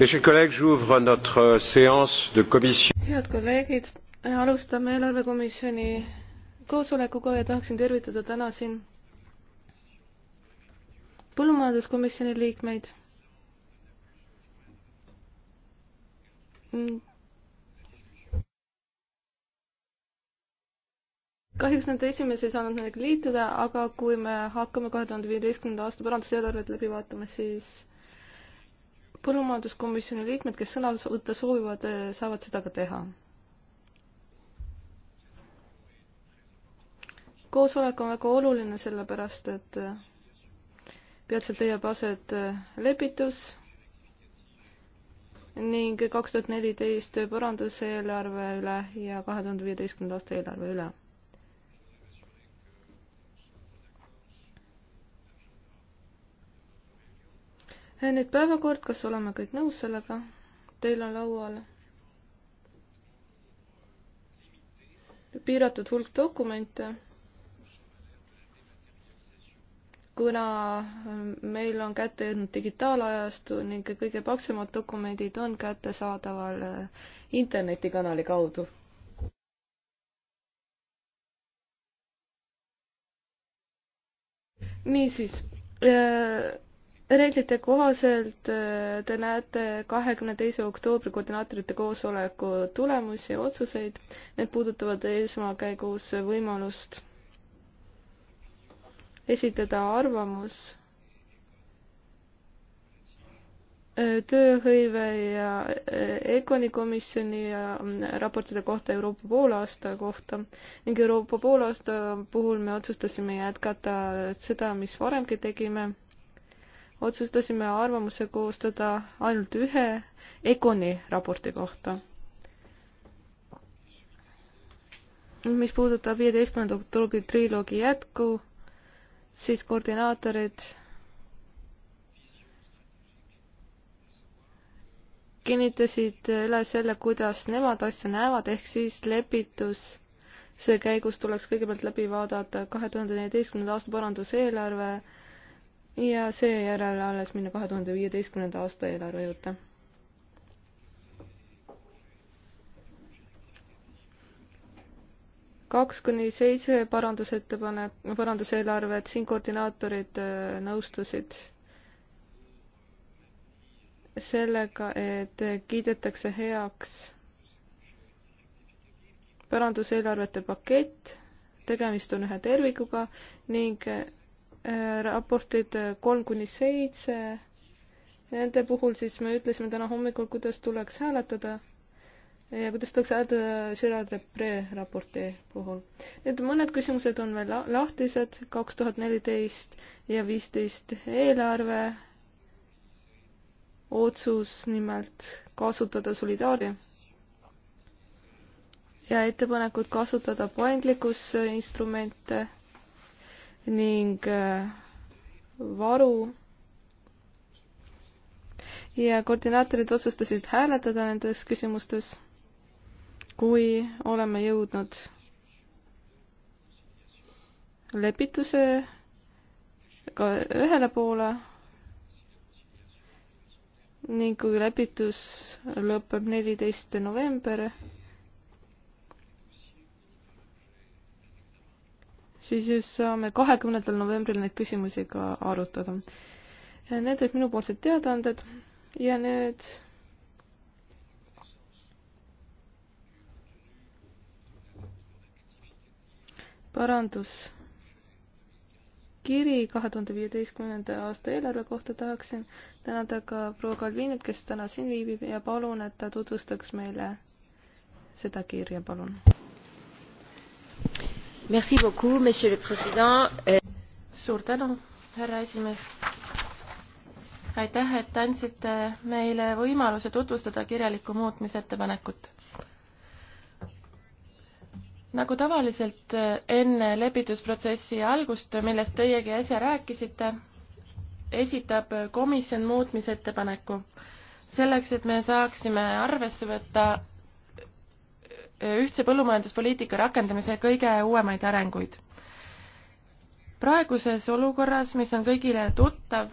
head kolleegid, alustame eelarvekomisjoni koosolekuga ja tahaksin tervitada täna siin põllumajanduskomisjoni liikmeid. kahjuks nad esimees ei saanud nendega liituda, aga kui me hakkame kahe tuhande viieteistkümnenda aasta paranduseelarvet läbi vaatama, siis põllumajanduskomisjoni liikmed, kes sõna võtta soovivad, saavad seda ka teha. koosolek on väga oluline, sellepärast et peatselt leiab aset lepitus ning kaks tuhat neliteist parandus eelarve üle ja kahe tuhande viieteistkümnenda aasta eelarve üle nüüd päevakord, kas oleme kõik nõus sellega? Teil on laual piiratud hulk dokumente kuna ähm, meil on kätte jõudnud digitaalajastu ning kõige paksemad dokumendid on kättesaadaval äh, internetikanali kaudu. niisiis äh, reeglite kohaselt äh, te näete kahekümne teise oktoobri koordinaatorite koosoleku tulemusi ja otsuseid. Need puudutavad esmakäigus võimalust esitada arvamus äh, tööhõive ja äh, EKONi komisjoni ja mm, raportide kohta Euroopa poolaasta kohta ning Euroopa poolaasta puhul me otsustasime jätkata seda, mis varemgi tegime otsustasime arvamuse koostada ainult ühe Econi raporti kohta. mis puudutab viieteistkümnenda oktoobri triloogi jätku, siis koordinaatorid kinnitasid üle selle, kuidas nemad asja näevad, ehk siis lepitus see käigus tuleks kõigepealt läbi vaadata kahe tuhande neljateistkümnenda aasta paranduseelarve ja seejärel alles minna kahe tuhande viieteistkümnenda aasta eelarve juurde. kaks kuni seitse parandusettepanek, paranduseelarvet, siin koordinaatorid äh, nõustusid sellega, et kiidetakse heaks paranduseelarvete pakett, tegemist on ühe tervikuga ning raportid kolm kuni seitse, nende puhul siis me ütlesime täna hommikul, kuidas tuleks hääletada ja kuidas tuleks hääletada Gerard Repre raporti puhul. Need mõned küsimused on veel lahtised, kaks tuhat neliteist ja viisteist eelarve otsus nimelt kasutada solidaari ja ettepanekud kasutada paindlikkusinstrumente ning äh, varu ja koordinaatorid otsustasid hääletada nendes küsimustes, kui oleme jõudnud lepitusega ühele poole ning kui lepitus lõpeb neliteist november siis saame kahekümnendal novembril neid küsimusi ka arutada. Need olid minupoolsed teadaanded ja nüüd parandus kiri kahe tuhande viieteistkümnenda aasta eelarve kohta tahaksin tänada ka proua Kalvinit, kes täna siin viibib ja palun, et ta tutvustaks meile seda kirja, palun Merci beaucoup, monsieur le president. Euh, suur tänu, härra esimees. aitäh, et andsite meile võimaluse tutvustada kirjalikku muutmisettepanekut nagu tavaliselt äh, enne lepitusprotsessi algust, millest teiegi äsja rääkisite, esitab komisjon muutmisettepaneku. selleks, et me saaksime arvesse võtta ühtse põllumajanduspoliitika rakendamise kõige uuemaid arenguid. praeguses olukorras, mis on kõigile tuttav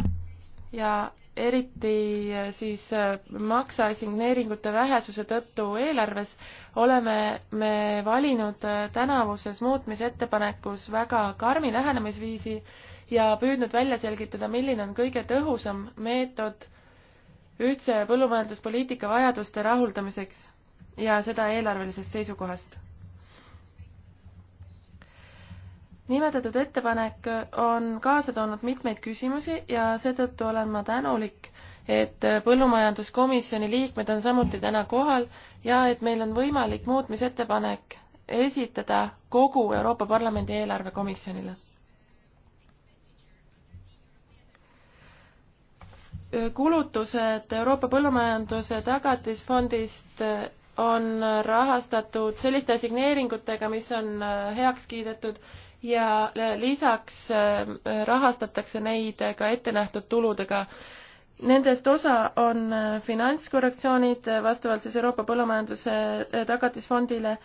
ja eriti eh, siis eh, makseassigneeringute vähesuse tõttu eelarves, oleme me valinud eh, tänavuses muutmisettepanekus väga karmi lähenemisviisi ja püüdnud välja selgitada, milline on kõige tõhusam meetod ühtse põllumajanduspoliitika vajaduste rahuldamiseks ja seda eelarvelisest seisukohast. nimetatud ettepanek on kaasa toonud mitmeid küsimusi ja seetõttu olen ma tänulik, et põllumajanduskomisjoni liikmed on samuti täna kohal ja et meil on võimalik muutmisettepanek esitada kogu Euroopa Parlamendi eelarvekomisjonile kulutused Euroopa Põllumajanduse tagatisfondist on rahastatud selliste signeeringutega, mis on äh, heaks kiidetud ja äh, lisaks äh, rahastatakse neid ka ettenähtud tuludega. Nendest osa on finantskorrektsioonid vastavalt siis Euroopa Põllumajanduse tagatisfondile,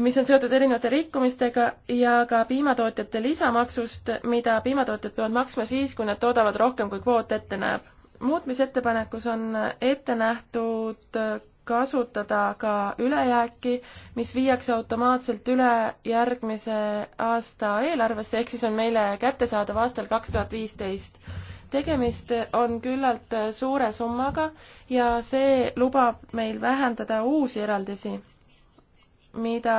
mis on seotud erinevate rikkumistega ja ka piimatootjate lisamaksust, mida piimatootjad peavad maksma siis, kui nad toodavad rohkem, kui kvoot ette näeb. muutmisettepanekus on ette nähtud kasutada ka ülejääki, mis viiakse automaatselt üle järgmise aasta eelarvesse, ehk siis on meile kättesaadav aastal kaks tuhat viisteist tegemist on küllalt suure summaga ja see lubab meil vähendada uusi eraldisi, mida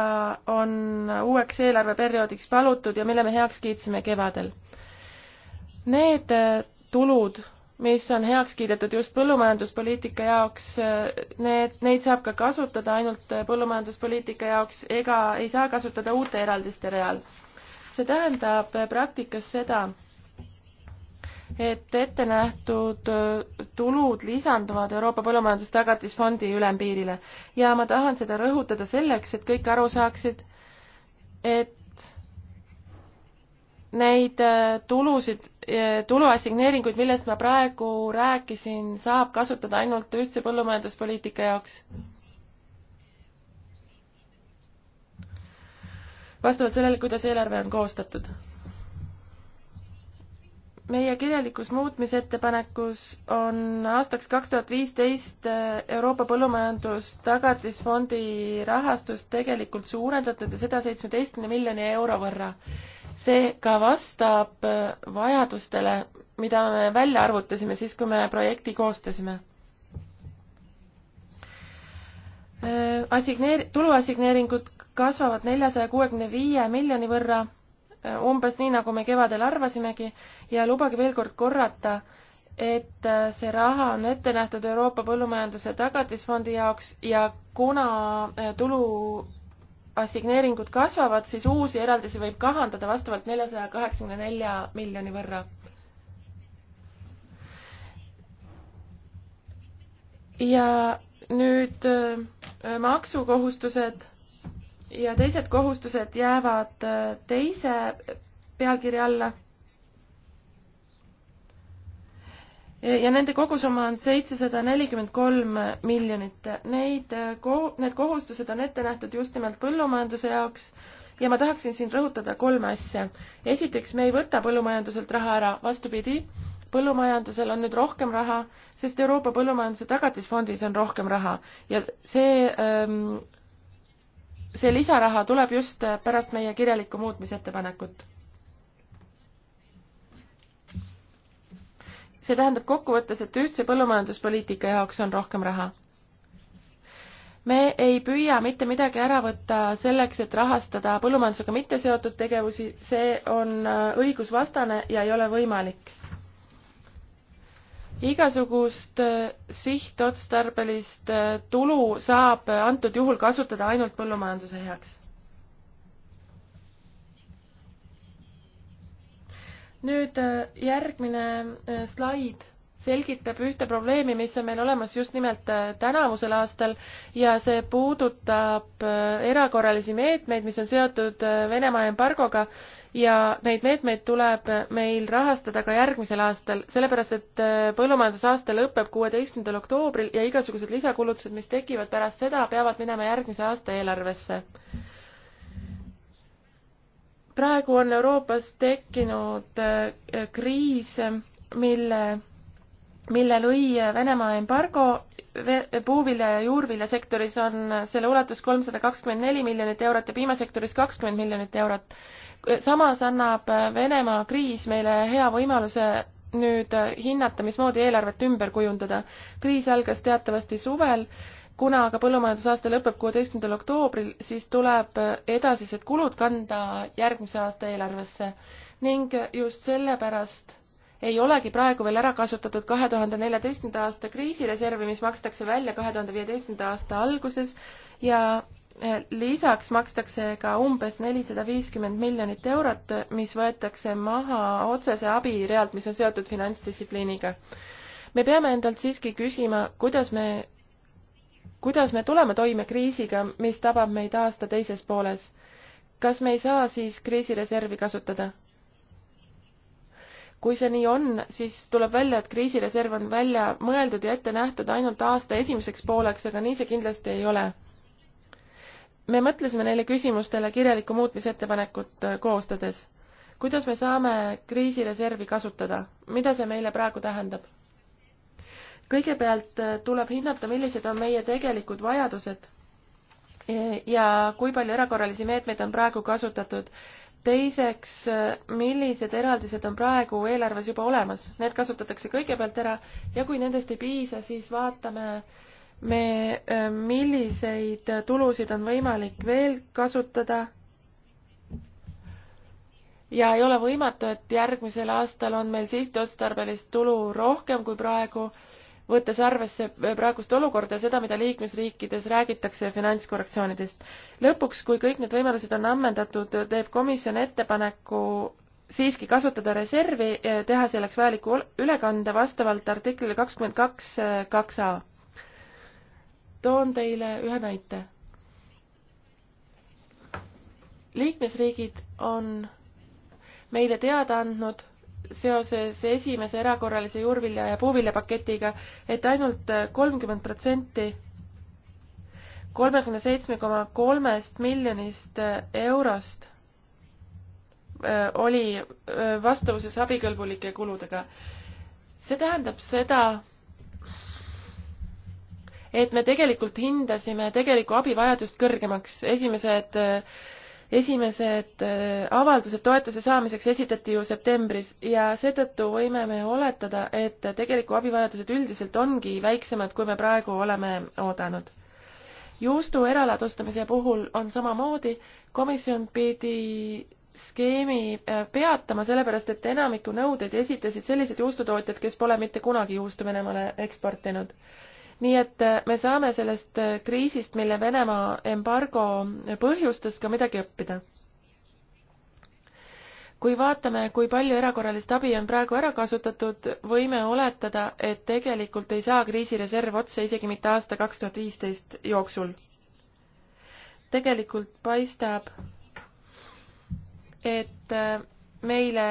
on uueks eelarveperioodiks palutud ja mille me heaks kiitsime kevadel. Need tulud mis on heaks kiidetud just põllumajanduspoliitika jaoks, need, neid saab ka kasutada ainult põllumajanduspoliitika jaoks ega ei saa kasutada uute eraldiste real. see tähendab praktikas seda, et ette nähtud tulud lisanduvad Euroopa Põllumajandustagatisfondi ülempiirile ja ma tahan seda rõhutada selleks, et kõik aru saaksid, et Neid äh, tulusid, äh, tuluassigneeringuid, millest ma praegu rääkisin, saab kasutada ainult üldse põllumajanduspoliitika jaoks. vastavalt sellele, kuidas eelarve on koostatud meie kirjalikus muutmisettepanekus on aastaks kaks tuhat viisteist äh, Euroopa Põllumajandustagatisfondi rahastust tegelikult suurendatud ja seda seitsmeteistkümne miljoni euro võrra see ka vastab äh, vajadustele, mida me välja arvutasime siis, kui me projekti koostasime. Äh, assigneer-, tuluassigneeringud kasvavad neljasaja kuuekümne viie miljoni võrra, äh, umbes nii, nagu me kevadel arvasimegi, ja lubage veel kord korrata, et see raha on ette nähtud Euroopa Põllumajanduse Tagatisfondi jaoks ja kuna tulu assigneeringud kasvavad, siis uusi eraldisi võib kahandada vastavalt neljasaja kaheksakümne nelja miljoni võrra. ja nüüd äh, maksukohustused ja teised kohustused jäävad äh, teise pealkirja alla ja nende kogusumma on seitsesada nelikümmend kolm miljonit. Neid, äh, need kohustused on ette nähtud just nimelt põllumajanduse jaoks ja ma tahaksin siin rõhutada kolme asja. esiteks, me ei võta põllumajanduselt raha ära, vastupidi, põllumajandusel on nüüd rohkem raha, sest Euroopa Põllumajanduse Tagatisfondis on rohkem raha ja see ähm, see lisaraha tuleb just äh, pärast meie kirjalikku muutmisettepanekut see tähendab kokkuvõttes, et ühtse põllumajanduspoliitika jaoks on rohkem raha. me ei püüa mitte midagi ära võtta selleks, et rahastada põllumajandusega mitte seotud tegevusi, see on äh, õigusvastane ja ei ole võimalik. igasugust äh, sihtotstarbelist äh, tulu saab antud juhul kasutada ainult põllumajanduse heaks nüüd äh, järgmine äh, slaid selgitab ühte probleemi, mis on meil olemas just nimelt äh, tänavusel aastal ja see puudutab erakorralisi meetmeid, mis on seotud Venemaa embargoga ja neid meetmeid tuleb meil rahastada ka järgmisel aastal, sellepärast et põllumajandusaasta lõpeb kuueteistkümnendal oktoobril ja igasugused lisakulutused, mis tekivad pärast seda, peavad minema järgmise aasta eelarvesse praegu on Euroopas tekkinud äh, kriis, mille, mille lõi Venemaa embargo puuvilja ja juurviljasektoris on selle ulatus kolmsada kakskümmend neli miljonit eurot ja piimasektoris kakskümmend miljonit eurot. samas annab Venemaa kriis meile hea võimaluse nüüd hinnata, mismoodi eelarvet ümber kujundada. kriis algas teatavasti suvel kuna aga põllumajandusaasta lõpeb kuueteistkümnendal oktoobril, siis tuleb edasised kulud kanda järgmise aasta eelarvesse ning just sellepärast ei olegi praegu veel ära kasutatud kahe tuhande neljateistkümnenda aasta kriisireservi, mis makstakse välja kahe tuhande viieteistkümnenda aasta alguses ja eh, lisaks makstakse ka umbes nelisada viiskümmend miljonit eurot, mis võetakse maha otsese abi realt, mis on seotud finantsdistsipliiniga. me peame endalt siiski küsima, kuidas me kuidas me tuleme toime kriisiga, mis tabab meid aasta teises pooles? kas me ei saa siis kriisireservi kasutada? kui see nii on, siis tuleb välja, et kriisireserv on välja mõeldud ja ette nähtud ainult aasta esimeseks pooleks, aga nii see kindlasti ei ole. me mõtlesime neile küsimustele kirjaliku muutmisettepanekut äh, koostades. kuidas me saame kriisireservi kasutada, mida see meile praegu tähendab? kõigepealt äh, tuleb hinnata, millised on meie tegelikud vajadused e, ja kui palju erakorralisi meetmeid on praegu kasutatud. teiseks, äh, millised eraldised on praegu eelarves juba olemas, need kasutatakse kõigepealt ära ja kui nendest ei piisa, siis vaatame me, äh, milliseid tulusid on võimalik veel kasutada ja ei ole võimatu, et järgmisel aastal on meil sihtotstarbelist tulu rohkem kui praegu võttes arvesse praegust olukorda ja seda, mida liikmesriikides räägitakse finantskorrektsioonidest. lõpuks, kui kõik need võimalused on ammendatud, teeb komisjon ettepaneku siiski kasutada reservi, teha selleks vajaliku ülekande vastavalt artiklile kakskümmend kaks kaks A. toon teile ühe näite. liikmesriigid on meile teada andnud seoses esimese erakorralise juurvilja ja puuviljapaketiga, et ainult kolmkümmend protsenti kolmekümne seitsme koma kolmest miljonist eurost äh, oli äh, vastavuses abikõlbulike kuludega. see tähendab seda, et me tegelikult hindasime tegelikku abivajadust kõrgemaks, esimesed äh, esimesed äh, avaldused toetuse saamiseks esitati ju septembris ja seetõttu võime me oletada, et tegeliku abivajadused üldiselt ongi väiksemad, kui me praegu oleme oodanud. juustu eraladustamise puhul on samamoodi, komisjon pidi skeemi äh, peatama, sellepärast et enamiku nõudeid esitasid sellised juustutootjad, kes pole mitte kunagi juustu Venemaale eksportinud nii et äh, me saame sellest äh, kriisist, mille Venemaa embargo põhjustas, ka midagi õppida. kui vaatame, kui palju erakorralist abi on praegu ära kasutatud, võime oletada, et tegelikult ei saa kriisireserv otsa isegi mitte aasta kaks tuhat viisteist jooksul. tegelikult paistab, et äh, meile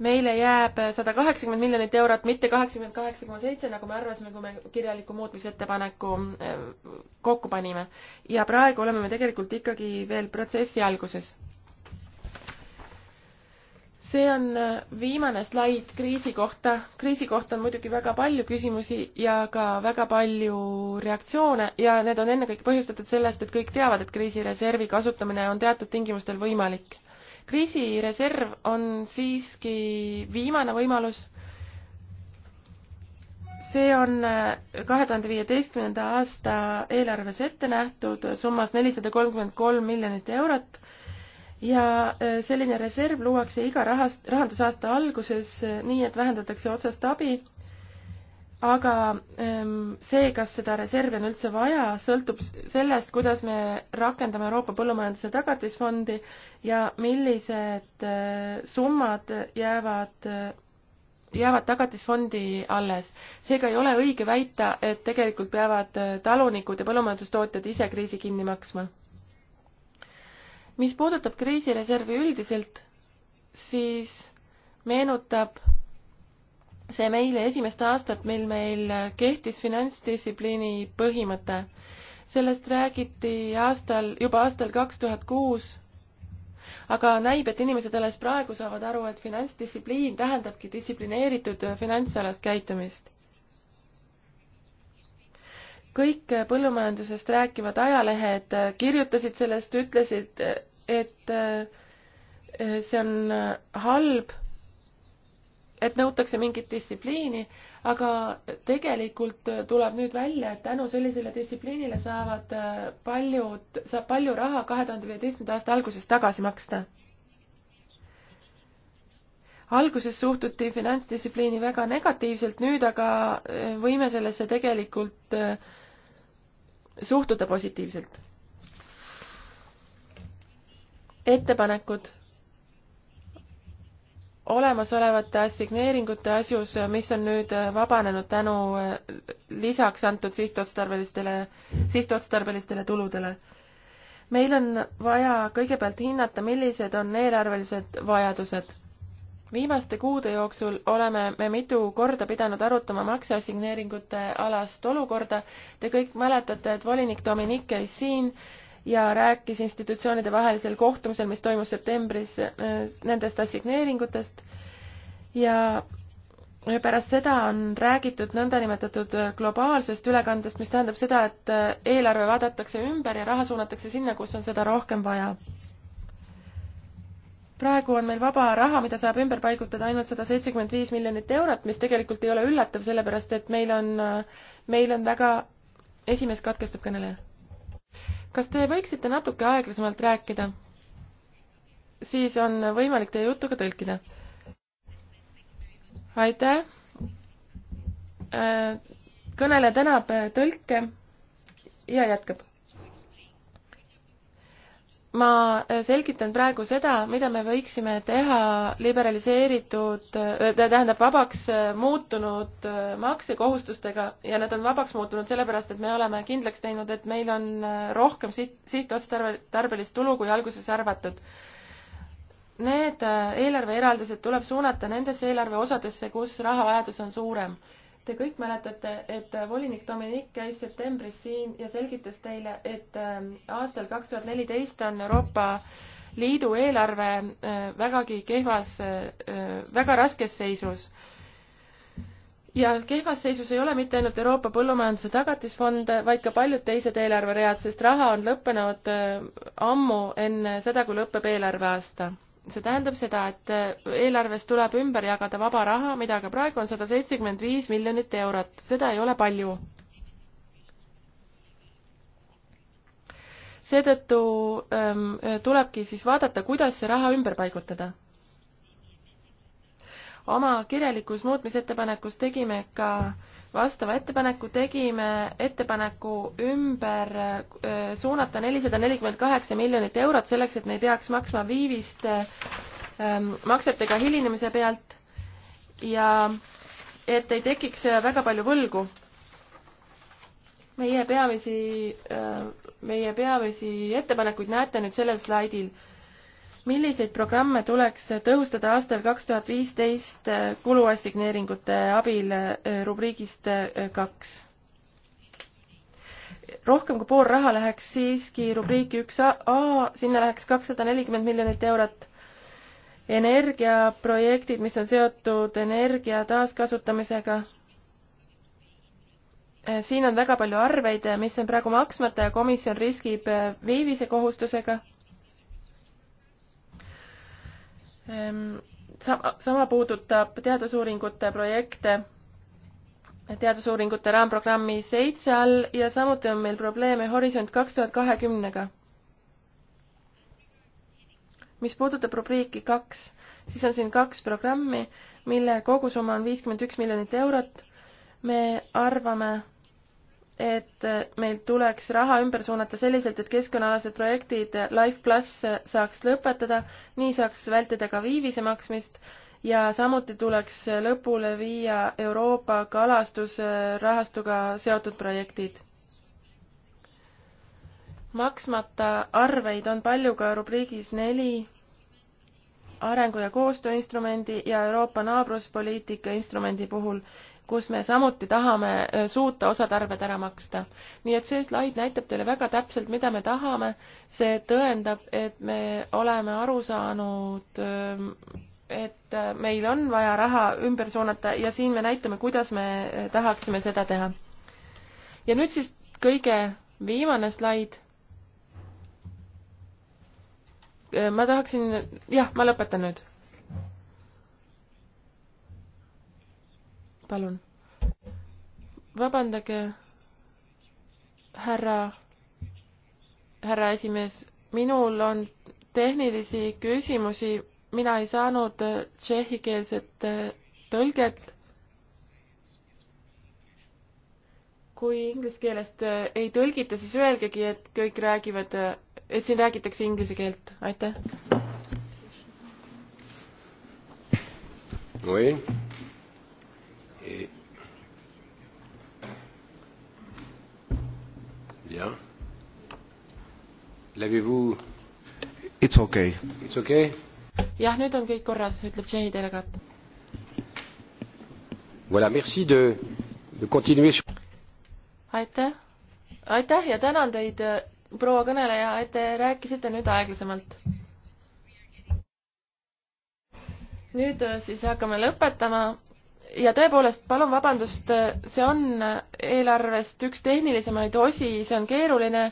meile jääb sada kaheksakümmend miljonit eurot, mitte kaheksakümmend kaheksa koma seitse, nagu me arvasime, kui me kirjaliku muutmisettepaneku eh, kokku panime. ja praegu oleme me tegelikult ikkagi veel protsessi alguses. see on eh, viimane slaid kriisi kohta. kriisi kohta on muidugi väga palju küsimusi ja ka väga palju reaktsioone ja need on ennekõike põhjustatud sellest, et kõik teavad, et kriisireservi kasutamine on teatud tingimustel võimalik kriisireserv on siiski viimane võimalus. see on äh, kahe tuhande viieteistkümnenda aasta eelarves ette nähtud summas nelisada kolmkümmend kolm miljonit eurot ja äh, selline reserv luuakse iga rahast, rahandusaasta alguses, äh, nii et vähendatakse otsest abi aga ehm, see, kas seda reservi on üldse vaja, sõltub sellest, kuidas me rakendame Euroopa Põllumajanduse Tagatisfondi ja millised eh, summad jäävad, eh, jäävad Tagatisfondi alles. seega ei ole õige väita, et tegelikult peavad eh, talunikud ja põllumajandustootjad ise kriisi kinni maksma. mis puudutab kriisireservi üldiselt, siis meenutab see meile esimest aastat, mil meil kehtis finantsdistsipliini põhimõte. sellest räägiti aastal, juba aastal kaks tuhat kuus, aga näib, et inimesed alles praegu saavad aru, et finantsdistsipliin tähendabki distsiplineeritud finantsalast käitumist. kõik põllumajandusest rääkivad ajalehed kirjutasid sellest, ütlesid, et see on halb et nõutakse mingit distsipliini, aga tegelikult tuleb nüüd välja, et tänu sellisele distsipliinile saavad äh, paljud, saab palju raha kahe tuhande viieteistkümnenda aasta alguses tagasi maksta. alguses suhtuti finantsdistsipliini väga negatiivselt, nüüd aga äh, võime sellesse tegelikult äh, suhtuda positiivselt. ettepanekud olemasolevate assigneeringute asjus, mis on nüüd äh, vabanenud tänu äh, lisaks antud sihtotstarbelistele, sihtotstarbelistele tuludele. meil on vaja kõigepealt hinnata, millised on eelarvelised vajadused. viimaste kuude jooksul oleme me mitu korda pidanud arutama makseassigneeringute alast olukorda. Te kõik mäletate, et volinik Dominic käis siin ja rääkis institutsioonide vahelisel kohtumisel, mis toimus septembris, äh, nendest assigneeringutest ja pärast seda on räägitud nõndanimetatud globaalsest ülekandest, mis tähendab seda, et äh, eelarve vaadatakse ümber ja raha suunatakse sinna, kus on seda rohkem vaja. praegu on meil vaba raha, mida saab ümber paigutada ainult sada seitsekümmend viis miljonit eurot, mis tegelikult ei ole üllatav, sellepärast et meil on, äh, meil on väga, esimees katkestab kõneleja kas te võiksite natuke aeglasemalt rääkida? siis on võimalik teie juttu ka tõlkida. aitäh. Äh, kõneleja tänab äh, tõlke ja jätkab ma selgitan praegu seda, mida me võiksime teha liberaliseeritud, äh, tähendab vabaks äh, muutunud äh, maksekohustustega ja nad on vabaks muutunud sellepärast, et me oleme kindlaks teinud, et meil on rohkem siht, sihtotstarbelist tulu, kui alguses arvatud. Need eelarveeraldised tuleb suunata nendesse eelarve osadesse, kus rahavajadus on suurem Te kõik mäletate, et äh, volinik Dominic käis septembris siin ja selgitas teile, et ähm, aastal kaks tuhat neliteist on Euroopa Liidu eelarve äh, vägagi kehvas, äh, väga raskes seisus ja kehvas seisus ei ole mitte ainult Euroopa Põllumajanduse Tagatisfond, vaid ka paljud teised eelarveread, sest raha on lõppenud ammu enne seda, kui lõpeb eelarveaasta see tähendab seda, et äh, eelarves tuleb ümber jagada vaba raha, mida ka praegu on sada seitsekümmend viis miljonit eurot, seda ei ole palju. seetõttu ähm, tulebki siis vaadata, kuidas see raha ümber paigutada. oma kirjalikus muutmisettepanekus tegime ka äh, vastava ettepaneku, tegime ettepaneku ümber äh, suunata nelisada nelikümmend kaheksa miljonit eurot selleks, et me ei peaks maksma viivist ähm, maksetega hilinemise pealt ja et ei tekiks äh, väga palju võlgu. meie peamisi, äh, meie peamisi ettepanekuid näete nüüd sellel slaidil milliseid programme tuleks tõhustada aastal kaks tuhat viisteist äh, kuluassigneeringute abil äh, rubriigist äh, kaks? rohkem kui pool raha läheks siiski rubriiki üks A, sinna läheks kakssada nelikümmend miljonit eurot energiaprojektid, mis on seotud energia taaskasutamisega. siin on väga palju arveid, mis on praegu maksmata ja komisjon riskib viivise kohustusega. Ehm, sama, sama puudutab teadusuuringute projekte teadusuuringute raamprogrammi seitse all ja samuti on meil probleeme Horisont kaks tuhat kahekümnega. mis puudutab rubriiki kaks, siis on siin kaks programmi, mille kogusumma on viiskümmend üks miljonit eurot. me arvame, et meil tuleks raha ümber suunata selliselt, et keskkonnaalased projektid Life pluss saaks lõpetada, nii saaks vältida ka viivise maksmist ja samuti tuleks lõpule viia Euroopa kalastusrahastuga seotud projektid. maksmata arveid on palju ka rubriigis neli arengu- ja koostööinstrumendi ja Euroopa naabruspoliitika instrumendi puhul kus me samuti tahame äh, suuta osad arved ära maksta. nii et see slaid näitab teile väga täpselt, mida me tahame. see tõendab, et me oleme aru saanud, ähm, et äh, meil on vaja raha ümber suunata ja siin me näitame, kuidas me äh, tahaksime seda teha. ja nüüd siis kõige viimane slaid. ma tahaksin, jah, ma lõpetan nüüd palun. vabandage, härra, härra esimees, minul on tehnilisi küsimusi, mina ei saanud tšehhikeelset äh, tõlget. kui inglise keelest äh, ei tõlgita, siis öelgegi, et kõik räägivad, äh, et siin räägitakse inglise keelt, aitäh. Oui. Bien. L'avez-vous? It's okay. It's okay? jah, nüüd on kõik korras, ütleb Tšehhi delegaat. Voilà, merci de, de continuer. aitäh, aitäh ja tänan teid, äh, proua kõneleja, et te rääkisite nüüd aeglasemalt nüüd äh, siis hakkame lõpetama ja tõepoolest, palun vabandust, see on eelarvest üks tehnilisemaid osi, see on keeruline.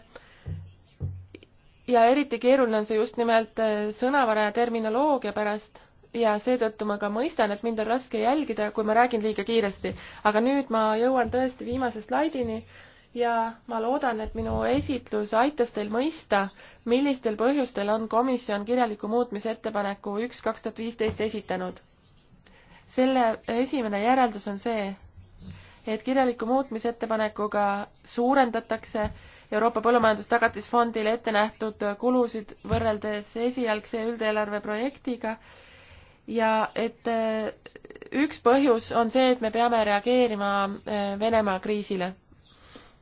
ja eriti keeruline on see just nimelt äh, sõnavara ja terminoloogia pärast ja seetõttu ma ka mõistan, et mind on raske jälgida, kui ma räägin liiga kiiresti. aga nüüd ma jõuan tõesti viimase slaidini ja ma loodan, et minu esitlus aitas teil mõista, millistel põhjustel on komisjon kirjaliku muutmise ettepaneku üks kaks tuhat viisteist esitanud selle esimene järeldus on see, et kirjaliku muutmisettepanekuga suurendatakse Euroopa Põllumajandustagatisfondile ette nähtud kulusid võrreldes esialgse üldeelarve projektiga ja et äh, üks põhjus on see, et me peame reageerima äh, Venemaa kriisile.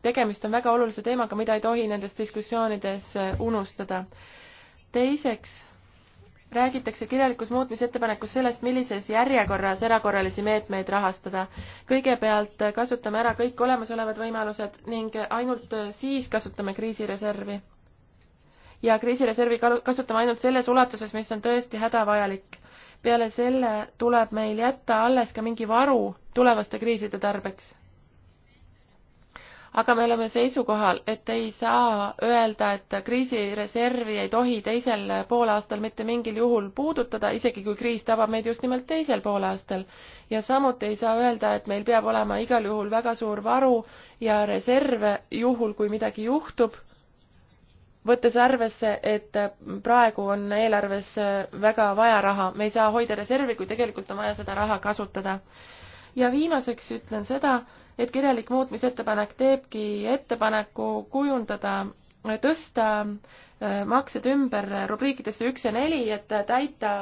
tegemist on väga olulise teemaga, mida ei tohi nendes diskussioonides äh, unustada. teiseks räägitakse kirjalikus muutmisettepanekus sellest, millises järjekorras erakorralisi meetmeid rahastada. kõigepealt kasutame ära kõik olemasolevad võimalused ning ainult siis kasutame kriisireservi. ja kriisireservi kasutame ainult selles ulatuses, mis on tõesti hädavajalik. peale selle tuleb meil jätta alles ka mingi varu tulevaste kriiside tarbeks aga me oleme seisukohal, et ei saa öelda, et kriisireservi ei tohi teisel poolaastal mitte mingil juhul puudutada, isegi kui kriis tabab meid just nimelt teisel poolaastal. ja samuti ei saa öelda, et meil peab olema igal juhul väga suur varu ja reserve juhul, kui midagi juhtub, võttes arvesse, et praegu on eelarves väga vaja raha, me ei saa hoida reservi, kui tegelikult on vaja seda raha kasutada. ja viimaseks ütlen seda, et kirjalik muutmisettepanek teebki ettepaneku kujundada, tõsta äh, maksed ümber rubriikidesse üks ja neli, et täita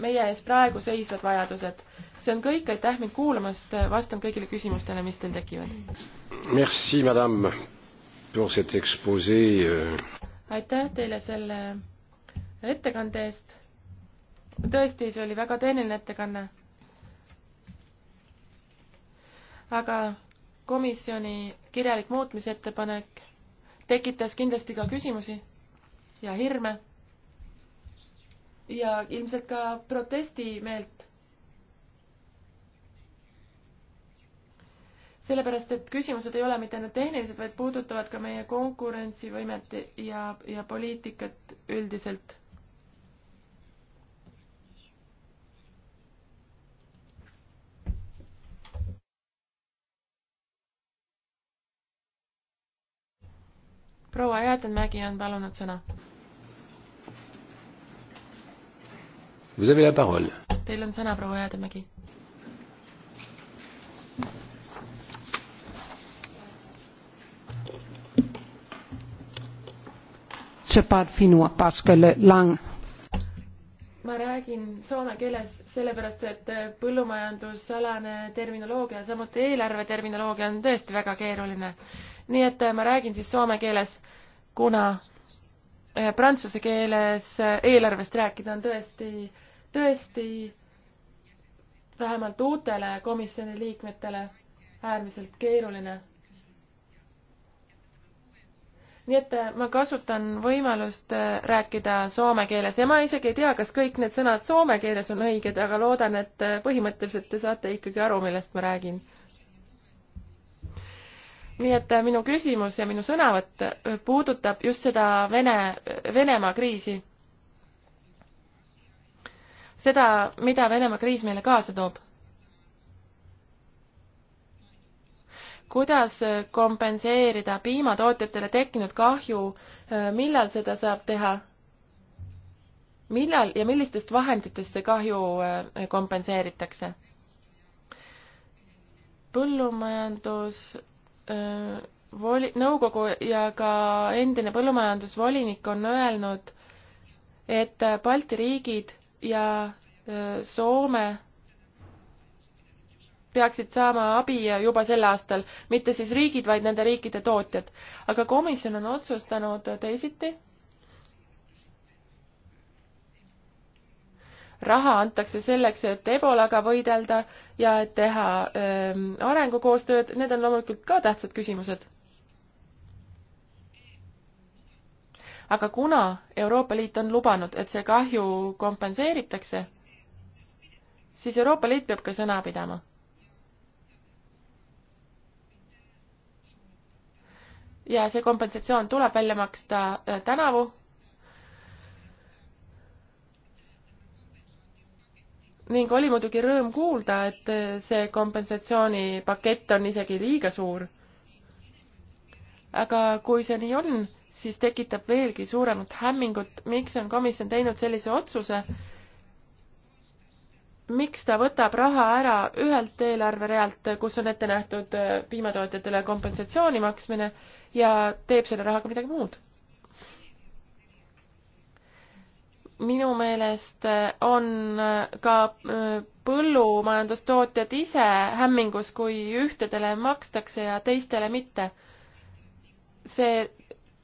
meie ees praegu seisvad vajadused. see on kõik, aitäh mind kuulamast, vastan kõigile küsimustele, mis teil tekivad. Merci, madame, pour cet exposé. Euh. aitäh teile selle ettekande eest. tõesti, see oli väga tehniline ettekanne. aga komisjoni kirjalik muutmisettepanek tekitas kindlasti ka küsimusi ja hirme ja ilmselt ka protestimeelt. sellepärast, et küsimused ei ole mitte ainult tehnilised, vaid puudutavad ka meie konkurentsivõimet ja, ja poliitikat üldiselt proua Jäätenmägi on palunud sõna. Teil on sõna, proua Jäätenmägi. ma räägin soome keeles sellepärast, et põllumajandusalane terminoloogia, samuti eelarveterminoloogia on tõesti väga keeruline nii et äh, ma räägin siis soome keeles, kuna äh, prantsuse keeles äh, eelarvest rääkida on tõesti, tõesti vähemalt uutele komisjoni liikmetele äärmiselt keeruline. nii et ma kasutan võimalust rääkida soome keeles ja ma isegi ei tea, kas kõik need sõnad soome keeles on õiged, aga loodan, et põhimõtteliselt te saate ikkagi aru, millest ma räägin nii et äh, minu küsimus ja minu sõnavõtt äh, puudutab just seda Vene, äh, Venemaa kriisi. seda, mida Venemaa kriis meile kaasa toob. kuidas kompenseerida piimatootjatele tekkinud kahju, millal seda saab teha? millal ja millistest vahenditest see kahju kompenseeritakse? põllumajandus Äh, voli-, nõukogu ja ka endine põllumajandusvolinik on öelnud, et Balti riigid ja äh, Soome peaksid saama abi juba sel aastal, mitte siis riigid, vaid nende riikide tootjad. aga komisjon on otsustanud teisiti raha antakse selleks, et ebolaga võidelda ja et teha ähm, arengukoostööd, need on loomulikult ka tähtsad küsimused. aga kuna Euroopa Liit on lubanud, et see kahju kompenseeritakse, siis Euroopa Liit peab ka sõna pidama. ja see kompensatsioon tuleb välja maksta äh, tänavu ning oli muidugi rõõm kuulda, et see kompensatsioonipakett on isegi liiga suur. aga kui see nii on, siis tekitab veelgi suuremat hämmingut, miks on komisjon teinud sellise otsuse, miks ta võtab raha ära ühelt eelarverealt, kus on ette nähtud piimatootjatele kompensatsiooni maksmine ja teeb selle rahaga midagi muud? minu meelest äh, on äh, ka äh, põllumajandustootjad ise hämmingus, kui ühtedele makstakse ja teistele mitte. see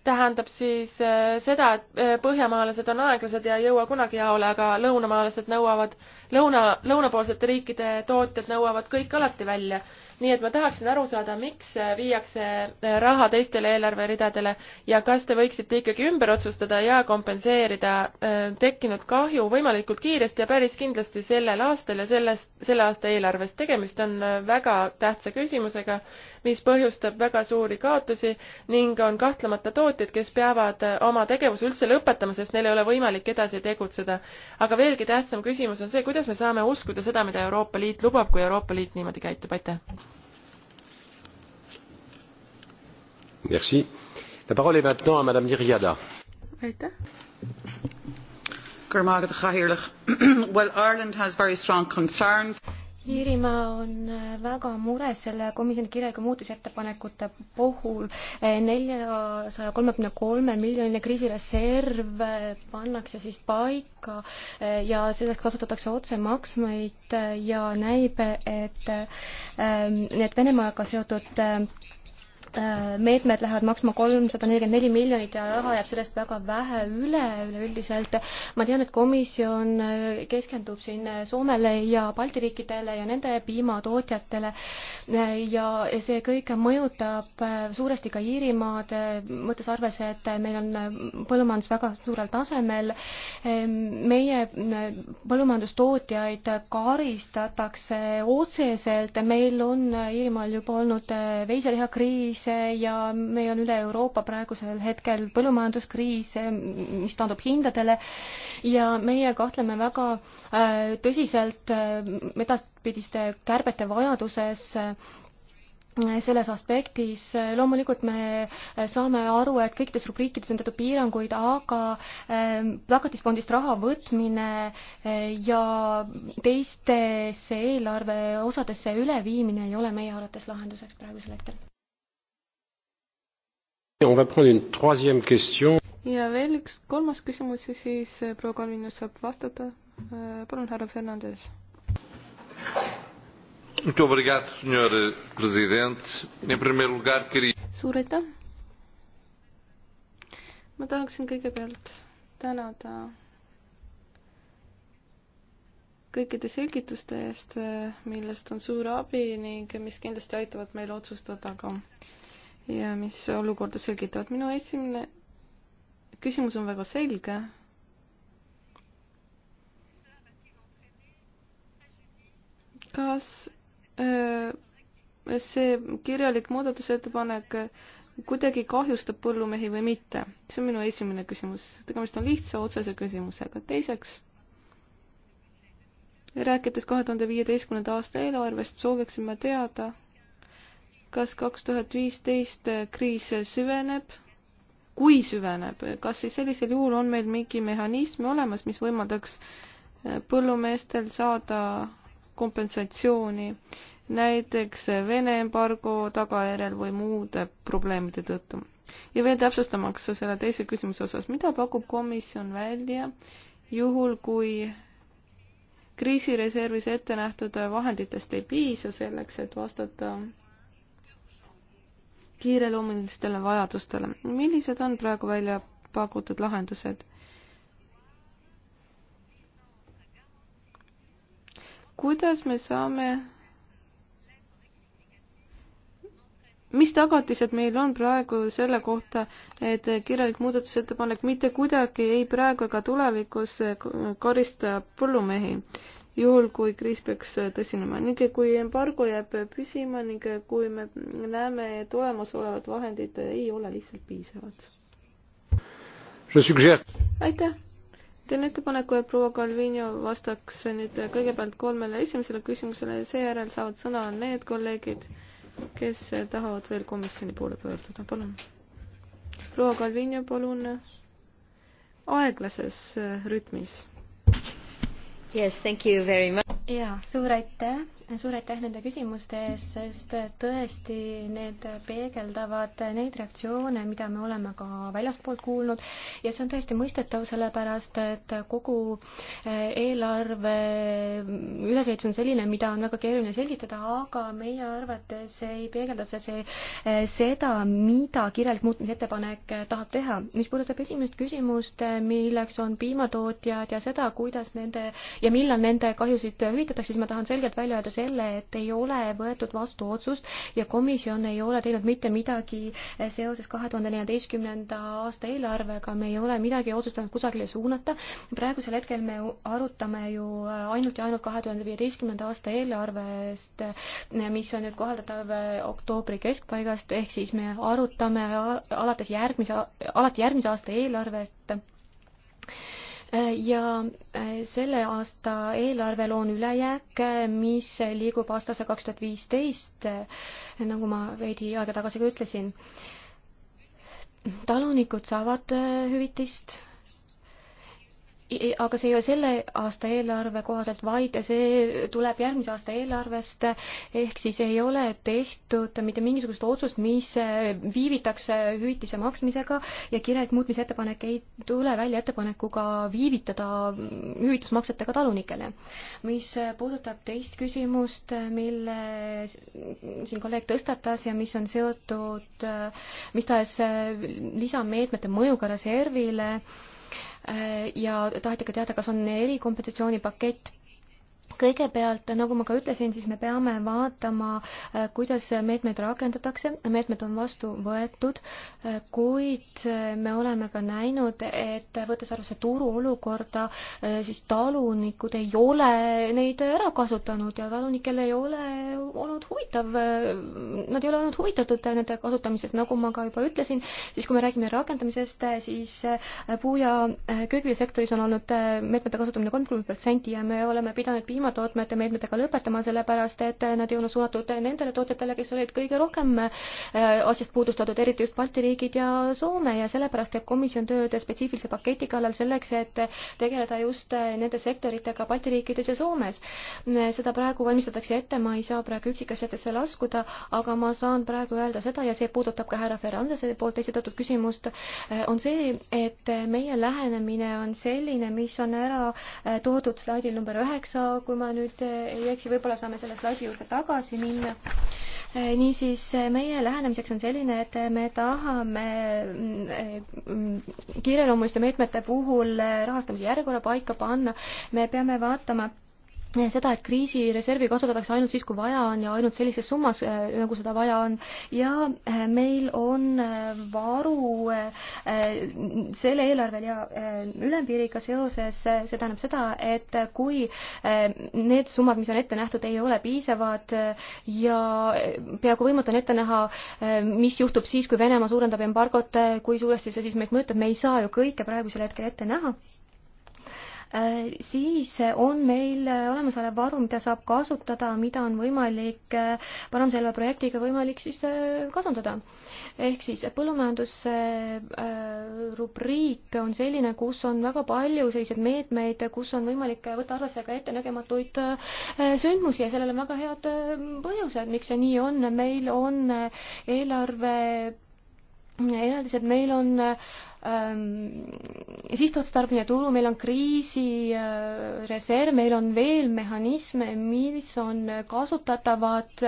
tähendab siis seda, et põhjamaalased on aeglased ja ei jõua kunagi jaole, aga lõunamaalased nõuavad, lõuna, lõunapoolsete riikide tootjad nõuavad kõik alati välja nii et ma tahaksin aru saada, miks äh, viiakse äh, raha teistele eelarveridadele ja kas te võiksite ikkagi ümber otsustada ja kompenseerida äh, tekkinud kahju võimalikult kiiresti ja päris kindlasti sellel aastal ja selles, selle aasta eelarves. tegemist on väga tähtsa küsimusega, mis põhjustab väga suuri kaotusi ning on kahtlemata tootjad, kes peavad oma tegevuse üldse lõpetama, sest neil ei ole võimalik edasi tegutseda. aga veelgi tähtsam küsimus on see, kuidas me saame uskuda seda, mida Euroopa Liit lubab, kui Euroopa Liit niimoodi käitub, aitäh! Merci. La parole est maintenant à madame Niriada. aitäh. Well, Ireland has very strong concerns. Iirimaa on äh, väga mures selle komisjoni kirjalike muutusettepanekute puhul. Äh, neljasaja kolmekümne kolme miljoniline kriisireserv äh, pannakse siis paika ja selleks kasutatakse otsemaksmeid ja näib, et need ähm, Venemaaga seotud Äh, meetmed lähevad maksma kolmsada nelikümmend neli miljonit ja raha jääb sellest väga vähe üle üleüldiselt. ma tean, et komisjon äh, keskendub siin äh, Soomele ja Balti riikidele ja nende piimatootjatele ja see kõik mõjutab suuresti ka Iirimaad, võttes arvesse, et meil on põllumajandus väga suurel tasemel. Ehm, meie põllumajandustootjaid karistatakse otseselt, meil on Iirimaal juba olnud veiselihakriis, kriise ja meil on üle Euroopa praegusel hetkel põllumajanduskriis, mis taandub hindadele ja meie kahtleme väga äh, tõsiselt äh, edaspidiste kärbete vajaduses äh, selles aspektis. loomulikult me saame aru, et kõikides rubriikides on teatud piiranguid, aga plakatisfondist raha võtmine ja teistesse eelarve osadesse üleviimine ei ole meie arvates lahenduseks praegusel hetkel ja veel üks kolmas küsimus ja siis äh, proua Kalvinus saab vastata. Äh, palun, härra Fernandes. suur aitäh. ma tahaksin kõigepealt tänada kõikide selgituste eest, äh, millest on suur abi ning mis kindlasti aitavad meil otsustada ka ja mis olukorda selgitavad. minu esimene küsimus on väga selge. kas äh, see kirjalik muudatusettepanek kuidagi kahjustab põllumehi või mitte? see on minu esimene küsimus. tegemist on lihtsa otsese küsimusega. teiseks, rääkides kahe tuhande viieteistkümnenda aasta eelarvest, sooviksime teada, kas kaks tuhat viisteist kriis süveneb? kui süveneb, kas siis sellisel juhul on meil mingi mehhanism olemas, mis võimaldaks eh, põllumeestel saada kompensatsiooni näiteks Vene embargo tagajärjel või muude probleemide tõttu? ja veel täpsustamaks selle teise küsimuse osas, mida pakub komisjon välja juhul, kui kriisireservis ette nähtud vahenditest ei piisa selleks, et vastata kiireloomulistele vajadustele. millised on praegu välja pakutud lahendused? kuidas me saame, mis tagatised meil on praegu selle kohta, et kirjalik muudatusettepanek mitte kuidagi ei praegu ega tulevikus karista põllumehi? juhul, kui kriis peaks äh, tõsinema ning kui embargo jääb äh, püsima ning äh, kui me näeme, et olemasolevad vahendid ei ole lihtsalt piisavad. aitäh! teen ettepaneku, et proua Calvino vastaks nüüd kõigepealt kolmele esimesele küsimusele ja seejärel saavad sõna need kolleegid, kes tahavad veel komisjoni poole pöörduda, palun. proua Calvino, palun aeglases rütmis yes,. jaa, suur aitäh suur aitäh nende küsimuste eest, sest tõesti need peegeldavad neid reaktsioone, mida me oleme ka väljaspoolt kuulnud ja see on täiesti mõistetav, sellepärast et kogu eh, eelarve ülesehitus on selline, mida on väga keeruline selgitada, aga meie arvates ei peegelda see, see eh, seda, mida kirjalik muutmise ettepanek eh, tahab teha. mis puudutab esimest küsimust, milleks on piimatootjad ja seda, kuidas nende ja millal nende kahjusid hüvitatakse, siis ma tahan selgelt välja öelda see, selle, et ei ole võetud vastu otsust ja komisjon ei ole teinud mitte midagi seoses kahe tuhande neljateistkümnenda aasta eelarvega, me ei ole midagi otsustanud kusagile suunata. praegusel hetkel me arutame ju ainult ja ainult kahe tuhande viieteistkümnenda aasta eelarvest, mis on nüüd kohaldatav oktoobri keskpaigast, ehk siis me arutame alates järgmise, alati järgmise aasta eelarvet ja äh, selle aasta eelarvel on ülejääk, äh, mis liigub aastasse kaks tuhat viisteist, äh, nagu ma veidi aega tagasi ka ütlesin. talunikud saavad hüvitist aga see ei ole selle aasta eelarve kohaselt, vaid see tuleb järgmise aasta eelarvest, ehk siis ei ole tehtud mitte mingisugust otsust, mis viivitaks hüvitise maksmisega ja kirjalik muutmise ettepanek ei tule välja ettepanekuga viivitada hüvitusmaksetega talunikele. mis puudutab teist küsimust, mille siin kolleeg tõstatas ja mis on seotud mis tahes lisameetmete mõjuga reservile, Äh, ja taheti ka teada, kas on erikompensatsioonipakett kõigepealt, nagu ma ka ütlesin, siis me peame vaatama, äh, kuidas meetmeid rakendatakse, meetmed on vastu võetud, äh, kuid äh, me oleme ka näinud, et võttes arvesse turuolukorda, siis talunikud ei ole neid ära kasutanud ja talunikel ei ole olnud huvitav, nad ei ole olnud huvitatud nende kasutamisest, nagu ma ka juba ütlesin, siis kui me räägime rakendamisest, siis puu- ja köögiviljasektoris on olnud meetmete kasutamine kolmkümmend protsenti ja me oleme pidanud piima vanatootmete meetmetega lõpetama, sellepärast et nad ei olnud suunatud nendele tootjatele, kes olid kõige rohkem äh, asjast puudustatud, eriti just Balti riigid ja Soome ja sellepärast teeb komisjon tööd spetsiifilise paketi kallal selleks, et tegeleda just äh, nende sektoritega Balti riikides ja Soomes. Äh, seda praegu valmistatakse ette, ma ei saa praegu üksikasjadesse laskuda, aga ma saan praegu öelda seda ja see puudutab ka härra Ferrandese poolt esitatud küsimust, on see, et meie lähenemine on selline, mis on ära toodud slaidil number üheksa, kui ma nüüd eh, ei eksi, võib-olla saame selle slaidi juurde tagasi minna. Eh, niisiis, eh, meie lähenemiseks on selline, et me tahame mm, mm, kiireloomuliste meetmete puhul rahastamise järjekorra paika panna. me peame vaatama seda, et kriisireservi kasutatakse ainult siis, kui vaja on ja ainult sellises summas, äh, nagu seda vaja on. ja äh, meil on äh, varu selle eelarvel ja ülempiiriga seoses, see tähendab seda, et kui need summad, mis on ette nähtud, ei ole piisavad ja peaaegu võimatu on ette näha, mis juhtub siis, kui Venemaa suurendab embargot, kui suuresti see siis meid mõjutab, me ei saa ju kõike praegusel hetkel ette näha Äh, siis on meil olemasolev varu, mida saab kasutada, mida on võimalik äh, parandusjärve projektiga võimalik siis äh, kasutada. ehk siis põllumajandusrubriik on selline, kus on väga palju selliseid meetmeid, kus on võimalik võtta arvesse ka ettenägematuid sündmusi ja sellel on väga head põhjused, miks see nii on. meil on eelarve eraldised, meil on äh, Ehm, sihtotstarbine tulu, meil on kriisireserv, äh, meil on veel mehhanisme, mis on kasutatavad,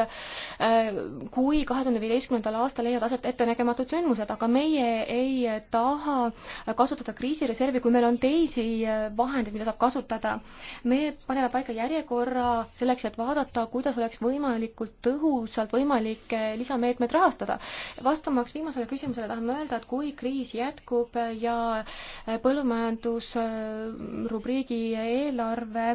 äh, kui kahe tuhande viieteistkümnendal aastal leiavad aset ettenägematud sündmused, aga meie ei taha kasutada kriisireservi, kui meil on teisi äh, vahendeid, mida saab kasutada. me paneme paika järjekorra selleks, et vaadata, kuidas oleks võimalikult tõhusalt võimalik lisameetmeid rahastada. vastamaks viimasele küsimusele tahan öelda, et kui kriis jätkub, muutub ja põllumajandusrubriigi eelarve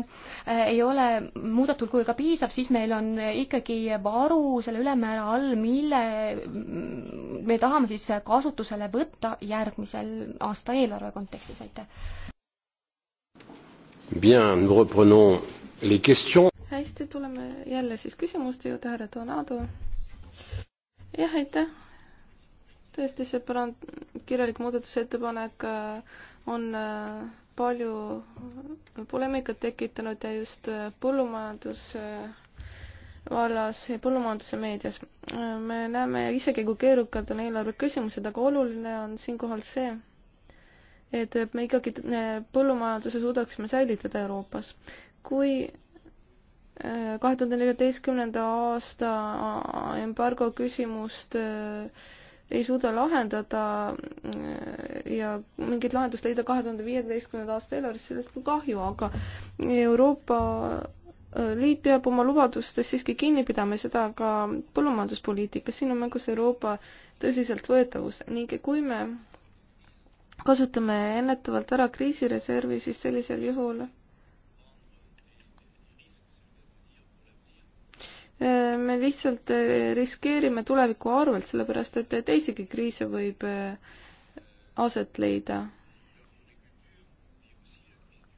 ei ole muudetud kujul ka piisav, siis meil on ikkagi varu selle ülemäära all, mille me tahame siis kasutusele võtta järgmisel aasta eelarve kontekstis, aitäh. Bien, nous reprenons les questions. hästi, tuleme jälle siis küsimuste juurde, härra Donado. jah, aitäh tõesti, see parand-, kirjalik muudatusettepanek äh, on äh, palju poleemikat tekitanud ja just äh, põllumajanduse vallas ja põllumajanduse meedias. me näeme isegi, kui keerukad on eelarve küsimused, aga oluline on siinkohal see, et me ikkagi põllumajanduse suudaksime säilitada Euroopas. kui kahe tuhande neljateistkümnenda aasta embargo küsimust äh, ei suuda lahendada mm, ja mingit lahendust leida kahe tuhande viieteistkümnenda aasta eelarves, sellest on kahju, aga Euroopa äh, Liit peab oma lubadustest siiski kinni pidama ja seda ka põllumajanduspoliitikas, siin on mängus Euroopa tõsiseltvõetavus ning kui me kasutame ennetavalt ära kriisireservi, siis sellisel juhul me lihtsalt eh, riskeerime tuleviku arvelt, sellepärast et eh, teisigi kriise võib eh, aset leida.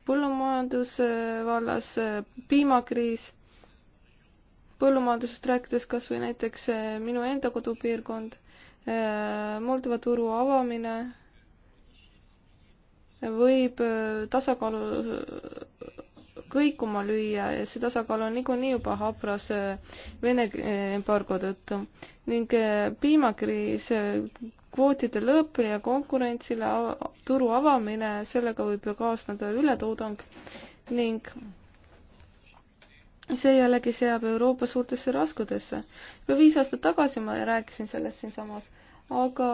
põllumajanduse vallas piimakriis, põllumajandusest rääkides kas või näiteks minu enda kodupiirkond, Moldova turu avamine võib tasakaalu kõikuma lüüa ja see tasakaal on niikuinii juba habras äh, Vene äh, embargo tõttu ning äh, piimakriis, kvootide lõpp ja konkurentsile turu avamine, sellega võib ju kaasneda ületoodang ning see jällegi seab Euroopa suurtesse raskudesse. juba viis aastat tagasi ma rääkisin sellest siinsamas, aga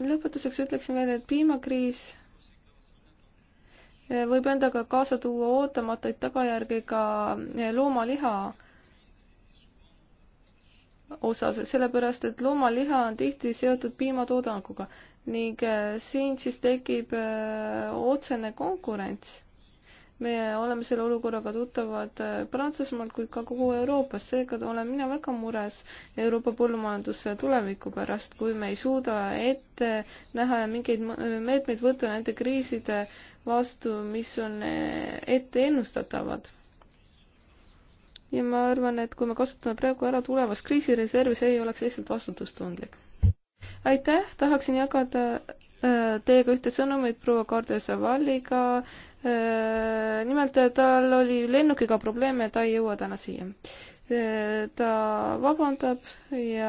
lõpetuseks ütleksin veel, et piimakriis võib endaga kaasa tuua ootamatuid tagajärgi ka eh, loomaliha osas, sellepärast et loomaliha on tihti seotud piimatoodanguga ning eh, siin siis tekib eh, otsene konkurents me oleme selle olukorraga tuttavad äh, Prantsusmaal kui ka kogu Euroopas, seega olen mina väga mures Euroopa põllumajanduse tuleviku pärast, kui me ei suuda ette näha ja mingeid meetmeid võtta nende kriiside vastu, mis on äh, ette ennustatavad. ja ma arvan, et kui me kasutame praegu ära tulevast kriisireservi, see ei oleks lihtsalt vastutustundlik. aitäh, tahaksin jagada Äh, teiega ühte sõnumit proua Kardese Valliga. Äh, nimelt äh, tal oli lennukiga probleeme, ta ei jõua täna siia. ta vabandab ja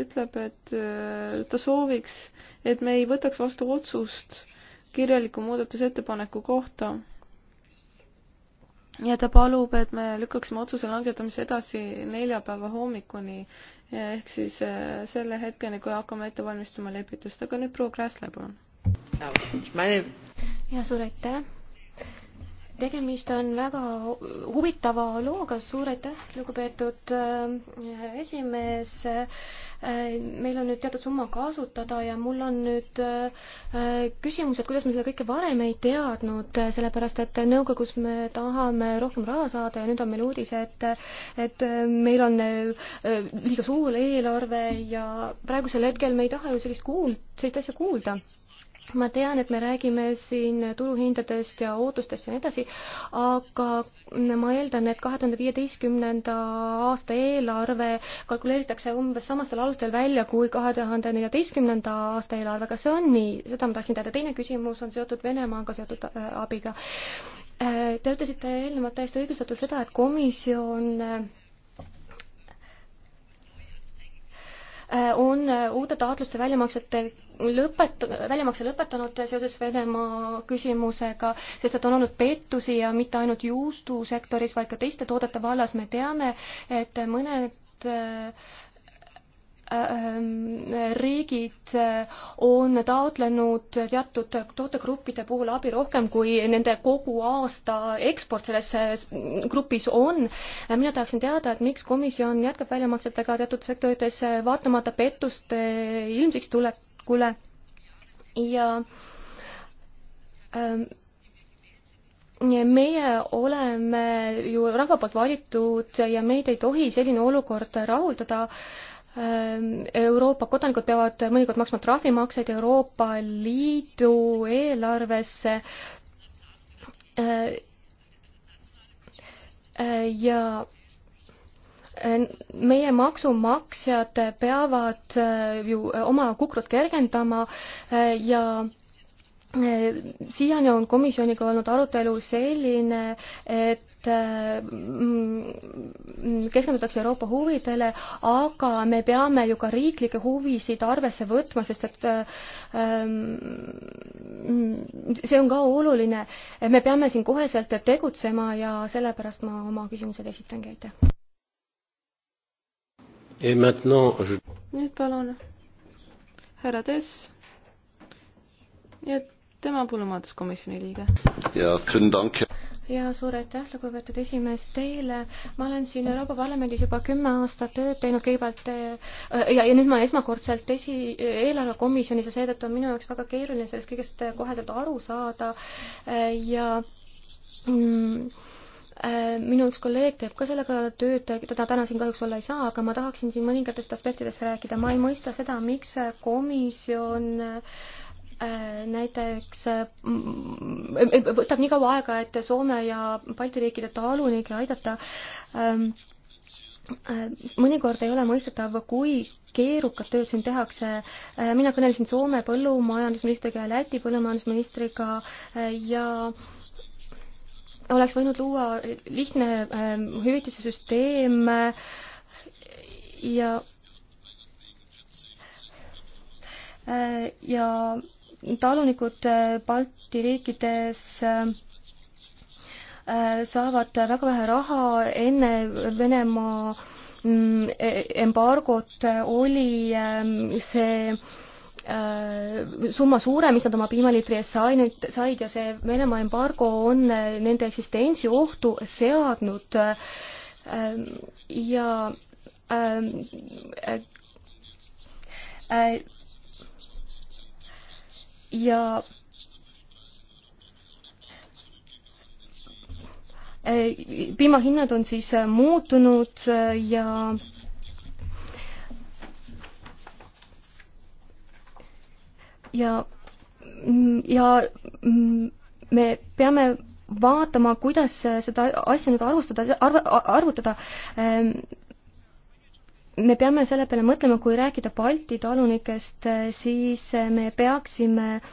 ütleb, et ta sooviks, et me ei võtaks vastu otsust kirjaliku muudatusettepaneku kohta ja ta palub, et me lükkaksime otsuse langetamise edasi neljapäeva hommikuni ehk siis äh, selle hetkeni, kui hakkame ette valmistama lepitust, aga nüüd proua Kräsle, palun. ja suur aitäh tegemist on väga huvitava looga, suur aitäh, lugupeetud äh, esimees. Äh, meil on nüüd teatud summa kasutada ja mul on nüüd äh, küsimus, et kuidas me seda kõike varem ei teadnud, sellepärast et nõukogus me tahame rohkem raha saada ja nüüd on meil uudis, et, et meil on liiga suur eelarve ja praegusel hetkel me ei taha ju sellist kuul-, sellist asja kuulda ma tean, et me räägime siin turuhindadest ja ootustest ja nii edasi, aga ma eeldan, et kahe tuhande viieteistkümnenda aasta eelarve kalkuleeritakse umbes samastel alustel välja kui kahe tuhande neljateistkümnenda aasta eelarve, kas see on nii, seda ma tahtsin teada, teine küsimus on seotud Venemaaga seotud äh, abiga. Äh, te ütlesite eelnevalt täiesti õigustatult seda, et komisjon äh, on uute taotluste väljamaksete lõpet-, väljamakse lõpetanud seoses Venemaa küsimusega, sest et on olnud pettusi ja mitte ainult juustusektoris, vaid ka teiste toodete vallas me teame, et mõned äh, äh, riigid äh, on taotlenud teatud tootegruppide puhul abi rohkem, kui nende kogu aasta eksport selles grupis on. mina tahaksin teada, et miks komisjon jätkab väljamaksetega teatud sektorites, vaatamata pettuste ilmsiks tule-, kodanikule ja ähm, meie oleme ju rahva poolt valitud ja meid ei tohi selline olukord rahuldada ähm, Euroopa kodanikud peavad mõnikord maksma trahvimakseid Euroopa Liidu eelarvesse äh, äh, ja meie maksumaksjad peavad äh, ju äh, oma kukrut kergendama äh, ja siiani on komisjoniga olnud arutelu selline, et mm, keskendutakse Euroopa huvidele, aga me peame ju ka riiklikke huvisid arvesse võtma, sest et ähm, mm, see on ka oluline. me peame siin koheselt tegutsema ja sellepärast ma oma küsimused esitangi, aitäh. Je... nüüd palun härra Tess ja tema põllumajanduskomisjoni liige. ja, ja suur aitäh, lugupeetud esimees, teile. ma olen siin Euroopa Parlamendis juba kümme aastat tööd teinud, kõigepealt äh, ja, ja nüüd ma esmakordselt esi, eelarvekomisjonis ja seetõttu on minu jaoks väga keeruline sellest kõigest koheselt aru saada äh, ja mm, Äh, minu üks kolleeg teeb ka sellega tööd, teda täna siin kahjuks olla ei saa, aga ma tahaksin siin mõningatest aspektidest rääkida. ma ei mõista seda, miks komisjon äh, näiteks äh, võtab nii kaua aega, et Soome ja Balti riikide talunikke aidata. Ähm, mõnikord ei ole mõistetav, kui keerukat tööd siin tehakse. mina kõnelesin Soome põllumajandusministriga ja Läti põllumajandusministriga ja oleks võinud luua lihtne ähm, hüvitise süsteem ja äh, ja talunikud äh, Balti riikides äh, saavad väga vähe raha enne Venemaa mm, e-, embargot oli ähm, see Äh, summa suurem, mis nad oma piimaliitri eest said, said ja see Venemaa embargo on äh, nende eksistentsi ohtu seadnud äh, ja ja piimahinnad on siis muutunud ja ja, ja mm, me peame vaatama, kuidas seda asja nüüd arvustada, arv-, arvutada. Ähm, me peame selle peale mõtlema, kui rääkida Balti talunikest, siis me peaksime äh,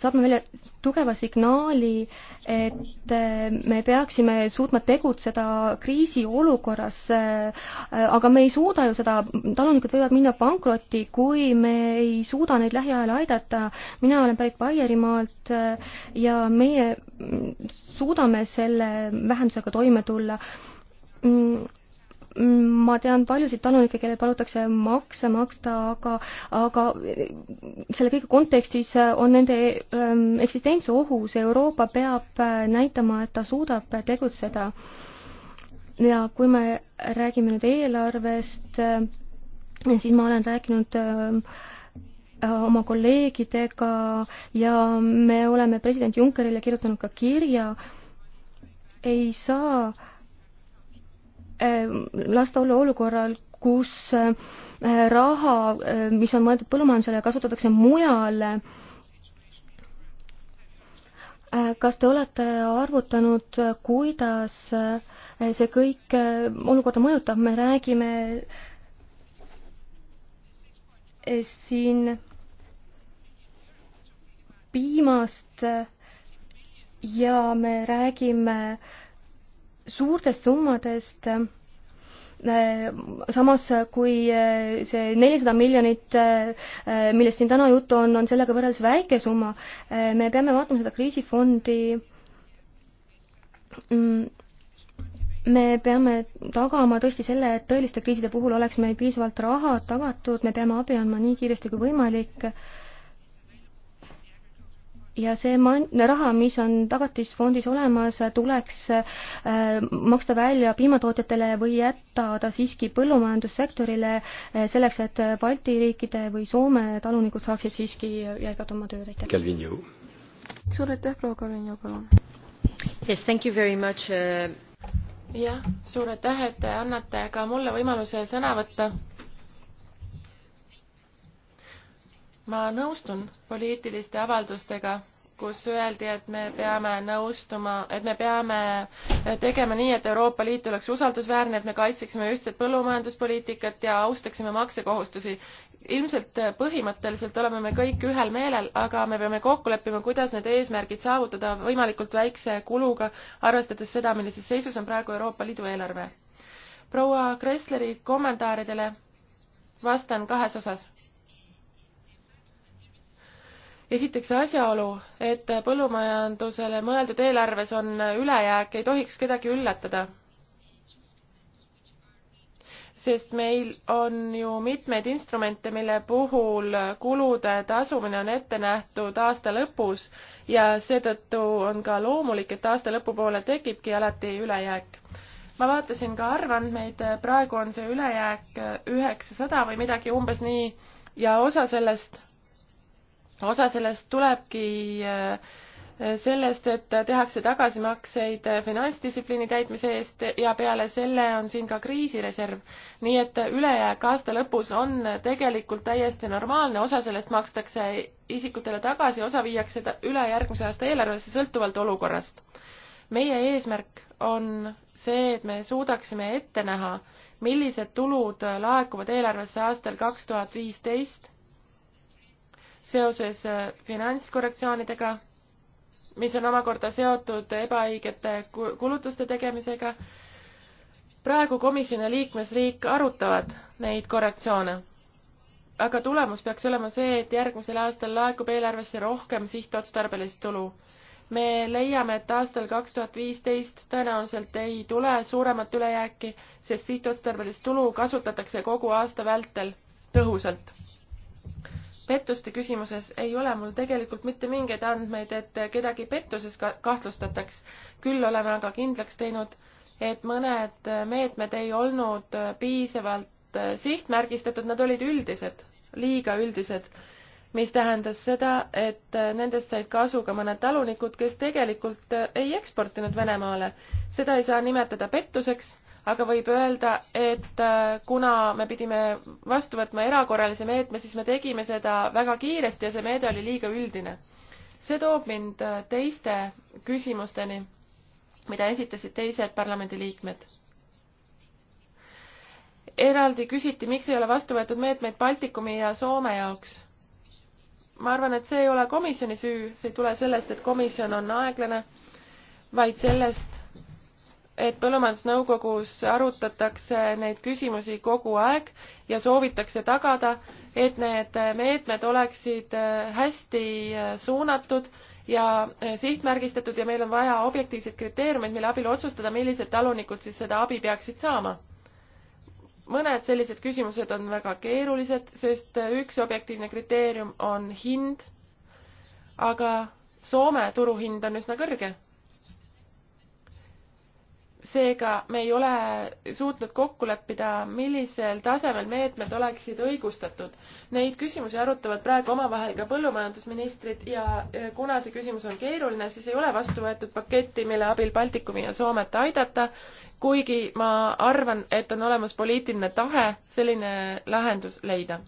saame välja tugeva signaali, et äh, me peaksime suutma tegutseda kriisiolukorras, äh, aga me ei suuda ju seda, talunikud võivad minna pankrotti, kui me ei suuda neid lähiajal aidata. mina olen pärit Baierimaalt äh, ja meie mm, suudame selle vähendusega toime tulla mm, ma tean paljusid talunikke, kellel palutakse makse maksta, aga, aga selle kõige kontekstis on nende ähm, eksistents ohus, Euroopa peab äh, näitama, et ta suudab tegutseda. ja kui me räägime nüüd eelarvest, äh, siis ma olen rääkinud ähm, äh, oma kolleegidega ja me oleme president Junckerile kirjutanud ka kirja, ei saa äh, Äh, lasta olla olukorral, kus äh, raha, äh, mis on mõeldud põllumajandusele, kasutatakse mujale. kas te olete arvutanud, kuidas see kõik olukorda mõjutab, me räägime siin piimast ja me räägime äh, suurtest summadest äh, samas kui äh, see nelisada miljonit, äh, millest siin täna juttu on, on sellega võrreldes väike summa, me peame vaatama seda kriisifondi. Mm, me peame tagama tõesti selle, et tõeliste kriiside puhul oleks meil piisavalt raha tagatud, me peame abi andma nii kiiresti kui võimalik ja see man-, raha, mis on tagatisfondis olemas, tuleks äh, maksta välja piimatootjatele või jätta ta siiski põllumajandussektorile äh,, selleks et Balti riikide või Soome talunikud saaksid siiski jätkata oma tööd, aitäh. Calvino. suur aitäh, proua Calvino, palun. Yes, thank you very much uh... jah, suur aitäh, et te annate ka mulle võimaluse sõna võtta ma nõustun poliitiliste avaldustega, kus öeldi, et me peame nõustuma, et me peame tegema nii, et Euroopa Liit oleks usaldusväärne, et me kaitseksime ühtset põllumajanduspoliitikat ja austaksime maksekohustusi. ilmselt põhimõtteliselt oleme me kõik ühel meelel, aga me peame kokku leppima, kuidas need eesmärgid saavutada võimalikult väikse kuluga, arvestades seda, millises seisus on praegu Euroopa Liidu eelarve. proua Kressleri kommentaaridele vastan kahes osas esiteks asjaolu, et põllumajandusele mõeldud eelarves on ülejääk, ei tohiks kedagi üllatada. sest meil on ju mitmeid instrumente, mille puhul kulude tasumine on ette nähtud aasta lõpus ja seetõttu on ka loomulik, et aasta lõpupoole tekibki alati ülejääk. ma vaatasin ka arvandmeid, praegu on see ülejääk üheksasada või midagi umbes nii ja osa sellest osa sellest tulebki äh, sellest, et tehakse tagasimakseid äh, finantsdistsipliini täitmise eest ja peale selle on siin ka kriisireserv. nii et ülejääk aasta lõpus on tegelikult täiesti normaalne, osa sellest makstakse isikutele tagasi, osa viiakse üle järgmise aasta eelarvesse, sõltuvalt olukorrast. meie eesmärk on see, et me suudaksime ette näha, millised tulud laekuvad eelarvesse aastal kaks tuhat viisteist seoses äh, finantskorrektsioonidega, mis on omakorda seotud ebaõigete kulutuste tegemisega. praegu komisjon ja liikmesriik arutavad neid korrektsioone aga tulemus peaks olema see, et järgmisel aastal laekub eelarvesse rohkem sihtotstarbelist tulu. me leiame, et aastal kaks tuhat viisteist tõenäoliselt ei tule suuremat ülejääki, sest sihtotstarbelist tulu kasutatakse kogu aasta vältel tõhusalt pettuste küsimuses ei ole mul tegelikult mitte mingeid andmeid, et kedagi pettuses ka kahtlustataks. küll oleme aga kindlaks teinud, et mõned meetmed ei olnud piisavalt äh, sihtmärgistatud, nad olid üldised, liiga üldised, mis tähendas seda, et äh, nendest said kasu ka mõned talunikud, kes tegelikult äh, ei eksportinud Venemaale. seda ei saa nimetada pettuseks aga võib öelda, et äh, kuna me pidime vastu võtma erakorralise meetme, siis me tegime seda väga kiiresti ja see meede oli liiga üldine. see toob mind äh, teiste küsimusteni, mida esitasid teised parlamendiliikmed. eraldi küsiti, miks ei ole vastu võetud meetmeid Baltikumi ja Soome jaoks ma arvan, et see ei ole komisjoni süü, see ei tule sellest, et komisjon on aeglane, vaid sellest, et Põllumajandusnõukogus arutatakse neid küsimusi kogu aeg ja soovitakse tagada, et need meetmed oleksid äh, hästi äh, suunatud ja äh, sihtmärgistatud ja meil on vaja objektiivseid kriteeriumeid, mille abil otsustada, millised talunikud siis seda abi peaksid saama. mõned sellised küsimused on väga keerulised, sest üks objektiivne kriteerium on hind, aga Soome turuhind on üsna kõrge seega me ei ole suutnud kokku leppida, millisel tasemel meetmed oleksid õigustatud. Neid küsimusi arutavad praegu omavahel ka põllumajandusministrid ja e, kuna see küsimus on keeruline, siis ei ole vastu võetud paketti, mille abil Baltikumi ja Soomet aidata, kuigi ma arvan, et on olemas poliitiline tahe selline lahendus leida.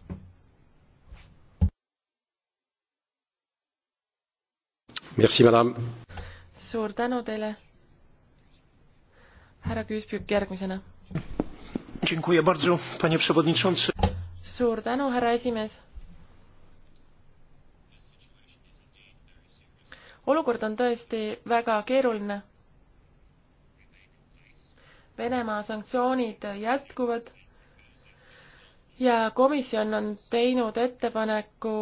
suur tänu teile härra Küüspjuk järgmisena. suur tänu, härra esimees. olukord on tõesti väga keeruline. Venemaa sanktsioonid jätkuvad ja komisjon on teinud ettepaneku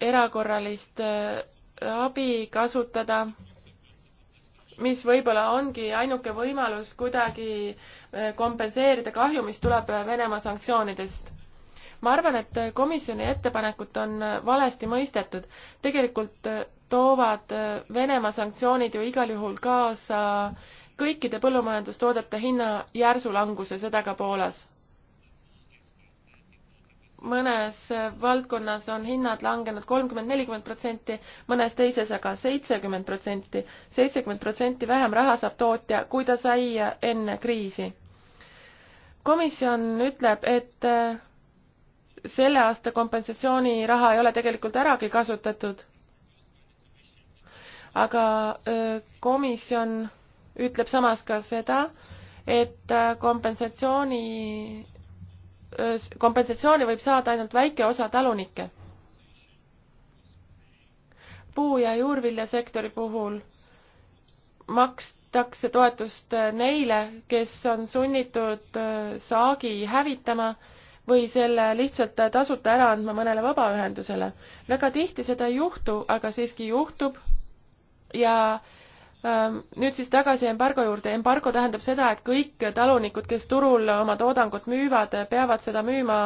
erakorralist äh, abi kasutada mis võib-olla ongi ainuke võimalus kuidagi eh, kompenseerida kahju, mis tuleb eh, Venemaa sanktsioonidest. ma arvan, et eh, komisjoni ettepanekut on valesti mõistetud. tegelikult toovad Venemaa sanktsioonid ju igal juhul kaasa kõikide põllumajandustoodete hinna järsu languse, seda ka Poolas mõnes valdkonnas on hinnad langenud kolmkümmend, nelikümmend protsenti, mõnes teises aga seitsekümmend protsenti. seitsekümmend protsenti vähem raha saab tootja, kui ta sai enne kriisi. komisjon ütleb, et äh, selle aasta kompensatsiooniraha ei ole tegelikult äragi kasutatud. aga äh, komisjon ütleb samas ka seda, et äh, kompensatsiooni kompensatsiooni võib saada ainult väike osa talunikke. puu- ja juurviljasektori puhul makstakse toetust neile, kes on sunnitud äh, saagi hävitama või selle lihtsalt tasuta ära andma mõnele vabaühendusele. väga tihti seda ei juhtu, aga siiski juhtub ja äh, Ehm, nüüd siis tagasi embargo juurde. embargo tähendab seda, et kõik talunikud, kes turul oma toodangut müüvad, peavad seda müüma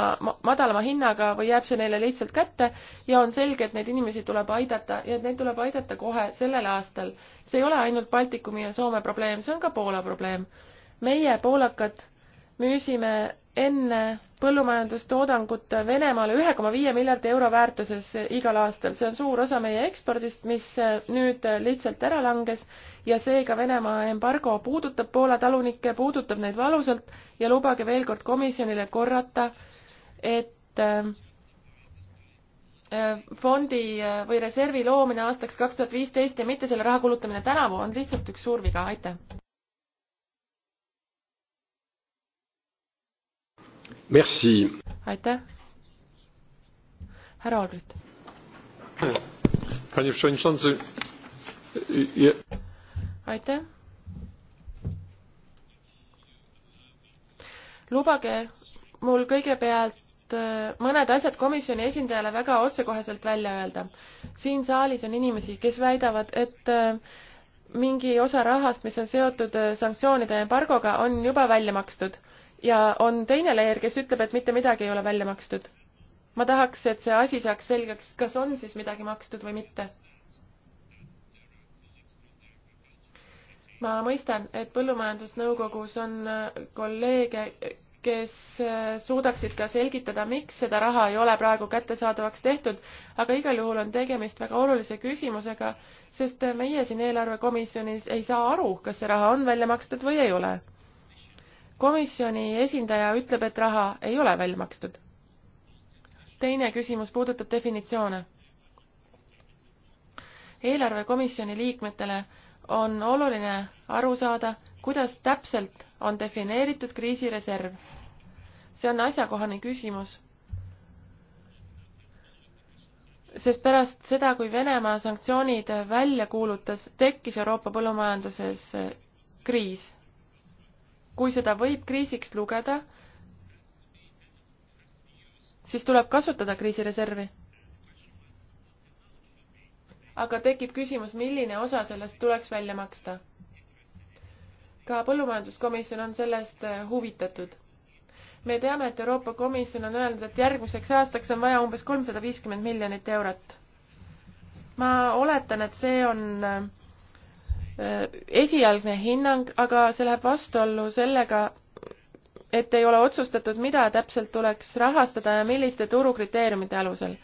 madalama hinnaga või jääb see neile lihtsalt kätte ja on selge, et neid inimesi tuleb aidata ja et neid tuleb aidata kohe sellel aastal. see ei ole ainult Baltikumi ja Soome probleem, see on ka Poola probleem. meie, poolakad, müüsime enne põllumajandustoodangut Venemaale ühe koma viie miljardi euro väärtuses igal aastal. see on suur osa meie ekspordist, mis nüüd lihtsalt ära langes ja seega Venemaa embargo puudutab Poola talunikke, puudutab neid valusalt ja lubage veel kord komisjonile korrata, et äh, fondi äh, või reservi loomine aastaks kaks tuhat viisteist ja mitte selle raha kulutamine tänavu on lihtsalt üks suur viga, aitäh! aitäh. härra Albrecht. aitäh. lubage mul kõigepealt äh, mõned asjad komisjoni esindajale väga otsekoheselt välja öelda. siin saalis on inimesi, kes väidavad, et äh, mingi osa rahast, mis on seotud äh, sanktsioonide embargoga, on juba välja makstud ja on teine leer, kes ütleb, et mitte midagi ei ole välja makstud. ma tahaks, et see asi saaks selgeks, kas on siis midagi makstud või mitte. ma mõistan, et Põllumajandusnõukogus on äh, kolleege, kes äh, suudaksid ka selgitada, miks seda raha ei ole praegu kättesaadavaks tehtud, aga igal juhul on tegemist väga olulise küsimusega, sest äh, meie siin eelarvekomisjonis ei saa aru, kas see raha on välja makstud või ei ole komisjoni esindaja ütleb, et raha ei ole välja makstud. teine küsimus puudutab definitsioone. eelarvekomisjoni liikmetele on oluline aru saada, kuidas täpselt on defineeritud kriisireserv. see on asjakohane küsimus. sest pärast seda, kui Venemaa sanktsioonid välja kuulutas, tekkis Euroopa põllumajanduses kriis kui seda võib kriisiks lugeda, siis tuleb kasutada kriisireservi. aga tekib küsimus, milline osa sellest tuleks välja maksta. ka põllumajanduskomisjon on sellest äh, huvitatud. me teame, et Euroopa Komisjon on öelnud, et järgmiseks aastaks on vaja umbes kolmsada viiskümmend miljonit eurot. ma oletan, et see on äh, Äh, esialgne hinnang, aga see läheb vastuollu sellega, et ei ole otsustatud, mida täpselt tuleks rahastada ja milliste turukriteeriumite alusel.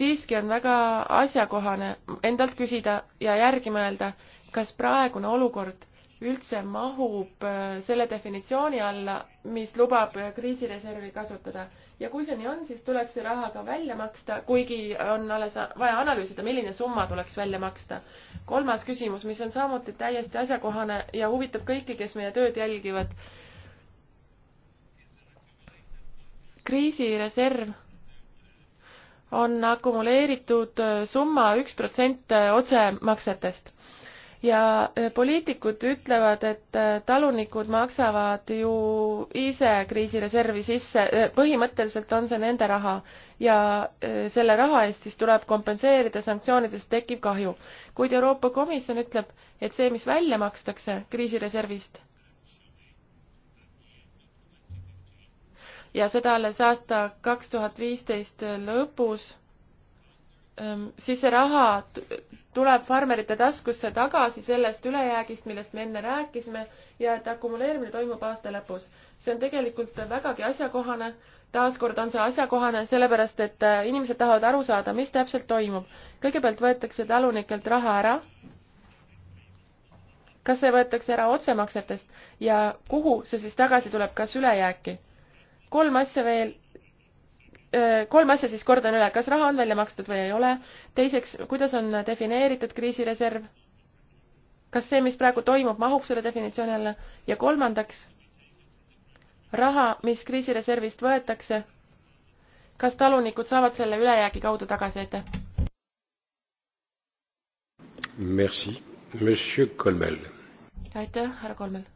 siiski on väga asjakohane endalt küsida ja järgi mõelda, kas praegune olukord üldse mahub äh, selle definitsiooni alla, mis lubab äh, kriisireservi kasutada. ja kui see nii on, siis tuleb see raha ka välja maksta, kuigi on alles vaja analüüsida, milline summa tuleks välja maksta. kolmas küsimus, mis on samuti täiesti asjakohane ja huvitab kõiki, kes meie tööd jälgivad. kriisireserv on akumuleeritud äh, summa üks protsent otsemaksetest ja äh, poliitikud ütlevad, et äh, talunikud maksavad ju ise kriisireservi sisse, äh, põhimõtteliselt on see nende raha ja selle raha eest siis tuleb kompenseerida sanktsioonidest tekkiv kahju. kuid Euroopa Komisjon ütleb, et see, mis välja makstakse kriisireservist, ja seda alles aasta kaks tuhat viisteist lõpus siis see raha tuleb farmerite taskusse tagasi sellest ülejäägist, millest me enne rääkisime ja et akumuleerimine toimub aasta lõpus. see on tegelikult vägagi asjakohane. taaskord on see asjakohane sellepärast, et äh, inimesed tahavad aru saada, mis täpselt toimub. kõigepealt võetakse talunikelt raha ära. kas see võetakse ära otsemaksetest ja kuhu see siis tagasi tuleb, kas ülejääki? kolm asja veel Äh, kolm asja siis kordan üle, kas raha on välja makstud või ei ole, teiseks, kuidas on defineeritud kriisireserv, kas see, mis praegu toimub, mahub selle definitsiooni alla ja kolmandaks, raha, mis kriisireservist võetakse, kas talunikud saavad selle ülejäägi kaudu tagasi, aitäh? Merci, monsieur Kolmel. aitäh, härra Kolmel.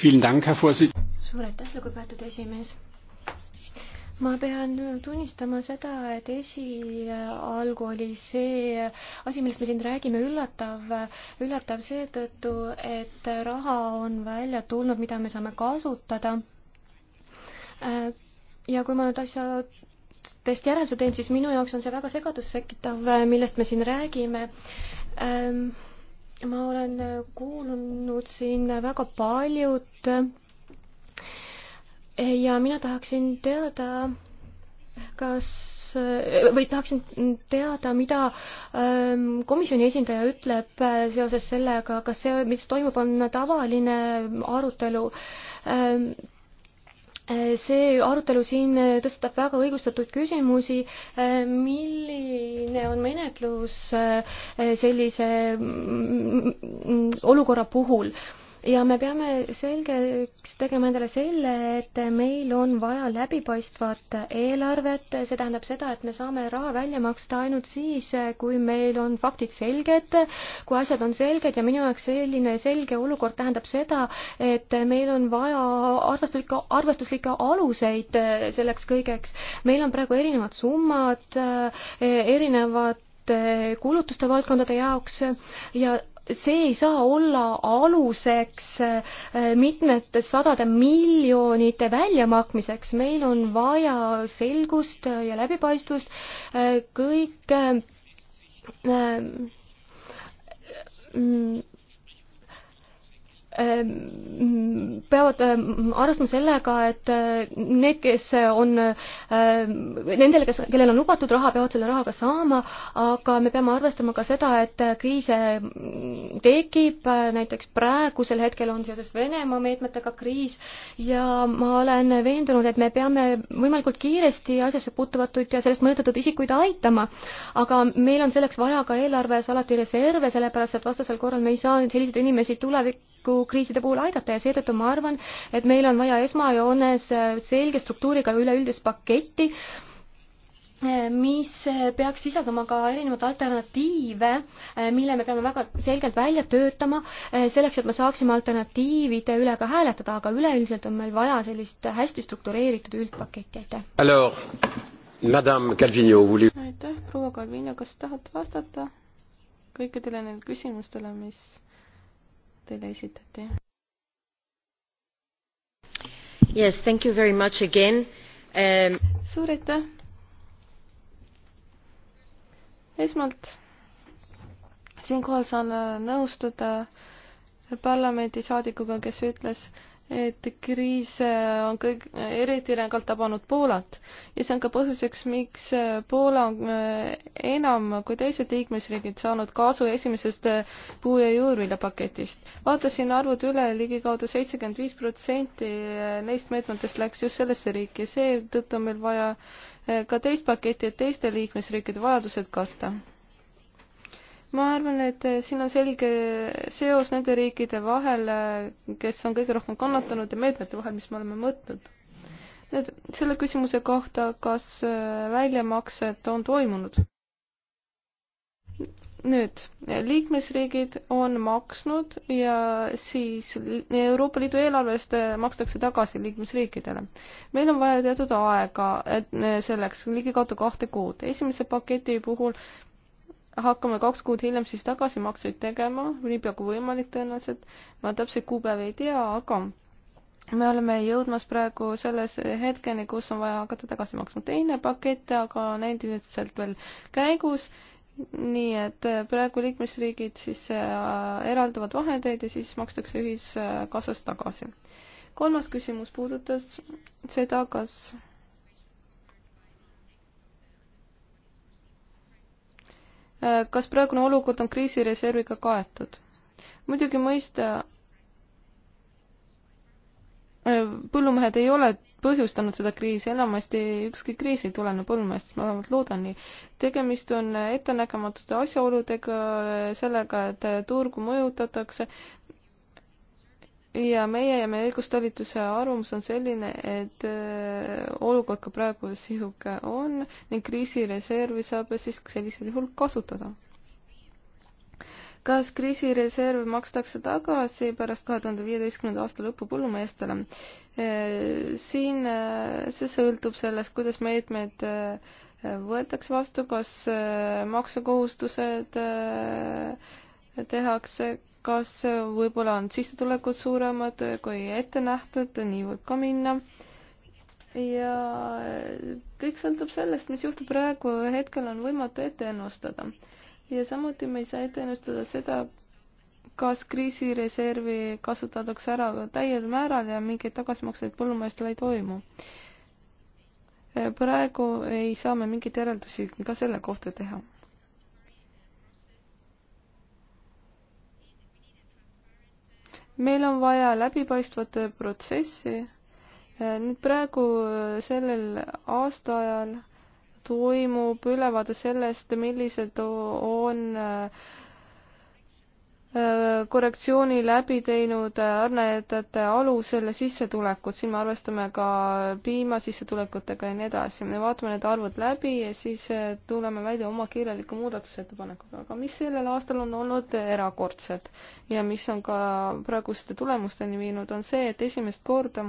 suur aitäh, lugupeetud esimees ma pean tunnistama seda, et esialgu oli see asi, millest me siin räägime, üllatav, üllatav seetõttu, et raha on välja tulnud, mida me saame kasutada. ja kui ma nüüd asjadest järelduse teen, siis minu jaoks on see väga segadust sekitav, millest me siin räägime ehm, ma olen kuulnud siin väga paljud ja mina tahaksin teada, kas või tahaksin teada, mida ähm, komisjoni esindaja ütleb äh, seoses sellega, kas see, mis toimub, on tavaline arutelu. Ähm, äh, see arutelu siin tõstab väga õigustatud küsimusi, äh, milline on menetlus sellise mm, mm, mm, olukorra puhul ja me peame selgeks tegema endale selle, et meil on vaja läbipaistvat eelarvet, see tähendab seda, et me saame raha välja maksta ainult siis, kui meil on faktid selged, kui asjad on selged ja minu jaoks selline selge olukord tähendab seda, et meil on vaja arvestuslikke, arvestuslikke aluseid selleks kõigeks. meil on praegu erinevad summad, erinevad kulutuste valdkondade jaoks ja see ei saa olla aluseks äh, mitmete sadade miljonite väljamaksmiseks, meil on vaja selgust ja läbipaistvust, äh, kõik äh, mm, Ehm, peavad ehm, arvestama sellega, et ehm, need, kes on, nendele, kes, kellel on lubatud raha, peavad selle raha ka saama, aga me peame arvestama ka seda, et kriise tekib, näiteks praegusel hetkel on seoses Venemaa meetmetega kriis ja ma olen veendunud, et me peame võimalikult kiiresti asjasse puutuvatud ja sellest mõjutatud isikuid aitama. aga meil on selleks vaja ka eelarves alati reserve, sellepärast et vastasel korral me ei saa selliseid inimesi tulevikus tulevikukriiside puhul aidata ja seetõttu ma arvan, et meil on vaja esmajoones äh, selge struktuuriga üleüldist paketti, äh, mis äh, peaks sisaldama ka erinevaid alternatiive, mille me peame väga selgelt välja töötama, selleks et me saaksime alternatiivide üle ka hääletada, aga üleüldiselt on meil vaja sellist hästi struktureeritud üldpaketti, aitäh. aitäh, proua Calvino, kas tahate vastata kõikidele neile küsimustele, mis teile esitati. Yes, thank you very much again um.... suur aitäh. esmalt siinkohal saan äh, nõustuda parlamendisaadikuga, kes ütles, et kriis äh, on kõik, eriti rängalt tabanud Poolat ja see on ka põhjuseks, miks äh, Poola on äh, enam kui teised liikmesriigid saanud kasu esimesest puu- ja juurviljapaketist. vaatasin arvud üle ligi, ligikaudu seitsekümmend viis protsenti neist meetmetest läks just sellesse riiki, seetõttu on meil vaja ka teist paketti, et teiste liikmesriikide vajadused katta ma arvan, et eh, siin on selge seos nende riikide vahel, eh, kes on kõige rohkem kannatanud ja meetmete vahel, mis me oleme mõtnud. nüüd selle küsimuse kohta, kas eh, väljamaksed on toimunud? nüüd, liikmesriigid on maksnud ja siis Euroopa Liidu eelarvest makstakse tagasi liikmesriikidele. meil on vaja teatud aega selleks, ligikaudu kahte kuud. esimese paketi puhul hakkame kaks kuud hiljem siis tagasimakseid tegema, niipea kui võimalik tõenäoliselt, ma täpseid kuupäevi ei tea, aga me oleme jõudmas praegu selles hetkeni, kus on vaja hakata tagasi maksma teine pakett, aga on endiselt veel käigus, nii et praegu liikmesriigid siis äh, eraldavad vahendeid ja siis makstakse ühiskassast tagasi. kolmas küsimus puudutas seda, kas Äh, kas praegune olukord on kriisireserviga kaetud? muidugi mõista, äh, põllumehed ei ole põhjustanud seda kriisi, enamasti ükski kriis ei tulene põllumehest, ma vähemalt loodan nii. tegemist on ettenägematute asjaoludega, äh, sellega, et turgu mõjutatakse, ja meie ja meie õigustalituse arvamus on selline, et äh, olukord ka praegu sihuke on ning kriisireservi saab siis sellisel juhul kasutada. kas kriisireserv makstakse tagasi pärast kahe tuhande viieteistkümnenda aasta lõppu põllumeestele? Äh, siin äh, see sõltub sellest, kuidas meetmed võetakse vastu, kas maksukohustused tehakse kas võib-olla on sissetulekud suuremad kui ette nähtud, nii võib ka minna. ja kõik sõltub sellest, mis juhtub praegu, hetkel on võimatu ette ennustada. ja samuti me ei saa ette ennustada seda, kas kriisireservi kasutatakse ära täiel määral ja mingeid tagasimakseid põllumeestel ei toimu. praegu ei saa me mingeid järeldusi ka selle kohta teha meil on vaja läbipaistvat protsessi. nüüd praegu äh, sellel aastaajal toimub ülevaade sellest, millised on äh, korrektsiooni läbi teinud arnajätajate alusel sissetulekud, siin me arvestame ka piima sissetulekutega ja nii edasi. me vaatame need arvud läbi ja siis eh, tuleme välja oma kirjaliku muudatusettepanekuga, aga mis sellel aastal on olnud erakordsed ja mis on ka praeguste tulemusteni viinud, on see, et esimest korda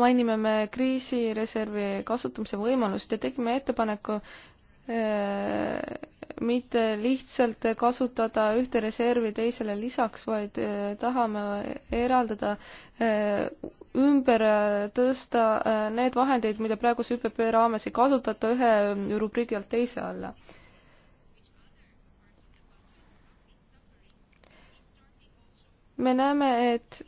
mainime me kriisireservi kasutamise võimalust ja tegime ettepaneku Äh, mitte lihtsalt kasutada ühte reservi teisele lisaks, vaid äh, tahame eraldada, äh, ümber tõsta need vahendeid, mida praeguse ÜPP raames ei kasutata ühe ähm, rubriigi alt teise alla. me näeme, et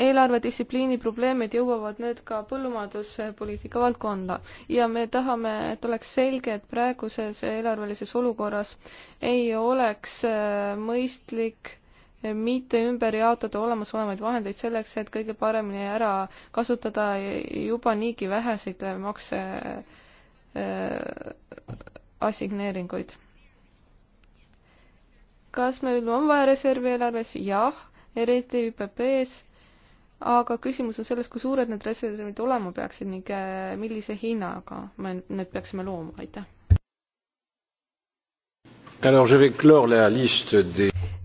eelarvedistsipliini probleemid jõuavad nüüd ka põllumajanduspoliitika valdkonda ja me tahame, et oleks selge, et praeguses eelarvelises olukorras ei oleks äh, mõistlik äh, mitte ümber jaotada olemasolevaid vahendeid selleks, et kõige paremini ära kasutada juba niigi väheseid makse äh, assigneeringuid. kas meil on vaja reservi eelarves? jah, eriti ÜPP-s aga küsimus on selles, kui suured need reservid olema peaksid ning äh, millise hinnaga me need peaksime looma, aitäh.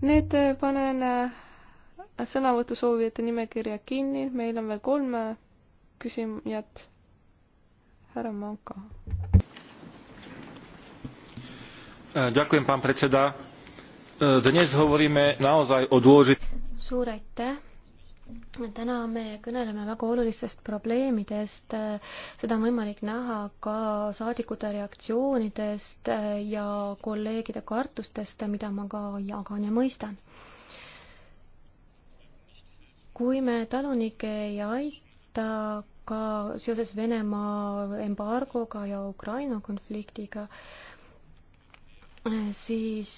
nüüd äh, panen äh, sõnavõtusoovijate nimekirja kinni, meil on veel kolm küsimjat. härra Manka. suur aitäh täna me kõneleme väga olulistest probleemidest, seda on võimalik näha ka saadikute reaktsioonidest ja kolleegide kartustest, mida ma ka jagan ja mõistan. kui me talunikke ei aita ka seoses Venemaa embargoga ja Ukraina konfliktiga, siis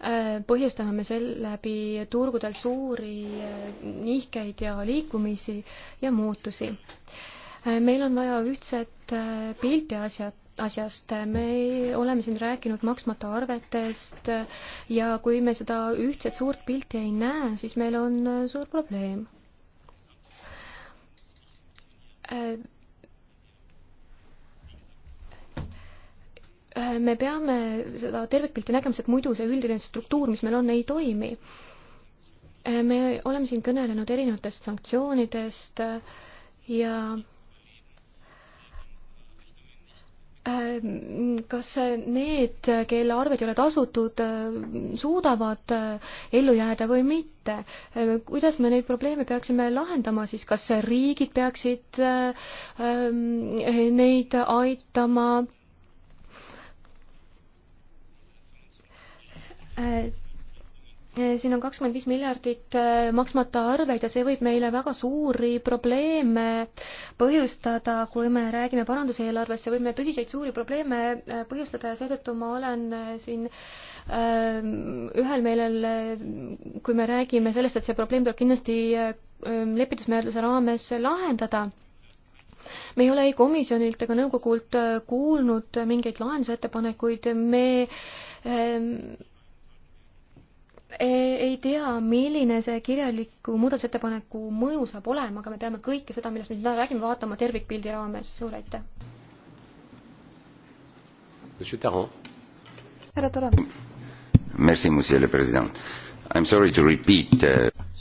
Äh, põhjustame me seeläbi turgudel suuri äh, nihkeid ja liikumisi ja muutusi. Äh, meil on vaja ühtset pilti asjad, asjast, me oleme siin rääkinud maksmata arvetest ja kui me seda ühtset suurt pilti ei näe, siis meil on suur probleem Äh, me peame seda tervikpilti nägema, sest muidu see üldine struktuur, mis meil on, ei toimi. Äh, me oleme siin kõnelenud erinevatest sanktsioonidest äh, ja kas need, kelle arved ei ole tasutud, suudavad ellu jääda või mitte? kuidas me neid probleeme peaksime lahendama siis, kas riigid peaksid ähm, neid aitama? Äh, äh, siin on kakskümmend viis miljardit äh, maksmata arveid ja see võib meile väga suuri probleeme põhjustada, kui me räägime paranduseelarvest, see võib meile tõsiseid suuri probleeme põhjustada ja seetõttu ma olen siin ühel meelel, kui me räägime sellest, et see probleem tuleb kindlasti lepitusmenetluse raames lahendada me ei ole ei komisjonilt ega nõukogult kuulnud mingeid lahendusettepanekuid, me ei tea, milline see kirjaliku muudatusettepaneku mõju saab olema, aga me peame kõike seda, millest me siin täna räägime, vaatama tervikpildi raames. suur aitäh! härra Tarand. Uh,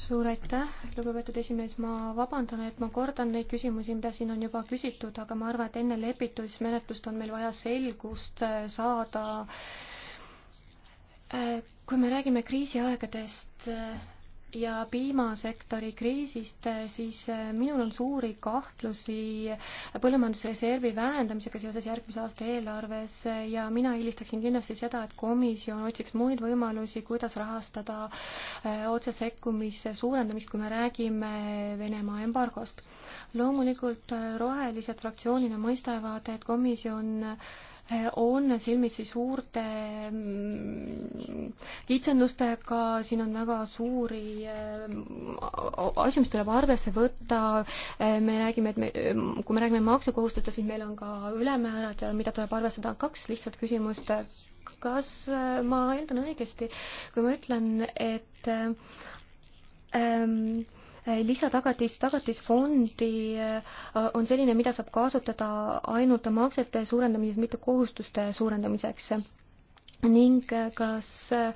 suur aitäh, lugupeetud esimees, ma vabandan, et ma kordan neid küsimusi, mida siin on juba küsitud, aga ma arvan, et enne lepitusmenetlust on meil vaja selgust eh, saada eh, kui me räägime kriisiaegadest äh, ja piimasektori kriisist, äh, siis äh, minul on suuri kahtlusi põllumajandusreservi vähendamisega seoses järgmise aasta eelarves ja mina eelistaksin kindlasti seda, et komisjon otsiks muid võimalusi, kuidas rahastada otsesekkumise suurendamist, kui me räägime Venemaa embargost. loomulikult rohelised fraktsioonina mõistavad, et komisjon on silmitsi suurte mm, kitsendustega, siin on väga suuri mm, asju, mis tuleb arvesse võtta, me räägime, et me, mm, kui me räägime maksukohustustest, siis meil on ka ülemäärad, mida tuleb arvestada, kaks lihtsat küsimust. kas äh, ma eeldan õigesti, kui ma ütlen, et äh, ähm, Eh, lisatagatis tagatisfondi eh, on selline, mida saab kasutada ainult maksete suurendamiseks, mitte kohustuste suurendamiseks ning äh, kas äh,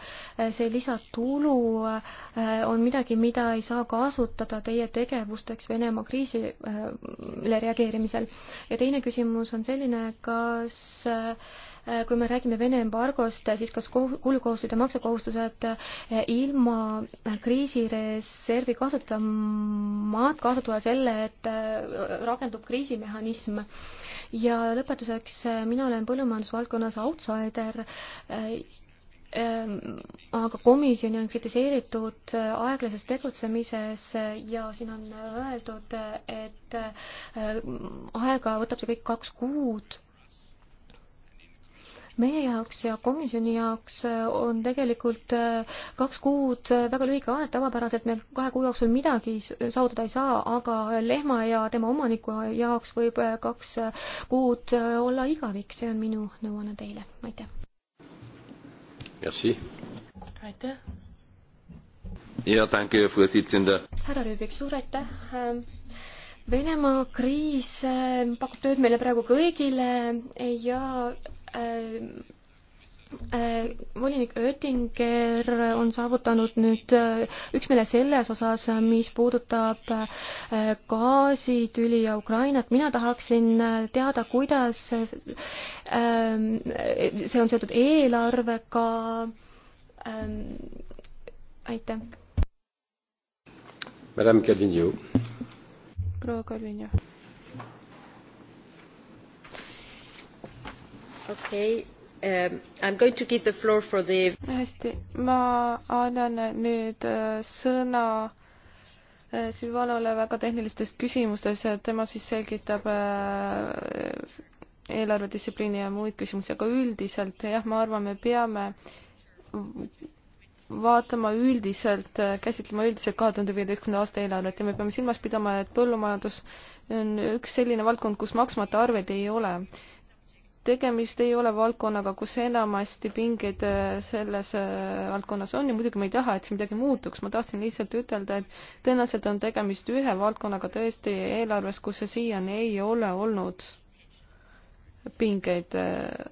see lisatulu äh, on midagi, mida ei saa kasutada teie tegevusteks Venemaa kriisile reageerimisel? ja teine küsimus on selline, kas kui me räägime Vene embargost, siis kas kulukohustused ja maksekohustused ilma kriisireservi kasutamata kasutavad selle, et rakendub kriisimehhanism ja lõpetuseks, äh, mina olen põllumajandusvaldkonnas outsider äh, ähm, aga komisjoni on kritiseeritud äh, aeglases tegutsemises ja siin on öeldud, et aega võtab see kõik kaks kuud meie jaoks ja komisjoni jaoks äh, on tegelikult äh, kaks kuud äh, väga lühike aeg, tavapäraselt me kahe kuu jooksul midagi saavutada ei saa, aga lehma ja tema omaniku jaoks võib kaks kuud olla igavik, see on minu nõuanne teile, aitäh. Merci. aitäh. ja tänke, härra Rüübik, suur aitäh ähm, Venemaa kriis pakub tööd meile praegu kõigile ja Äh, äh, volinik Oettinger on saavutanud nüüd äh, üksmeele selles osas, mis puudutab gaasitüli ja Ukrainat. mina tahaksin teada, kuidas see on seotud eelarvega. Ähm, aitäh. proua Kalvinio. okei okay. um,, I m going to give the floor for the hästi, ma annan nüüd äh, sõna äh, Silvanole väga tehnilistes küsimustes, tema siis selgitab äh, eelarvedistsipliini ja muid küsimusi, aga üldiselt jah, ma arvan, me peame vaatama üldiselt, käsitlema üldiselt kahe tuhande viieteistkümnenda aasta eelarvet ja me peame silmas pidama, et põllumajandus on üks selline valdkond, kus maksmata arveid ei ole tegemist ei ole valdkonnaga, kus enamasti pingeid äh, selles äh, valdkonnas on ja muidugi ma ei taha, et siin midagi muutuks, ma tahtsin lihtsalt ütelda, et tõenäoliselt on tegemist ühe valdkonnaga tõesti eelarves, kus siiani ei ole olnud pingeid. Äh.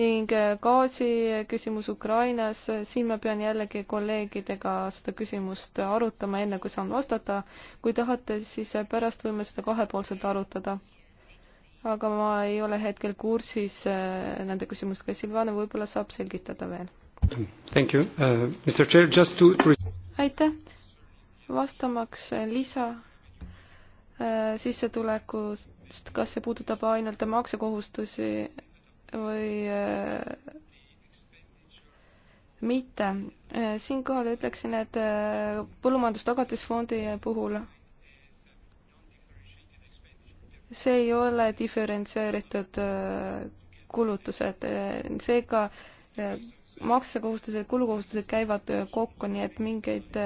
ning gaasi küsimus Ukrainas, siin ma pean jällegi kolleegidega seda küsimust arutama, enne kui saan vastata. kui tahate, siis pärast võime seda kahepoolselt arutada aga ma ei ole hetkel kursis äh, nende küsimustega, Silvana võib-olla saab selgitada veel. Thank you uh,, Mr Chair, just to aitäh, vastamaks lisa äh, sissetulekust, kas see puudutab ainult maksekohustusi või äh, mitte. siinkohal ütleksin, et põllumajandustagatisfondi puhul see ei ole diferentseeritud äh, kulutused, äh, seega äh, maksekohustused, kulukohustused käivad kokku, nii et mingeid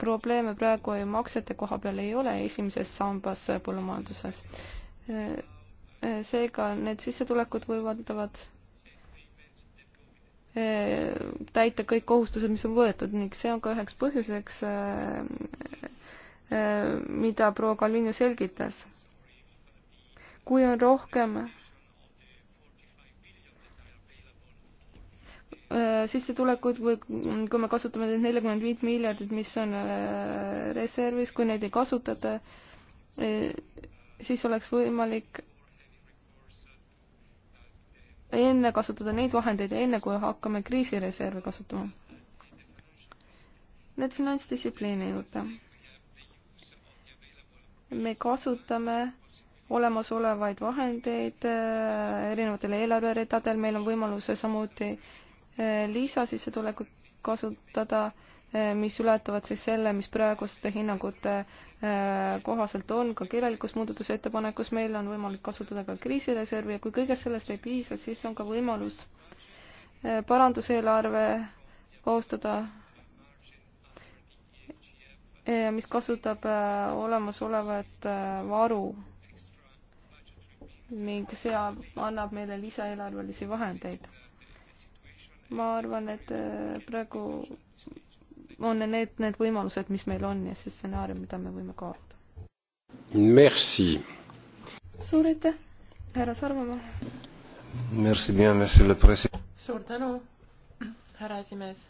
probleeme praegu maksete koha peal ei ole esimeses sambas põllumajanduses. seega need sissetulekud võimaldavad täita kõik kohustused, mis on võetud ning see on ka üheks põhjuseks, mida proua Kalvino selgitas kui on rohkem äh, sissetulekud või kui me kasutame neid neljakümmend viit miljardit, mis on äh, reservis, kui neid ei kasutata, äh, siis oleks võimalik enne kasutada neid vahendeid ja enne, kui hakkame kriisireserve kasutama. Need finantsdistsipliini juurde. me kasutame äh, olemasolevaid vahendeid äh, erinevatel eelarveredadel, meil on võimalus samuti äh, lisasissetulekut kasutada, äh, mis ületavad siis selle, mis praeguste hinnangute kohaselt on, ka kirjalikus muudatusettepanekus meil on võimalik kasutada ka kriisireservi ja kui kõigest sellest ei piisa, siis on ka võimalus paranduseelarve koostada mis kasutab olemasolevat varu ning see annab meile lisaeelarvelisi vahendeid. ma arvan, et äh, praegu on need, need võimalused, mis meil on ja see stsenaarium, mida me võime kaaluda. Merci. suur aitäh, härra Sarvamaa. Merci bien, monsieur le president. suur tänu, härra esimees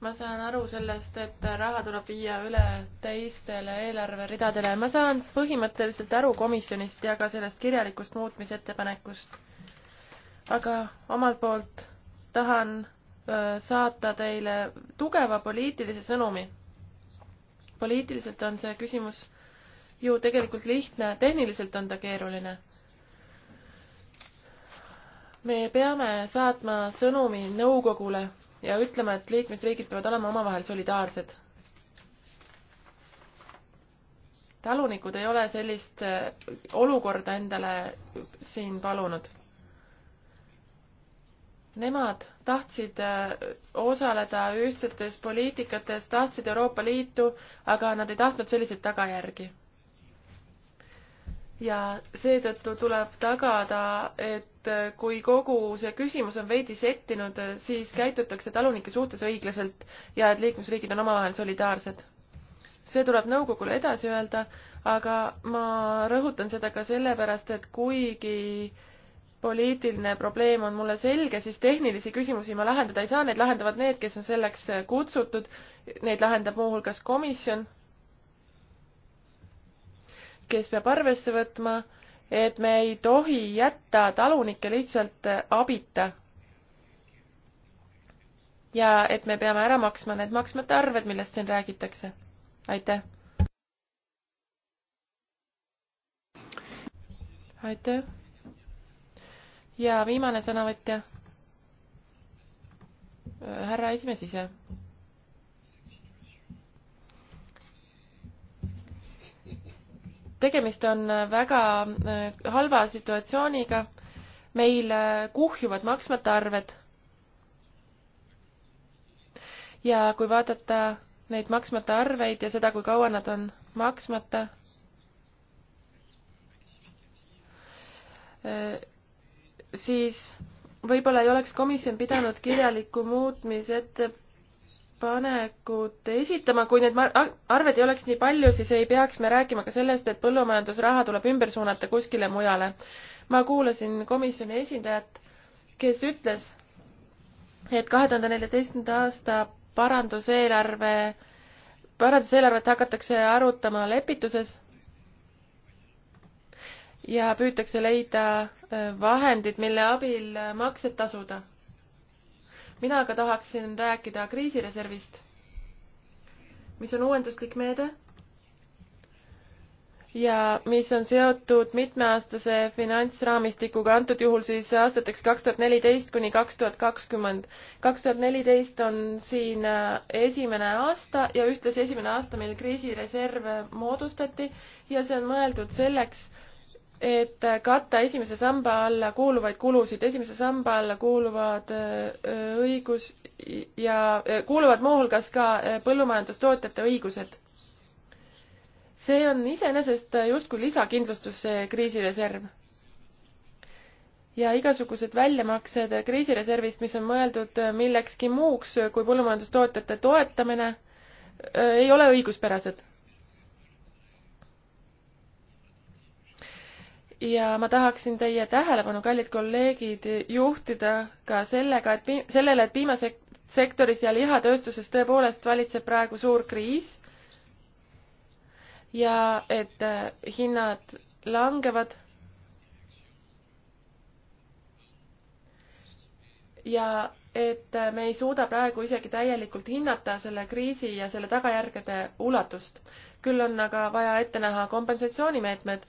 ma saan aru sellest, et raha tuleb viia üle teistele eelarveridadele. ma saan põhimõtteliselt aru komisjonist ja ka sellest kirjalikust muutmisettepanekust. aga omalt poolt tahan öö, saata teile tugeva poliitilise sõnumi. poliitiliselt on see küsimus ju tegelikult lihtne, tehniliselt on ta keeruline me peame saatma sõnumi nõukogule ja ütlema, et liikmesriigid peavad olema omavahel solidaarsed. talunikud ei ole sellist äh, olukorda endale siin palunud. Nemad tahtsid äh, osaleda ühtsetes poliitikates, tahtsid Euroopa Liitu, aga nad ei tahtnud selliseid tagajärgi ja seetõttu tuleb tagada, et kui kogu see küsimus on veidi settinud, siis käitutakse talunike suhtes õiglaselt ja et liikmesriigid on omavahel solidaarsed. see tuleb nõukogule edasi öelda, aga ma rõhutan seda ka sellepärast, et kuigi poliitiline probleem on mulle selge, siis tehnilisi küsimusi ma lahendada ei saa, neid lahendavad need, kes on selleks kutsutud, neid lahendab muuhulgas komisjon kes peab arvesse võtma, et me ei tohi jätta talunikke lihtsalt abita. ja et me peame ära maksma need maksmata arved, millest siin räägitakse. aitäh. aitäh. ja viimane sõnavõtja. härra esimees ise tegemist on äh, väga äh, halva situatsiooniga, meil äh, kuhjuvad maksmata arved. ja kui vaadata neid maksmata arveid ja seda, kui kaua nad on maksmata, siis võib-olla ei oleks komisjon pidanud kirjalikku muutmisettepanekut ettepanekut esitama, kui neid arveid ei oleks nii palju, siis ei peaks me rääkima ka sellest, et põllumajandusraha tuleb ümber suunata kuskile mujale. ma kuulasin komisjoni esindajat, kes ütles, et kahe tuhande neljateistkümnenda aasta paranduseelarve, paranduseelarvet hakatakse arutama lepituses ja püütakse leida äh, vahendid, mille abil maksed tasuda mina aga tahaksin rääkida kriisireservist, mis on uuenduslik meede ja mis on seotud mitmeaastase finantsraamistikuga, antud juhul siis aastateks kaks tuhat neliteist kuni kaks tuhat kakskümmend. kaks tuhat neliteist on siin äh, esimene aasta ja ühtlasi esimene aasta meil kriisireserv moodustati ja see on mõeldud selleks, et katta esimese samba alla kuuluvaid kulusid. esimese samba alla kuuluvad õigus ja kuuluvad muuhulgas ka põllumajandustootjate õigused. see on iseenesest justkui lisakindlustus, see kriisireserv. ja igasugused väljamaksed kriisireservist, mis on mõeldud millekski muuks kui põllumajandustootjate toetamine, ei ole õiguspärased ja ma tahaksin teie tähelepanu, kallid kolleegid, juhtida ka sellega, et sellele, et piimasektoris ja lihatööstuses tõepoolest valitseb praegu suur kriis ja et äh, hinnad langevad. ja et äh, me ei suuda praegu isegi täielikult hinnata selle kriisi ja selle tagajärgede ulatust. küll on aga vaja ette näha kompensatsioonimeetmed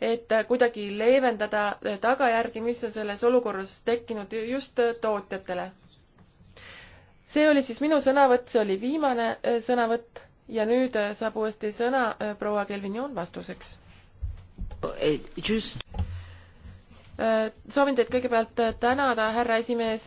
et kuidagi leevendada tagajärgi, mis on selles olukorras tekkinud just tootjatele. see oli siis minu sõnavõtt, see oli viimane äh, sõnavõtt ja nüüd äh, saab uuesti sõna äh, proua Kelvinion vastuseks. Eh, just soovin teid kõigepealt tänada, härra esimees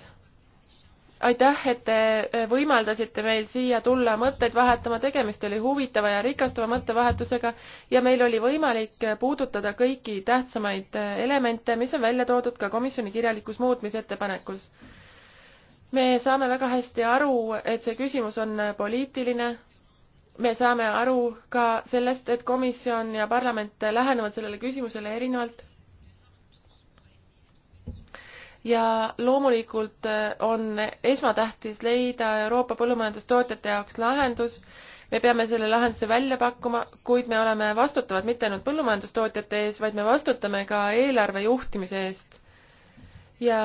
aitäh, et te äh, võimaldasite meil siia tulla mõtteid vahetama, tegemist oli huvitava ja rikastava mõttevahetusega ja meil oli võimalik äh, puudutada kõiki tähtsamaid äh, elemente, mis on välja toodud ka komisjoni kirjalikus muutmisettepanekus. me saame väga hästi aru, et see küsimus on poliitiline, me saame aru ka sellest, et komisjon ja parlament lähenevad sellele küsimusele erinevalt ja loomulikult eh, on esmatähtis leida Euroopa põllumajandustootjate jaoks lahendus. me peame selle lahenduse välja pakkuma, kuid me oleme vastutavad mitte ainult põllumajandustootjate ees, vaid me vastutame ka eelarve juhtimise eest. ja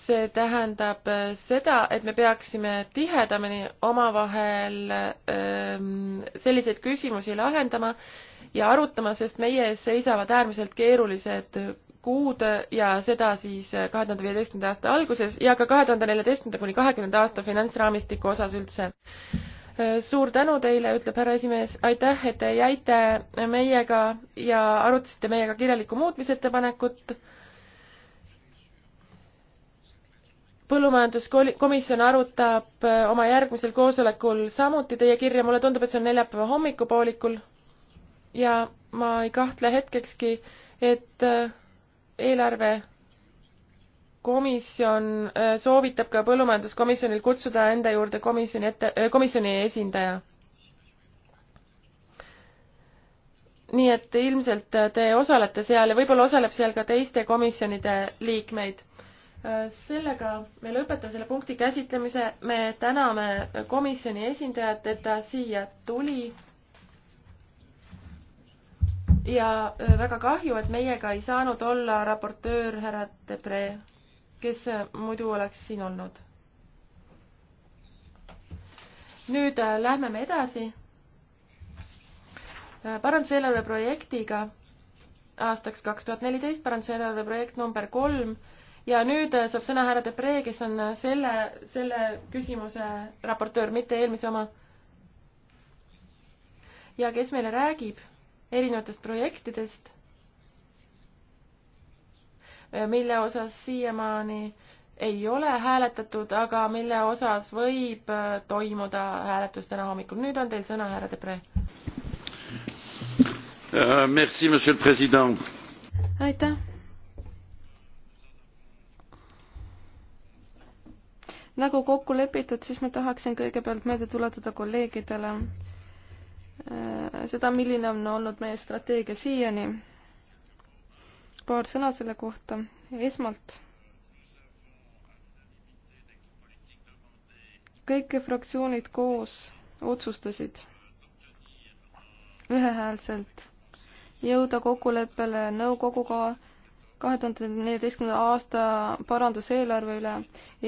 see tähendab eh, seda, et me peaksime tihedamini omavahel ehm, selliseid küsimusi lahendama ja arutama, sest meie ees seisavad äärmiselt keerulised kuud ja seda siis kahe tuhande viieteistkümnenda aasta alguses ja ka kahe tuhande neljateistkümnenda kuni kahekümnenda aasta finantsraamistiku osas üldse. suur tänu teile, ütleb härra esimees, aitäh, et te jäite meiega ja arutasite meiega kirjalikku muutmisettepanekut. põllumajanduskomisjon arutab oma järgmisel koosolekul samuti teie kirja, mulle tundub, et see on neljapäeva hommikupoolikul ja ma ei kahtle hetkekski, et äh, eelarve komisjon äh, soovitab ka põllumajanduskomisjonil kutsuda enda juurde komisjoni ette, äh, komisjoni esindaja. nii et ilmselt äh, te osalete seal ja võib-olla osaleb seal ka teiste komisjonide liikmeid. sellega me lõpetame selle punkti käsitlemise. me täname komisjoni esindajat, et ta siia tuli ja äh, väga kahju, et meiega ei saanud olla raportöör härra Debre, kes äh, muidu oleks siin olnud. nüüd äh, lähme me edasi paranduseelarve projektiga aastaks kaks tuhat neliteist, paranduseelarve projekt number kolm ja nüüd saab sõna härra Debre, kes on selle, selle küsimuse raportöör, mitte eelmise oma. ja kes meile räägib erinevatest projektidest, eh, mille osas siiamaani ei ole hääletatud, aga mille osas võib eh, toimuda hääletus täna hommikul. nüüd on teil sõna, härra Debre. Euh, merci, monsieur le president. aitäh. nagu kokku lepitud, siis ma tahaksin kõigepealt meelde tuletada kolleegidele, Äh, seda, milline on olnud meie strateegia siiani. paar sõna selle kohta. esmalt kõik fraktsioonid koos otsustasid ühehäälselt jõuda kokkuleppele nõukoguga kahe tuhande neljateistkümnenda aasta paranduseelarve üle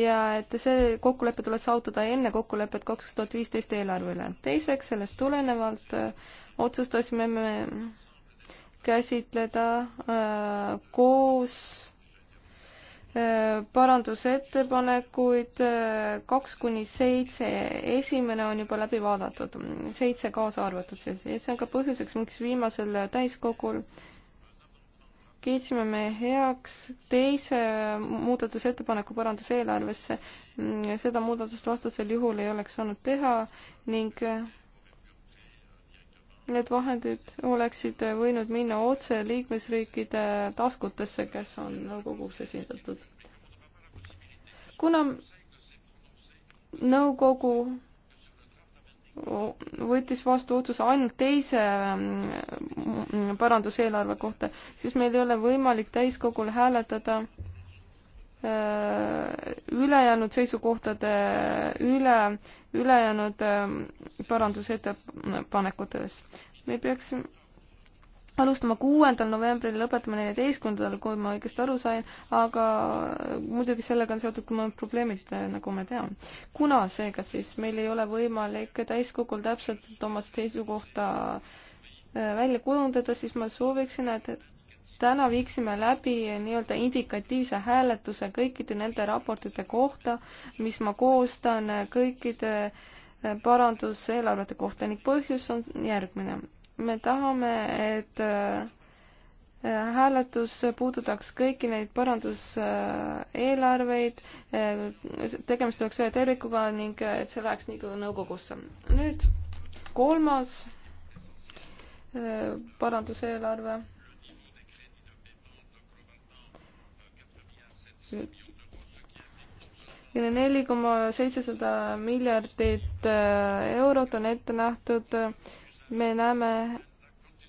ja et see kokkulepe tuleks saavutada enne kokkulepet kaks tuhat viisteist eelarve üle. teiseks, sellest tulenevalt äh, otsustasime me käsitleda äh, koos äh, parandusettepanekuid äh, kaks äh, kuni seitse, esimene on juba läbi vaadatud, seitse kaasa arvatud siis ja see on ka põhjuseks, miks viimasel täiskogul äh, kiitsime me heaks teise muudatusettepaneku paranduse eelarvesse. seda muudatust vastasel juhul ei oleks saanud teha ning need vahendid oleksid võinud minna otse liikmesriikide taskutesse, kes on nõukogus esindatud. kuna nõukogu võttis vastu otsuse ainult teise mm, mm, paranduseelarve kohta, siis meil ei ole võimalik täiskogul hääletada äh, ülejäänud seisukohtade üle, ülejäänud äh, parandusettepanekutes. me peaksime alustama kuuendal novembril, lõpetama neljateistkümnendal, kui ma õigesti aru sain, aga muidugi sellega on seotud ka mõned probleemid, nagu me teame. kuna seega siis meil ei ole võimalik täiskogul täpselt oma seisukohta äh, välja kujundada, siis ma sooviksin, et täna viiksime läbi nii-öelda indikatiivse hääletuse kõikide nende raportite kohta, mis ma koostan kõikide äh, paranduseelarvete kohta ning põhjus on järgmine me tahame, et äh, hääletus puudutaks kõiki neid paranduseelarveid, äh, tegemist oleks ühe tervikuga ning äh, et see läheks nii nagu kui nõukogusse. nüüd kolmas paranduseelarve. neli koma seitsesada miljardit eurot on ette nähtud me näeme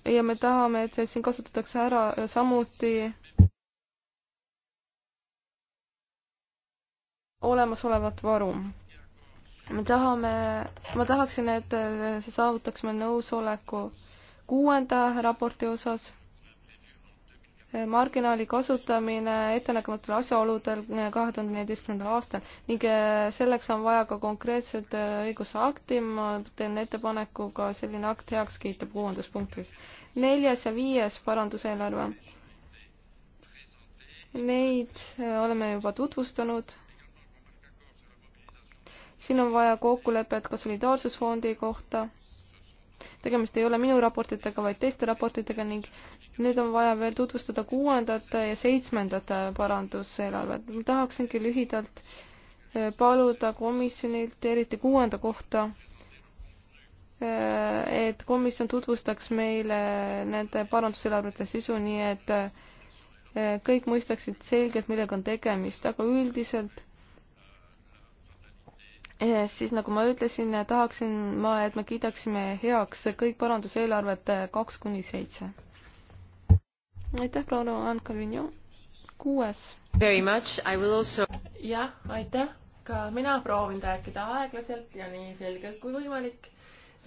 ja me tahame, et siin kasutatakse ära samuti olemasolevat varu. me tahame, ma tahaksin, et see saavutaks meil nõusoleku kuuenda raporti osas marginaali kasutamine ettenägematutel asjaoludel eh, kahe tuhande neljateistkümnendal aastal ning eh, selleks on vaja ka konkreetset eh, õigusakti, ma teen ettepaneku ka selline akt heaks kiita kuuendas punktis. neljas ja viies paranduseelarve. Neid oleme juba tutvustanud. siin on vaja kokkulepet ka solidaarsusfondi kohta tegemist ei ole minu raportitega, vaid teiste raportitega ning nüüd on vaja veel tutvustada kuuendat ja seitsmendat paranduseelarvet. ma tahaksingi lühidalt eh, paluda komisjonilt, eriti kuuenda kohta, eh, et komisjon tutvustaks meile nende paranduseelarvete sisu, nii et eh, kõik mõistaksid selgelt, millega on tegemist, aga üldiselt Eh, siis nagu ma ütlesin, tahaksin ma, et me kiidaksime heaks kõik paranduseelarved eh, kaks kuni seitse. aitäh, proua Ann Calvino. kuues. Also... jah, aitäh. ka mina proovin rääkida aeglaselt ja nii selgelt kui võimalik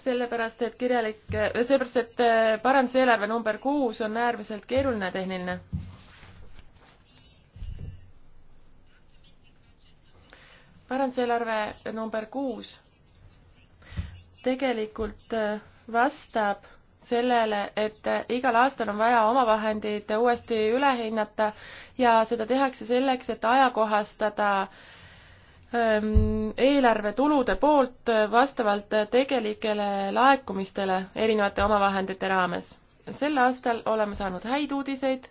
sellepärast, et kirjalik, sellepärast, et eh, paranduseelarve number kuus on äärmiselt keeruline tehniline paranduseelarve number kuus tegelikult äh, vastab sellele, et äh, igal aastal on vaja omavahendid uuesti üle hinnata ja seda tehakse selleks, et ajakohastada ähm, eelarve tulude poolt äh, vastavalt tegelikele laekumistele erinevate omavahendite raames. sel aastal oleme saanud häid uudiseid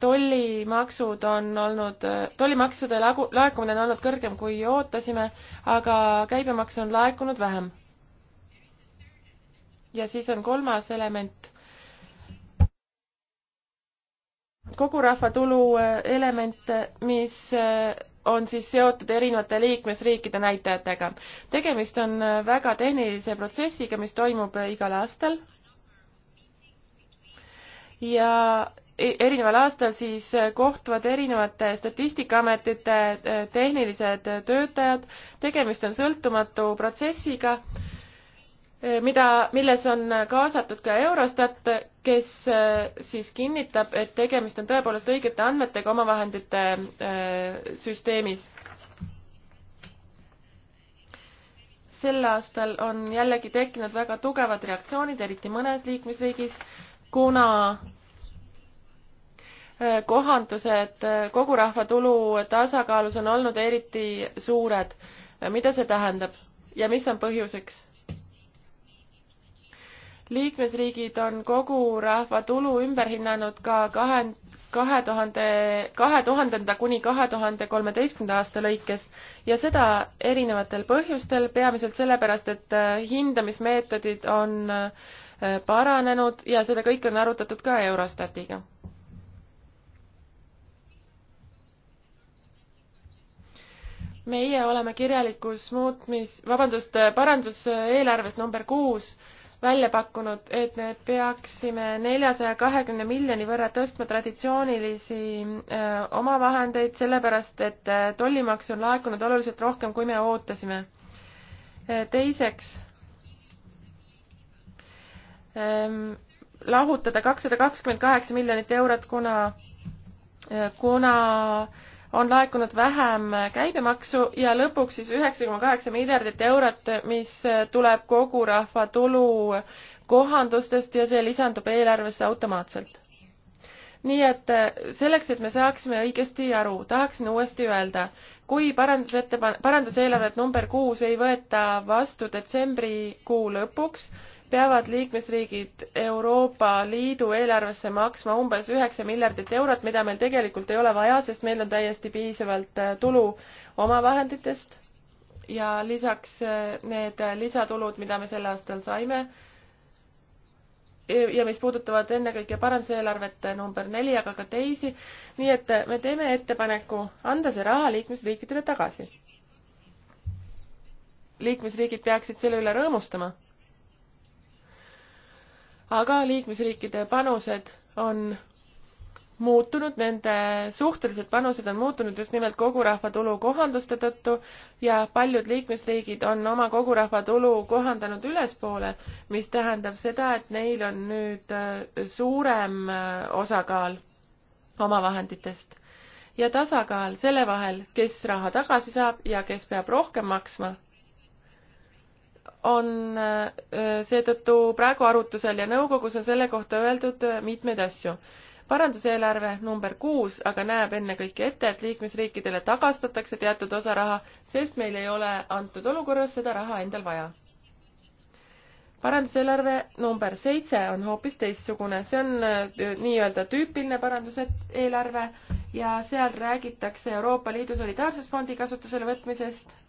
tollimaksud on olnud, tollimaksude lagu, laekumine on olnud kõrgem, kui ootasime, aga käibemaks on laekunud vähem. ja siis on kolmas element. kogu rahvatulu äh, element, äh, mis äh, on siis seotud erinevate liikmesriikide näitajatega. tegemist on väga tehnilise protsessiga, mis toimub igal aastal ja E, erineval aastal siis äh, kohtuvad erinevate statistikaametite äh, tehnilised äh, töötajad, tegemist on sõltumatu protsessiga, mida, milles on kaasatud ka Eurostat, kes siis kinnitab, et tegemist on tõepoolest õigete andmetega omavahendite süsteemis sel aastal on jällegi tekkinud väga tugevad reaktsioonid, eriti mõnes liikmesriigis, kuna kohandused kogu rahvatulu tasakaalus on olnud eriti suured. mida see tähendab ja mis on põhjuseks? liikmesriigid on kogu rahvatulu ümber hinnanud ka kahe, kahe tuhande, kahe tuhandenda kuni kahe tuhande kolmeteistkümnenda aasta lõikes ja seda erinevatel põhjustel, peamiselt sellepärast, et äh, hindamismeetodid on äh, paranenud ja seda kõike on arutatud ka Eurostatiga meie oleme kirjalikus muutmis, vabandust, paranduseelarves number kuus välja pakkunud, et me peaksime neljasaja kahekümne miljoni võrra tõstma traditsioonilisi öö, äh, omavahendeid, sellepärast et äh, tollimaks on laekunud oluliselt rohkem, kui me ootasime. Äh, teiseks öö, ähm, lahutada kakssada kakskümmend kaheksa miljonit eurot, kuna, kuna öö, on laekunud vähem käibemaksu ja lõpuks siis üheksa koma kaheksa miljardit eurot, mis tuleb kogu rahva tulu kohandustest ja see lisandub eelarvesse automaatselt. nii et äh, selleks, et me saaksime õigesti aru, tahaksin uuesti öelda, kui parandusettepan-, paranduseelarvet number kuus ei võeta vastu detsembrikuu lõpuks, peavad liikmesriigid Euroopa Liidu eelarvesse maksma umbes üheksa miljardit eurot, mida meil tegelikult ei ole vaja, sest meil on täiesti piisavalt äh, tulu omavahenditest ja lisaks äh, need lisatulud, mida me sel aastal saime, äh, ja mis puudutavad ennekõike paranduse eelarvet number neli, aga ka teisi. nii et me teeme ettepaneku anda see raha liikmesriikidele tagasi. liikmesriigid peaksid selle üle rõõmustama aga liikmesriikide panused on muutunud, nende suhtelised panused on muutunud just nimelt kogurahvatulu kohanduste tõttu ja paljud liikmesriigid on oma kogurahvatulu kohandanud ülespoole, mis tähendab seda, et neil on nüüd äh, suurem äh, osakaal omavahenditest ja tasakaal selle vahel, kes raha tagasi saab ja kes peab rohkem maksma on äh, seetõttu praegu arutusel ja nõukogus on selle kohta öeldud äh, mitmeid asju. paranduseelarve number kuus aga näeb ennekõike ette, et liikmesriikidele tagastatakse teatud osa raha, sest meil ei ole antud olukorras seda raha endal vaja. paranduseelarve number seitse on hoopis teistsugune, see on äh, nii-öelda tüüpiline paranduseelarve ja seal räägitakse Euroopa Liidu Solidaarsusfondi kasutusele võtmisest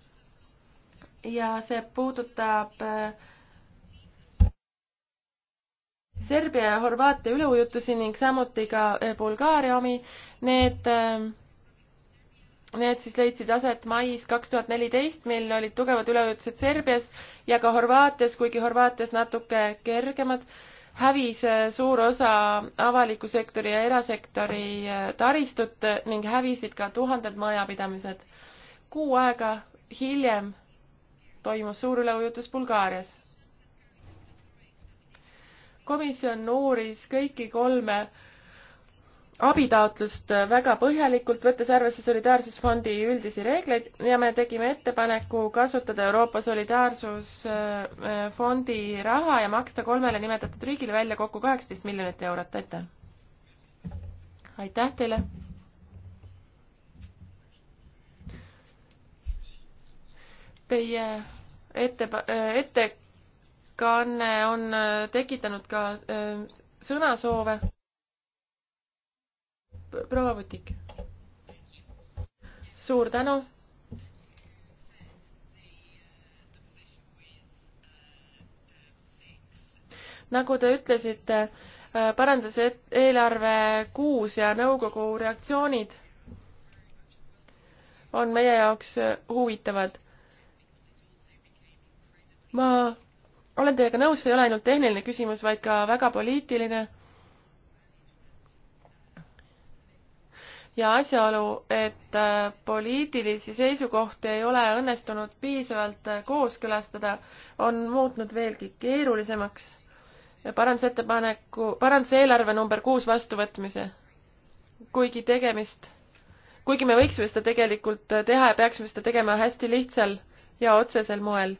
ja see puudutab äh, Serbia ja Horvaatia üleujutusi ning samuti ka äh, Bulgaaria omi. Need, äh, need siis leidsid aset mais kaks tuhat neliteist, mil olid tugevad üleujutused Serbias ja ka Horvaatias, kuigi Horvaatias natuke kergemad, hävis suur osa avaliku sektori ja erasektori taristut ning hävisid ka tuhanded majapidamised. kuu aega hiljem toimus suur üleujutus Bulgaarias. komisjon uuris kõiki kolme abitaotlust väga põhjalikult, võttes arvesse Solidaarsusfondi üldisi reegleid ja me tegime ettepaneku kasutada Euroopa Solidaarsusfondi raha ja maksta kolmele nimetatud riigile välja kokku kaheksateist miljonit eurot, aitäh! aitäh teile! Teie ette, äh, ettekanne on äh, tekitanud ka äh, sõnasoove. proua Vutik. suur tänu. nagu te ütlesite, parandas e-, eelarve kuus ja nõukogu reaktsioonid on meie jaoks huvitavad ma olen teiega nõus, see ei ole ainult tehniline küsimus, vaid ka väga poliitiline. ja asjaolu, et äh, poliitilisi seisukohti ei ole õnnestunud piisavalt äh, kooskõlastada, on muutnud veelgi keerulisemaks parandusettepaneku, paranduseelarve number kuus vastuvõtmise. kuigi tegemist, kuigi me võiksime seda tegelikult äh, teha ja peaksime seda tegema hästi lihtsal ja otsesel moel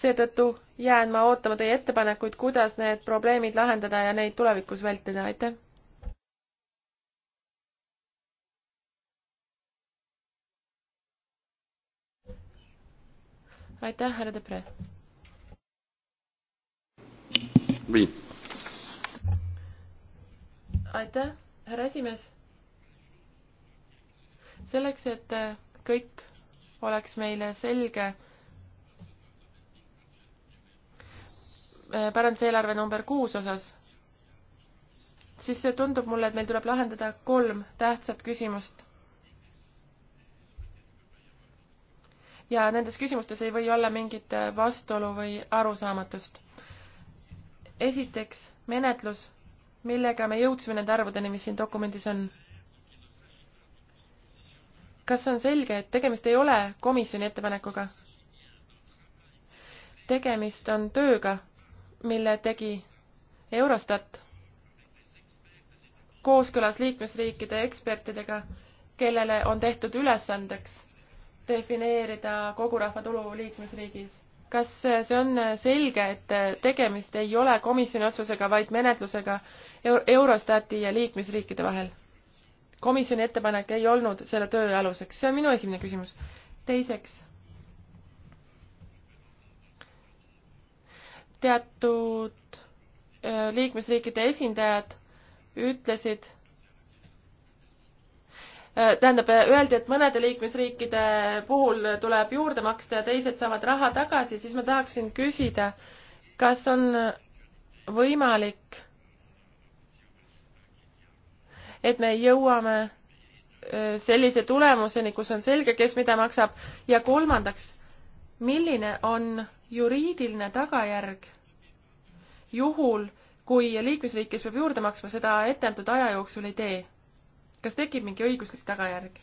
seetõttu jään ma ootama teie ettepanekuid, kuidas need probleemid lahendada ja neid tulevikus vältida, aitäh! aitäh, härra Depre! aitäh, härra esimees! selleks, et kõik oleks meile selge Äh, paranduseelarve number kuus osas, siis see tundub mulle, et meil tuleb lahendada kolm tähtsat küsimust. ja nendes küsimustes ei või olla mingit äh, vastuolu või arusaamatust. esiteks, menetlus, millega me jõudsime nende arvudeni, mis siin dokumendis on kas on selge, et tegemist ei ole komisjoni ettepanekuga? tegemist on tööga, mille tegi Eurostat kooskõlas liikmesriikide ekspertidega, kellele on tehtud ülesandeks defineerida kogu rahvatulu liikmesriigis. kas see on selge, et tegemist ei ole komisjoni otsusega, vaid menetlusega Eurostati ja liikmesriikide vahel? komisjoni ettepanek ei olnud selle töö aluseks, see on minu esimene küsimus. teiseks teatud äh, liikmesriikide esindajad ütlesid, äh, tähendab, öeldi, et mõnede liikmesriikide puhul tuleb juurde maksta ja teised saavad raha tagasi, siis ma tahaksin küsida, kas on võimalik, et me jõuame äh, sellise tulemuseni, kus on selge, kes mida maksab ja kolmandaks, milline on juriidiline tagajärg juhul, kui liikmesriik, kes peab juurde maksma, seda etteantud aja jooksul ei tee? kas tekib mingi õiguslik tagajärg?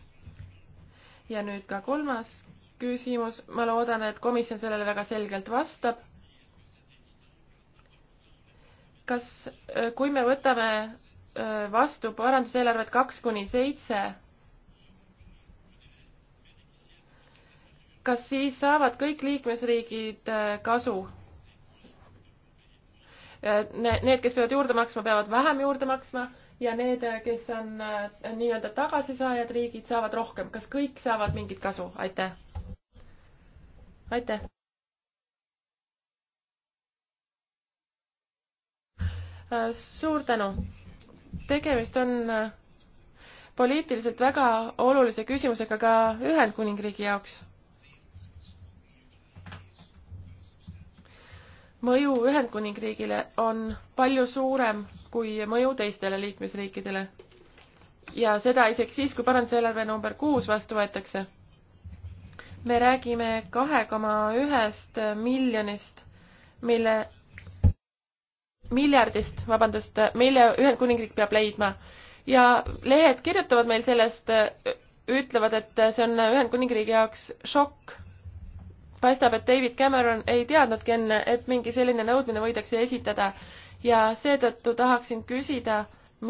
ja nüüd ka kolmas küsimus, ma loodan, et komisjon sellele väga selgelt vastab. kas, kui me võtame äh, vastu paranduseelarvet kaks kuni seitse kas siis saavad kõik liikmesriigid äh, kasu? Äh, need, kes peavad juurde maksma, peavad vähem juurde maksma ja need, äh, kes on nii-öelda tagasisaajad riigid, saavad rohkem. kas kõik saavad mingit kasu? aitäh. aitäh. suur tänu. tegemist on poliitiliselt väga olulise küsimusega ka Ühendkuningriigi jaoks mõju Ühendkuningriigile on palju suurem kui mõju teistele liikmesriikidele. ja seda isegi siis, kui paranduseelarve number kuus vastu võetakse. me räägime kahe koma ühest miljonist, mille, miljardist, vabandust, mille Ühendkuningriik peab leidma. ja lehed kirjutavad meil sellest, ütlevad, et see on Ühendkuningriigi jaoks šokk paistab, et David Cameron ei teadnudki enne, et mingi selline nõudmine võidakse esitada ja seetõttu tahaksin küsida,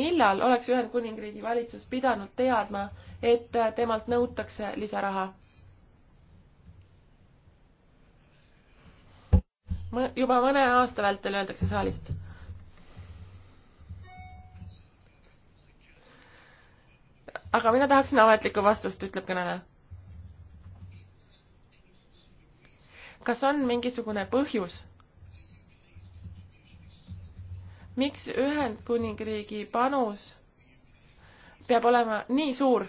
millal oleks Ühendkuningriigi valitsus pidanud teadma, et temalt nõutakse lisaraha? juba mõne aasta vältel öeldakse saalist. aga mina tahaksin ametlikku vastust, ütleb kõneleja kas on mingisugune põhjus, miks Ühendkuningriigi panus peab olema nii suur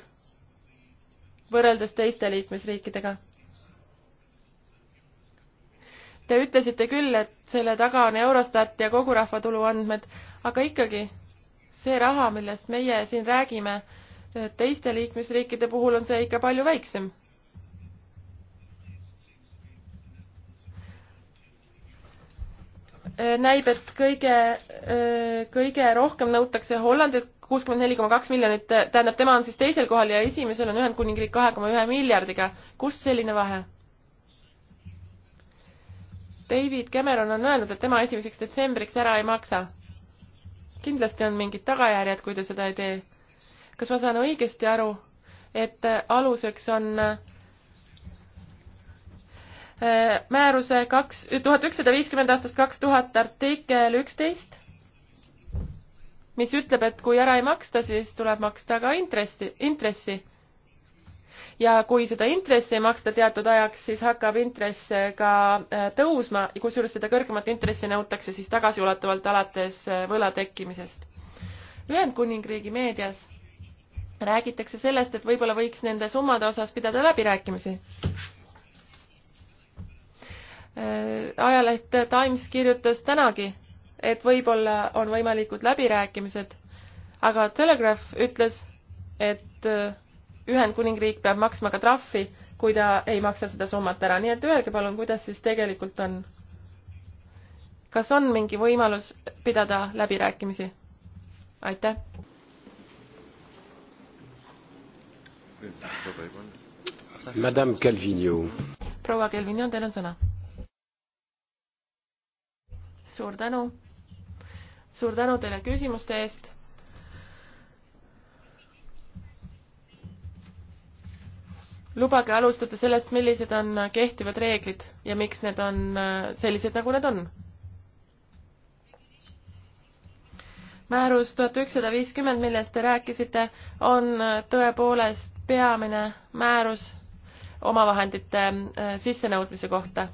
võrreldes teiste liikmesriikidega? Te ütlesite küll, et selle taga on Eurostat ja kogu rahvatulu andmed, aga ikkagi, see raha, millest meie siin räägime, teiste liikmesriikide puhul on see ikka palju väiksem Äh, näib, et kõige, äh, kõige rohkem nõutakse Hollandilt kuuskümmend neli koma kaks miljonit, tähendab, tema on siis teisel kohal ja esimesel on Ühendkuningriik kahe koma ühe miljardiga. kust selline vahe? David Cameron on öelnud, et tema esimeseks detsembriks ära ei maksa. kindlasti on mingid tagajärjed, kui ta seda ei tee. kas ma saan õigesti aru, et aluseks on äh, Äh, määruse kaks, tuhat ükssada viiskümmend aastast kaks tuhat artikkel üksteist, mis ütleb, et kui ära ei maksta, siis tuleb maksta ka intressi, intressi. ja kui seda intressi ei maksta teatud ajaks, siis hakkab intress ka äh, tõusma, kusjuures seda kõrgemat intressi nõutakse siis tagasiulatuvalt alates äh, võla tekkimisest. Ühendkuningriigi meedias räägitakse sellest, et võib-olla võiks nende summade osas pidada läbirääkimisi Äh, ajaleht Times kirjutas tänagi, et võib-olla on võimalikud läbirääkimised, aga Telegraph ütles, et äh, Ühendkuningriik peab maksma ka trahvi, kui ta ei maksa seda summat ära, nii et öelge palun, kuidas siis tegelikult on? kas on mingi võimalus pidada läbirääkimisi? aitäh. Madame Calvino. proua Calvino, teil on sõna suur tänu. suur tänu teile küsimuste eest. lubage alustada sellest, millised on kehtivad reeglid ja miks need on äh, sellised, nagu nad on. määrus tuhat ükssada viiskümmend, millest te rääkisite, on äh, tõepoolest peamine määrus omavahendite äh, sissenõudmise kohta.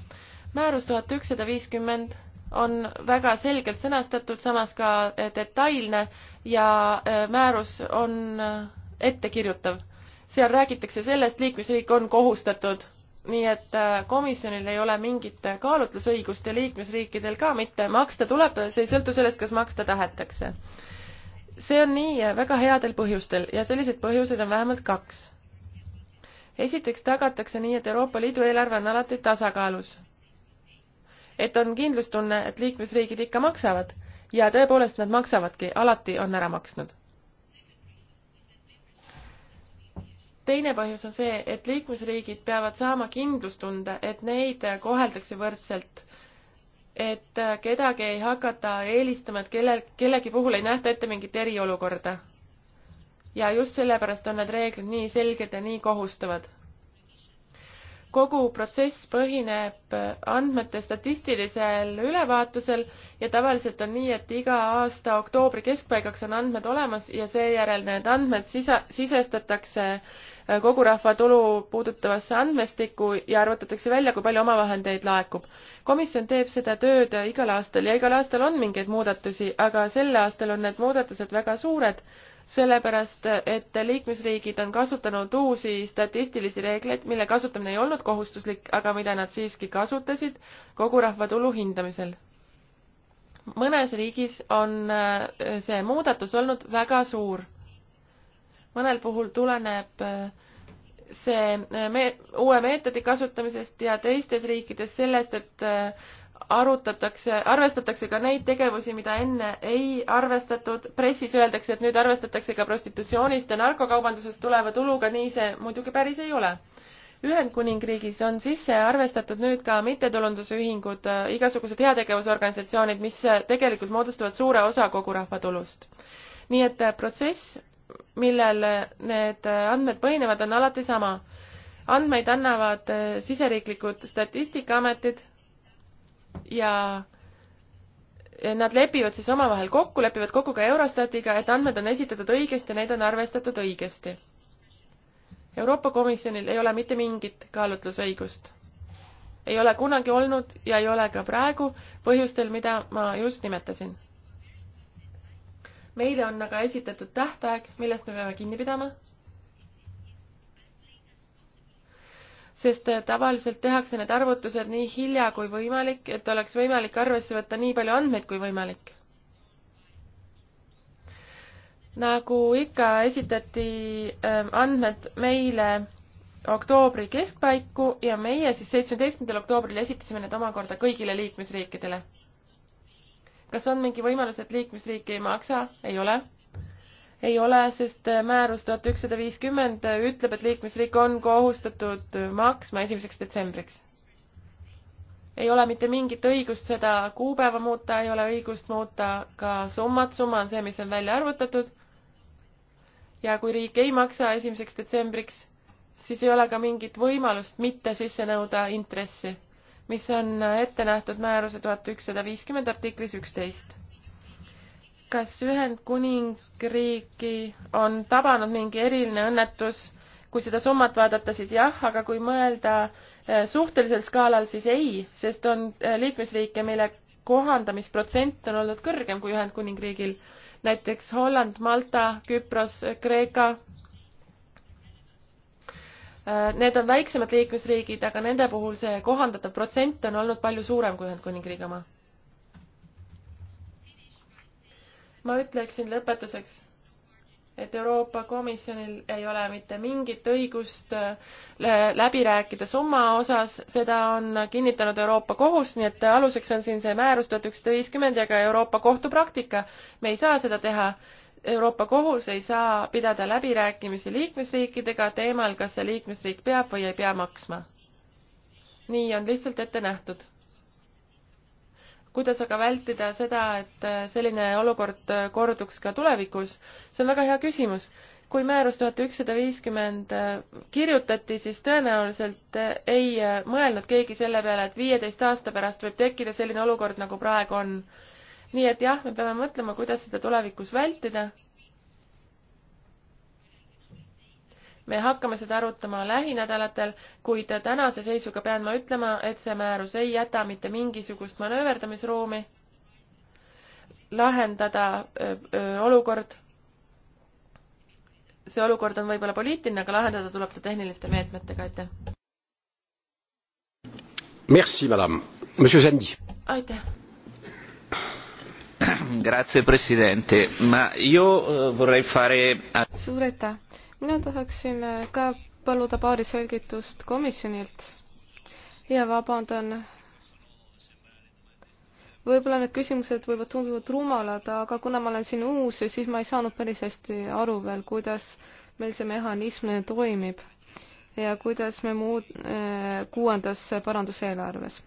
määrus tuhat ükssada viiskümmend on väga selgelt sõnastatud, samas ka eh, detailne ja eh, määrus on eh, ettekirjutav. seal räägitakse sellest, liikmesriik on kohustatud, nii et komisjonil ei ole mingit kaalutlusõigust ja liikmesriikidel ka mitte, maksta tuleb, see ei sõltu sellest, kas maksta tahetakse. see on nii väga headel põhjustel ja selliseid põhjuseid on vähemalt kaks. esiteks tagatakse nii, et Euroopa Liidu eelarve on alati tasakaalus et on kindlustunne, et liikmesriigid ikka maksavad ja tõepoolest nad maksavadki, alati on ära maksnud. teine põhjus on see, et liikmesriigid peavad saama kindlustunde, et neid koheldakse võrdselt et kedagi ei hakata eelistama, et kelle, kellegi puhul ei nähta ette mingit eriolukorda. ja just sellepärast on need reeglid nii selged ja nii kohustavad kogu protsess põhineb andmete statistilisel ülevaatusel ja tavaliselt on nii, et iga aasta oktoobri keskpaigaks on andmed olemas ja seejärel need andmed sisa, sisestatakse kogu rahvatulu puudutavasse andmestikku ja arvutatakse välja, kui palju omavahendeid laekub. komisjon teeb seda tööd igal aastal ja igal aastal on mingeid muudatusi, aga sel aastal on need muudatused väga suured sellepärast et liikmesriigid on kasutanud uusi statistilisi reegleid, mille kasutamine ei olnud kohustuslik, aga mida nad siiski kasutasid kogu rahvatulu hindamisel. mõnes riigis on äh, see muudatus olnud väga suur. mõnel puhul tuleneb äh, see äh, me uue meetodi kasutamisest ja teistes riikides sellest, et arutatakse, arvestatakse ka neid tegevusi, mida enne ei arvestatud. pressis öeldakse, et nüüd arvestatakse ka prostitutsioonist ja narkokaubandusest tuleva tuluga, nii see muidugi päris ei ole. Ühendkuningriigis on sisse arvestatud nüüd ka mittetulundusühingud, äh, igasugused heategevusorganisatsioonid, mis äh, tegelikult moodustavad suure osa kogu rahvatulust. nii et äh, protsess, millel need andmed põhinevad, on alati sama. andmeid annavad siseriiklikud statistikaametid ja nad lepivad siis omavahel kokku, lepivad kokku ka Eurostatiga, et andmed on esitatud õigesti ja neid on arvestatud õigesti. Euroopa Komisjonil ei ole mitte mingit kaalutlusõigust. ei ole kunagi olnud ja ei ole ka praegu põhjustel, mida ma just nimetasin. meile on aga esitatud tähtaeg, millest me peame kinni pidama sest äh, tavaliselt tehakse need arvutused nii hilja kui võimalik, et oleks võimalik arvesse võtta nii palju andmeid kui võimalik. nagu ikka, esitati ähm, andmed meile oktoobri keskpaiku ja meie siis seitsmeteistkümnendal oktoobril esitasime need omakorda kõigile liikmesriikidele. kas on mingi võimalus, et liikmesriik ei maksa? ei ole ei ole, sest määrus tuhat ükssada viiskümmend ütleb, et liikmesriik on kohustatud maksma esimeseks detsembriks. ei ole mitte mingit õigust seda kuupäeva muuta, ei ole õigust muuta ka summat, summa on see, mis on välja arvutatud. ja kui riik ei maksa esimeseks detsembriks, siis ei ole ka mingit võimalust mitte sisse nõuda intressi, mis on ette nähtud määruse tuhat ükssada viiskümmend artiklis üksteist kas Ühendkuningriiki on tabanud mingi eriline õnnetus? kui seda summat vaadata, siis jah, aga kui mõelda eh, suhtelisel skaalal, siis ei, sest on eh, liikmesriike, mille kohandamisprotsent on olnud kõrgem kui Ühendkuningriigil. näiteks Holland, Malta, Küpros, Kreeka. Eh, need on väiksemad liikmesriigid, aga nende puhul see kohandatav protsent on olnud palju suurem kui Ühendkuningriigi oma ma ütleksin lõpetuseks, et Euroopa Komisjonil ei ole mitte mingit õigust äh, läbi rääkida summa osas, seda on kinnitanud Euroopa Kohus, nii et aluseks on siin see määrus tuhat ükssada viiskümmend ja ka Euroopa Kohtu praktika. me ei saa seda teha Euroopa Kohus ei saa pidada läbirääkimisi liikmesriikidega teemal, kas see liikmesriik peab või ei pea maksma. nii on lihtsalt ette nähtud kuidas aga vältida seda, et äh, selline olukord äh, korduks ka tulevikus? see on väga hea küsimus. kui määrus tuhat ükssada viiskümmend äh, kirjutati, siis tõenäoliselt ei mõelnud keegi selle peale, et viieteist aasta pärast võib tekkida selline olukord, nagu praegu on. nii et jah, me peame mõtlema, kuidas seda tulevikus vältida me hakkame seda arutama lähinädalatel, kuid tänase seisuga pean ma ütlema, et see määrus ei jäta mitte mingisugust manööverdamisruumi lahendada öö, öö, olukord. see olukord on võib-olla poliitiline, aga lahendada tuleb ta tehniliste meetmetega, aitäh. Merci, madame. Monsieur Zandi. aitäh. Grazie, presidente, ma io eh, vorrei fare. suur aitäh mina tahaksin äh, ka paluda paari selgitust komisjonilt ja vabandan võib-olla need küsimused võivad tunduda rumalad, aga kuna ma olen siin uus, siis ma ei saanud päris hästi aru veel, kuidas meil see mehhanism toimib ja kuidas me muud, äh, kuuendas paranduseelarves.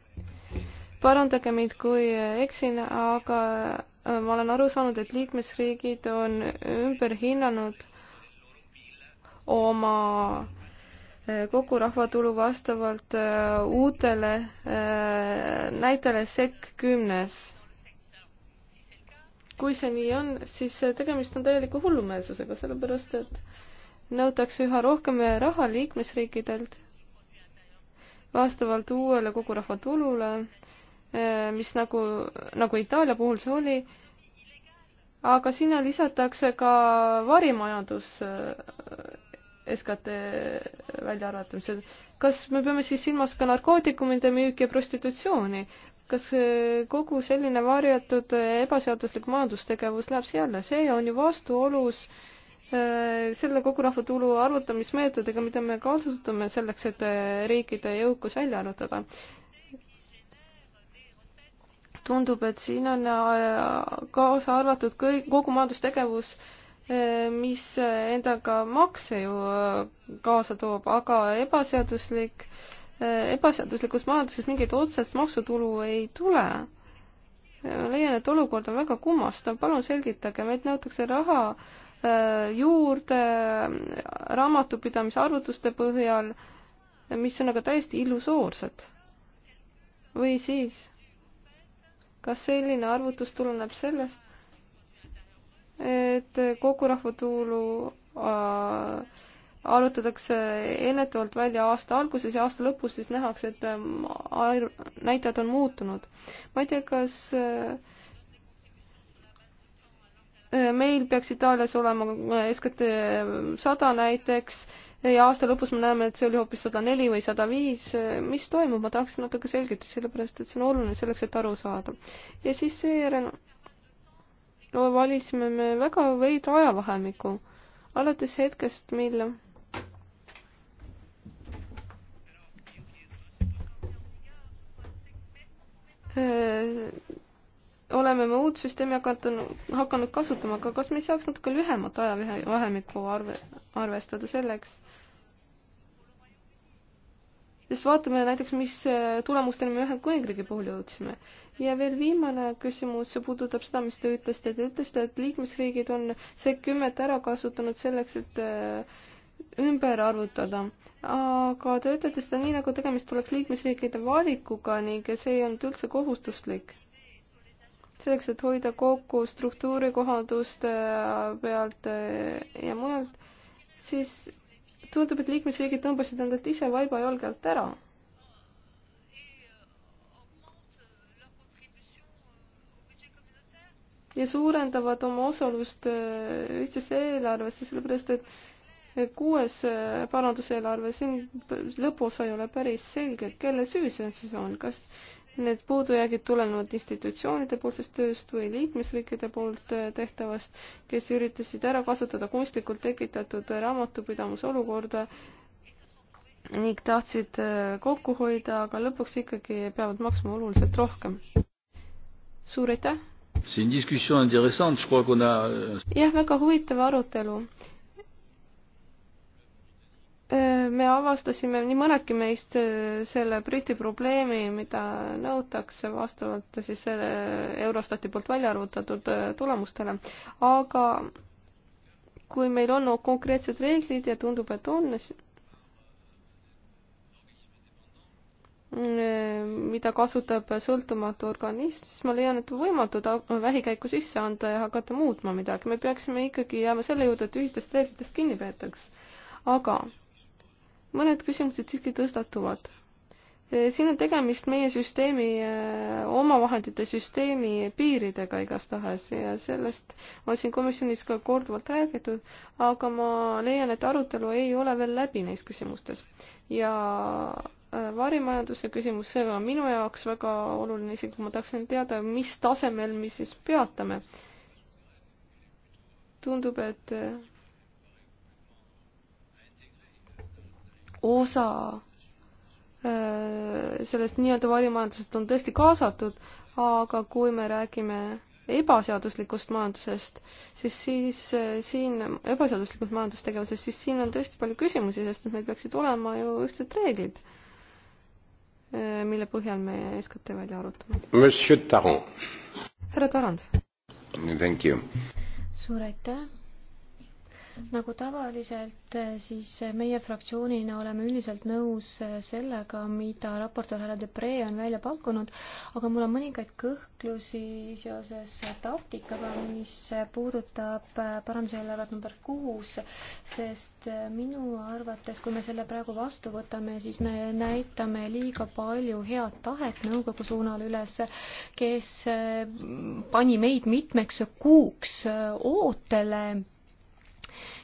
parandage mind, kui eksin, aga äh, ma olen aru saanud, et liikmesriigid on ümber hinnanud oma äh, kogu rahvatulu vastavalt äh, uutele äh, näitele sekk kümnes. kui see nii on, siis tegemist on täieliku hullumeelsusega, sellepärast et nõutakse üha rohkem raha liikmesriikidelt vastavalt uuele kogu rahvatulule, mis nagu, nagu Itaalia puhul see oli, aga sinna lisatakse ka varimajandus SKT väljaarvatamisel. kas me peame siis silmas ka narkootikumide müüki ja prostitutsiooni? kas äh, kogu selline varjatud äh, ebaseaduslik majandustegevus läheb selle, see on ju vastuolus äh, selle kogu rahvatulu arvutamismeetodiga, mida me kasutame selleks, et riikide jõukus välja arvutada tundub, et siin on kaasa arvatud kõik, kogu majandustegevus mis endaga makse ju äh, kaasa toob, aga ebaseaduslik, äh, ebaseaduslikus majanduses mingit otsest maksutulu ei tule. leian, et olukord on väga kummastav, palun selgitage, meilt nõutakse raha äh, juurde raamatupidamise arvutuste põhjal, mis on aga täiesti illusoorsed. või siis, kas selline arvutus tuleneb sellest, et kogu rahvatuulu äh, arvutatakse ennetavalt välja aasta alguses ja aasta lõpus siis nähakse, et ähm, näitajad on muutunud. ma ei tea, kas äh, meil peaks Itaalias olema äh, SKT sada näiteks ja aasta lõpus me näeme, et see oli hoopis sada neli või sada viis. mis toimub, ma tahaks natuke selgitust, sellepärast et see on oluline selleks, et aru saada. ja siis seejärel no valisime me väga veidra ajavahemiku, alates hetkest, mil äh, oleme me uut süsteemi hakanud, hakanud kasutama, aga kas me ei saaks natuke lühemat ajavahemikku arve, arvestada selleks, sest vaatame näiteks, mis äh, tulemusteni me Ühendkuningriigi puhul jõudsime. ja veel viimane küsimus, see puudutab seda, mis te ütlesite. Te ütlesite, et liikmesriigid on see kümmet ära kasutanud selleks, et äh, ümber arvutada. aga te ütlete seda nii, nagu tegemist oleks liikmesriikide valikuga ning see ei olnud üldse kohustuslik selleks, et hoida kokku struktuurikohanduste äh, pealt ja mujalt, siis tundub, et liikmesriigid tõmbasid endalt ise vaiba jalge alt ära. ja suurendavad oma osalust äh, ühtsesse eelarvesse, sellepärast et kuues äh, paranduseelarve, siin lõpuosa ei ole päris selge, kelle süü see siis on, kas Need puudujäägid tulenevad institutsioonide poolsest tööst või liikmesriikide poolt äh, tehtavast, kes üritasid ära kasutada kunstlikult tekitatud raamatupidamise olukorda ning tahtsid äh, kokku hoida, aga lõpuks ikkagi peavad maksma oluliselt rohkem. suur aitäh! Euh, jah, väga huvitav arutelu me avastasime nii mõnedki meist äh, selle Briti probleemi, mida nõutakse vastavalt siis selle äh, Eurostati poolt välja arvutatud äh, tulemustele, aga kui meil on no, konkreetsed reeglid ja tundub, et on, mida kasutab sõltumatu organism, siis ma leian, et võimatu ta vähikäiku sisse anda ja hakata muutma midagi, me peaksime ikkagi jääma selle juurde, et ühistest reeglitest kinni peetaks. aga mõned küsimused siiski tõstatuvad. Eh, siin on tegemist meie süsteemi, eh, omavahendite süsteemi piiridega igastahes ja sellest on siin komisjonis ka korduvalt räägitud, aga ma leian, et arutelu ei ole veel läbi neis küsimustes. ja eh, varimajanduse küsimus, see on minu jaoks väga oluline, isegi ma tahaksin teada, mis tasemel me siis peatame. tundub, et osa sellest nii-öelda varimajandusest on tõesti kaasatud, aga kui me räägime ebaseaduslikust majandusest, siis, siis siin, ebaseaduslikust majandustegevusest, siis siin on tõesti palju küsimusi, sest et meil peaksid olema ju ühtsed reeglid, mille põhjal me SKT välja arutame. härra Tarand. suur aitäh nagu tavaliselt, eh, siis eh, meie fraktsioonina oleme üldiselt nõus eh, sellega, mida raportöör härra Depre on välja pakkunud, aga mul on mõningaid kõhklusi seoses taktikaga, mis puudutab paranduseelarvet number kuus, sest minu arvates, kui me selle praegu vastu võtame, siis me näitame liiga palju head tahet nõukogu suunal üles, kes pani meid mitmeks kuuks ootele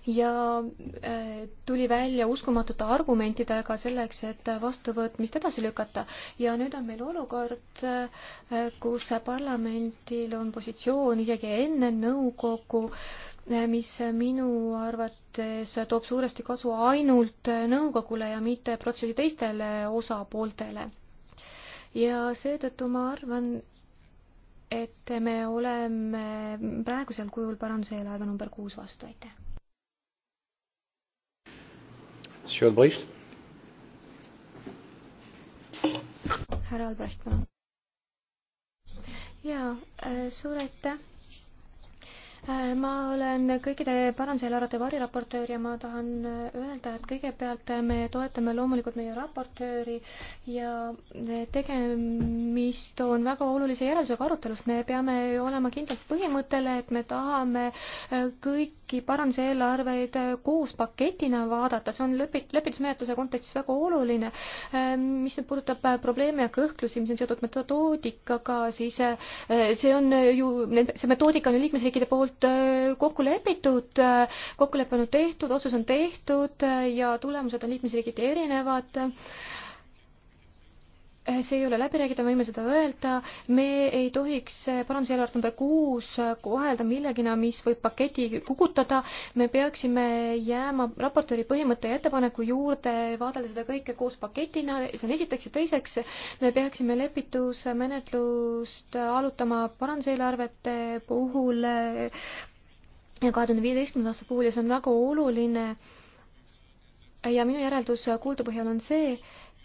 ja äh, tuli välja uskumatute argumentidega selleks, et vastuvõtmist edasi lükata. ja nüüd on meil olukord, äh, kus parlamendil on positsioon isegi enne nõukogu, äh, mis minu arvates toob suuresti kasu ainult nõukogule ja mitte protsessi teistele osapooltele. ja seetõttu ma arvan, et me oleme praegusel kujul paranduse eelarve number kuus vastu, aitäh Monsieur Albrecht. härra Albrecht, palun. jaa, äh, suur aitäh Äh, ma olen kõikide paranduseelarvete variraportöör ja ma tahan äh, öelda, et kõigepealt äh, me toetame loomulikult meie raportööri ja tegemist on väga olulise järeldusega arutelust. me peame olema kindlad põhimõttele, et me tahame kõiki paranduseelarveid koos paketina vaadata, see on lõpit-, lepitusmenetluse kontekstis väga oluline. mis nüüd puudutab probleeme ja kõhklusi, mis on seotud metoodikaga, siis see on ju, see metoodika on ju liikmesriikide poolt tegelikult äh, kokku lepitud, äh, kokkulepe on tehtud, otsus on tehtud äh, ja tulemused on liikmesriigiti erinevad Eh, see ei ole läbi räägida, võime seda öelda, me ei tohiks eh, parandusjärelevalve number kuus eh, kohelda millegina, mis võib paketi kukutada, me peaksime jääma raportööri põhimõtte ja ettepaneku juurde, vaadelda seda kõike koos paketina, see on esiteks ja teiseks, me peaksime lepitusmenetlust arutama parandusjärelevalvete puhul kahe tuhande viieteistkümnenda aasta puhul ja see on väga oluline ja minu järeldus kuulde põhjal on see,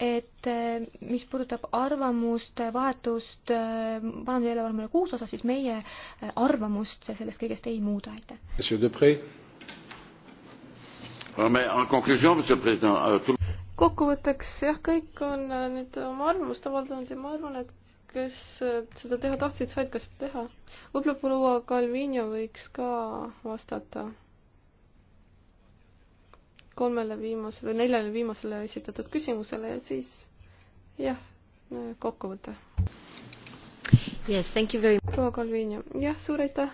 et eh, mis puudutab arvamuste vahetust eh, parandusjärelevalvele kuus osas, siis meie eh, arvamust see sellest kõigest ei muuda, aitäh. Ah, euh, kokkuvõtteks jah, kõik on äh, nüüd oma arvamust avaldanud ja ma arvan, et kes äh, seda teha tahtsid, said ka seda teha. võib-olla proua Calvino võiks ka vastata kolmele viimasele, neljale viimasele esitatud küsimusele ja siis jah, kokkuvõte. Yes, thank you very much. proua Kalvini, jah, suur aitäh.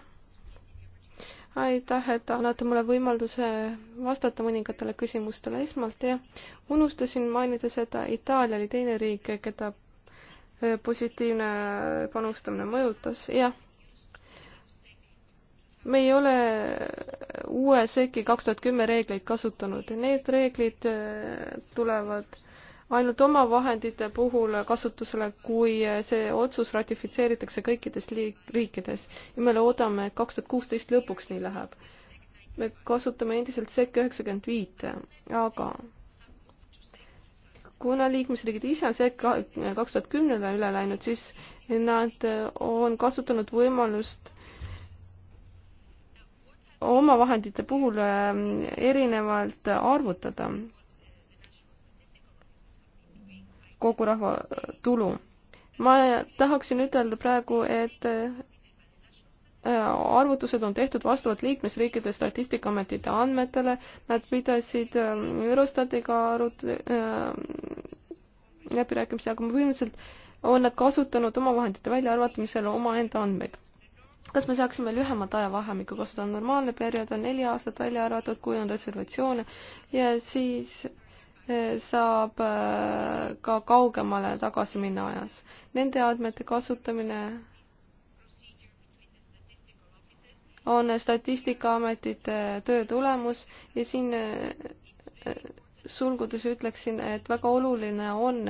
aitäh, et annate mulle võimaluse vastata mõningatele küsimustele. esmalt jah, unustasin mainida seda, Itaalia oli teine riik, keda positiivne panustamine mõjutas, jah me ei ole uue SEC-i kaks tuhat kümme reegleid kasutanud ja need reeglid äh, tulevad ainult oma vahendite puhul kasutusele, kui äh, see otsus ratifitseeritakse kõikides riikides ja me loodame, et kaks tuhat kuusteist lõpuks nii läheb. me kasutame endiselt SEC üheksakümmend viite, aga kuna liikmesriigid ise on SEC kaks tuhat kümnele üle läinud, siis nad äh, on kasutanud võimalust omavahendite puhul ähm, erinevalt arvutada kogu rahva tulu. ma tahaksin ütelda praegu, et äh, arvutused on tehtud vastavalt liikmesriikide statistikaametite andmetele, nad pidasid ähm, Eurostatiga arut- äh,, läbirääkimisi, aga põhimõtteliselt on nad kasutanud omavahendite väljaarvatamisel omaenda andmeid kas me saaksime lühemat ajavahemikku kasutada, normaalne periood on neli aastat välja arvatud, kui on reservatsioone ja siis eh, saab eh, ka kaugemale tagasi minna ajas. Nende andmete kasutamine on Statistikaametite töö tulemus ja siin eh, sulgudes ütleksin, et väga oluline on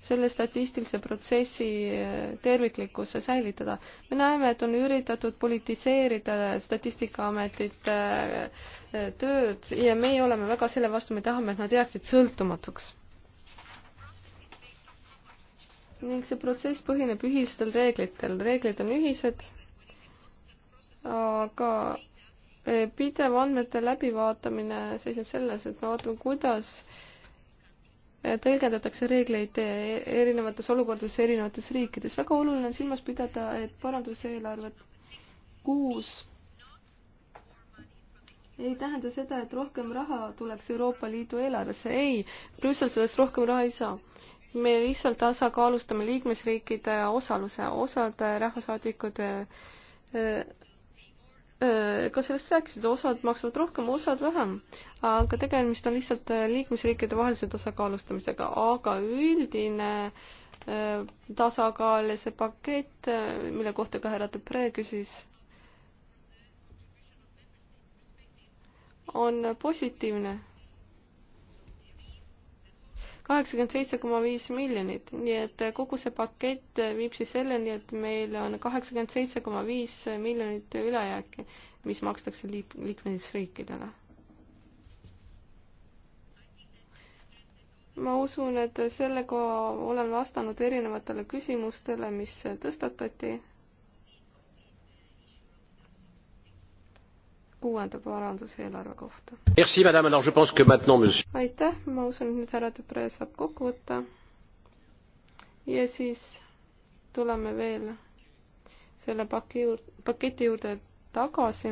selle statistilise protsessi eh, terviklikkuse säilitada. me näeme, et on üritatud politiseerida Statistikaametit eh, eh, tööd ja meie oleme väga selle vastu, me tahame, et nad jääksid sõltumatuks. ning see protsess põhineb ühistel reeglitel, reeglid on ühised, aga pidev andmete läbivaatamine seisneb selles, et me vaatame, kuidas äh, tõlgendatakse reegleid erinevates olukordades erinevates riikides. väga oluline on silmas pidada, et paranduseelarvet kuus ei tähenda seda, et rohkem raha tuleks Euroopa Liidu eelarvesse, ei, Brüssel sellest rohkem raha ei saa. me lihtsalt tasakaalustame liikmesriikide osaluse, osad rahvasaadikud Äh, ka sellest rääkisid, osad maksavad rohkem, osad vähem, aga tegemist on lihtsalt äh, liikmesriikide vahelise tasakaalustamisega, aga üldine äh, tasakaal ja see pakett, mille kohta ka härra Depree küsis, on positiivne kaheksakümmend seitse koma viis miljonit, nii et kogu see pakett viib siis selleni, et meil on kaheksakümmend seitse koma viis miljonit ülejääki, mis makstakse liik-, liikmesriikidele. ma usun, et sellega olen vastanud erinevatele küsimustele, mis tõstatati kuuenda paranduse eelarve kohta. aitäh, ma usun, et nüüd härra Debre saab kokku võtta. ja siis tuleme veel selle paki juurde, paketi juurde tagasi.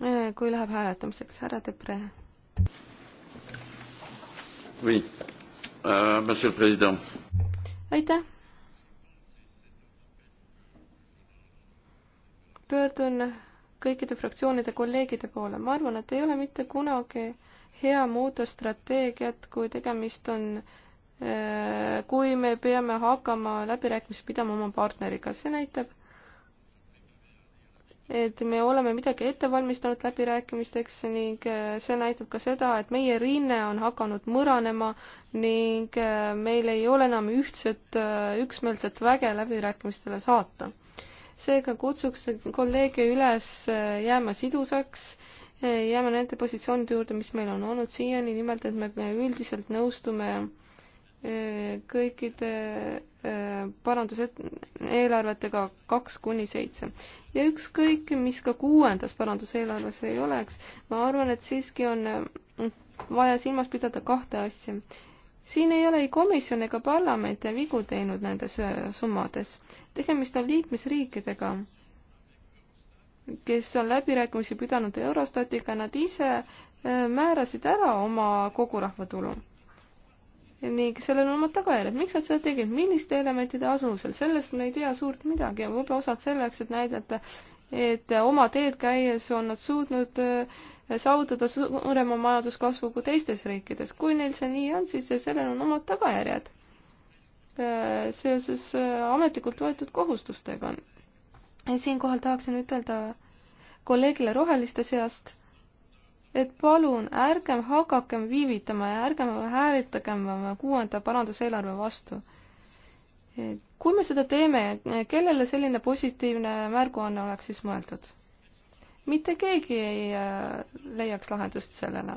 Äh, kui läheb hääletamiseks, härra Debre. Oui, euh, Monsieur le Président. Aitäh, pöördun kõikide fraktsioonide kolleegide poole. ma arvan, et ei ole mitte kunagi hea muuta strateegiat, kui tegemist on, äh, kui me peame hakkama läbirääkimisi pidama oma partneriga, see näitab, et me oleme midagi ette valmistanud läbirääkimisteks ning äh, see näitab ka seda, et meie rinne on hakanud mõranema ning äh, meil ei ole enam ühtset, üksmeelset väge läbirääkimistele saata seega kutsuks kolleege üles äh, jääma sidusaks, äh, jääma nende positsioonide juurde, mis meil on olnud siiani, nimelt et me üldiselt nõustume äh, kõikide parandused, eelarvetega kaks kuni seitse. ja ükskõik, mis ka kuuendas paranduseelarves ei oleks, ma arvan, et siiski on vaja silmas pidada kahte asja siin ei ole ei komisjon ega parlament vigu teinud nendes äh, summades. tegemist on liikmesriikidega, kes on läbirääkimisi pidanud Eurostatiga, nad ise äh, määrasid ära oma kogurahvatulu. ning sellel on omad tagajärjed, miks nad seda tegid, milliste elementide asusel, sellest me ei tea suurt midagi ja võib-olla osad selleks, et näidata, et oma teed käies on nad suutnud äh, saavutada suurema majanduskasvu kui teistes riikides. kui neil see nii on, siis sellel on omad tagajärjed äh, seoses äh, ametlikult võetud kohustustega. siinkohal tahaksin ütelda kolleegile roheliste seast, et palun ärgem hakakem viivitama ja ärgem häälitagem kuuenda paranduseelarve vastu. et kui me seda teeme, kellele selline positiivne märguanne oleks siis mõeldud? mitte keegi ei äh, leiaks lahendust sellele.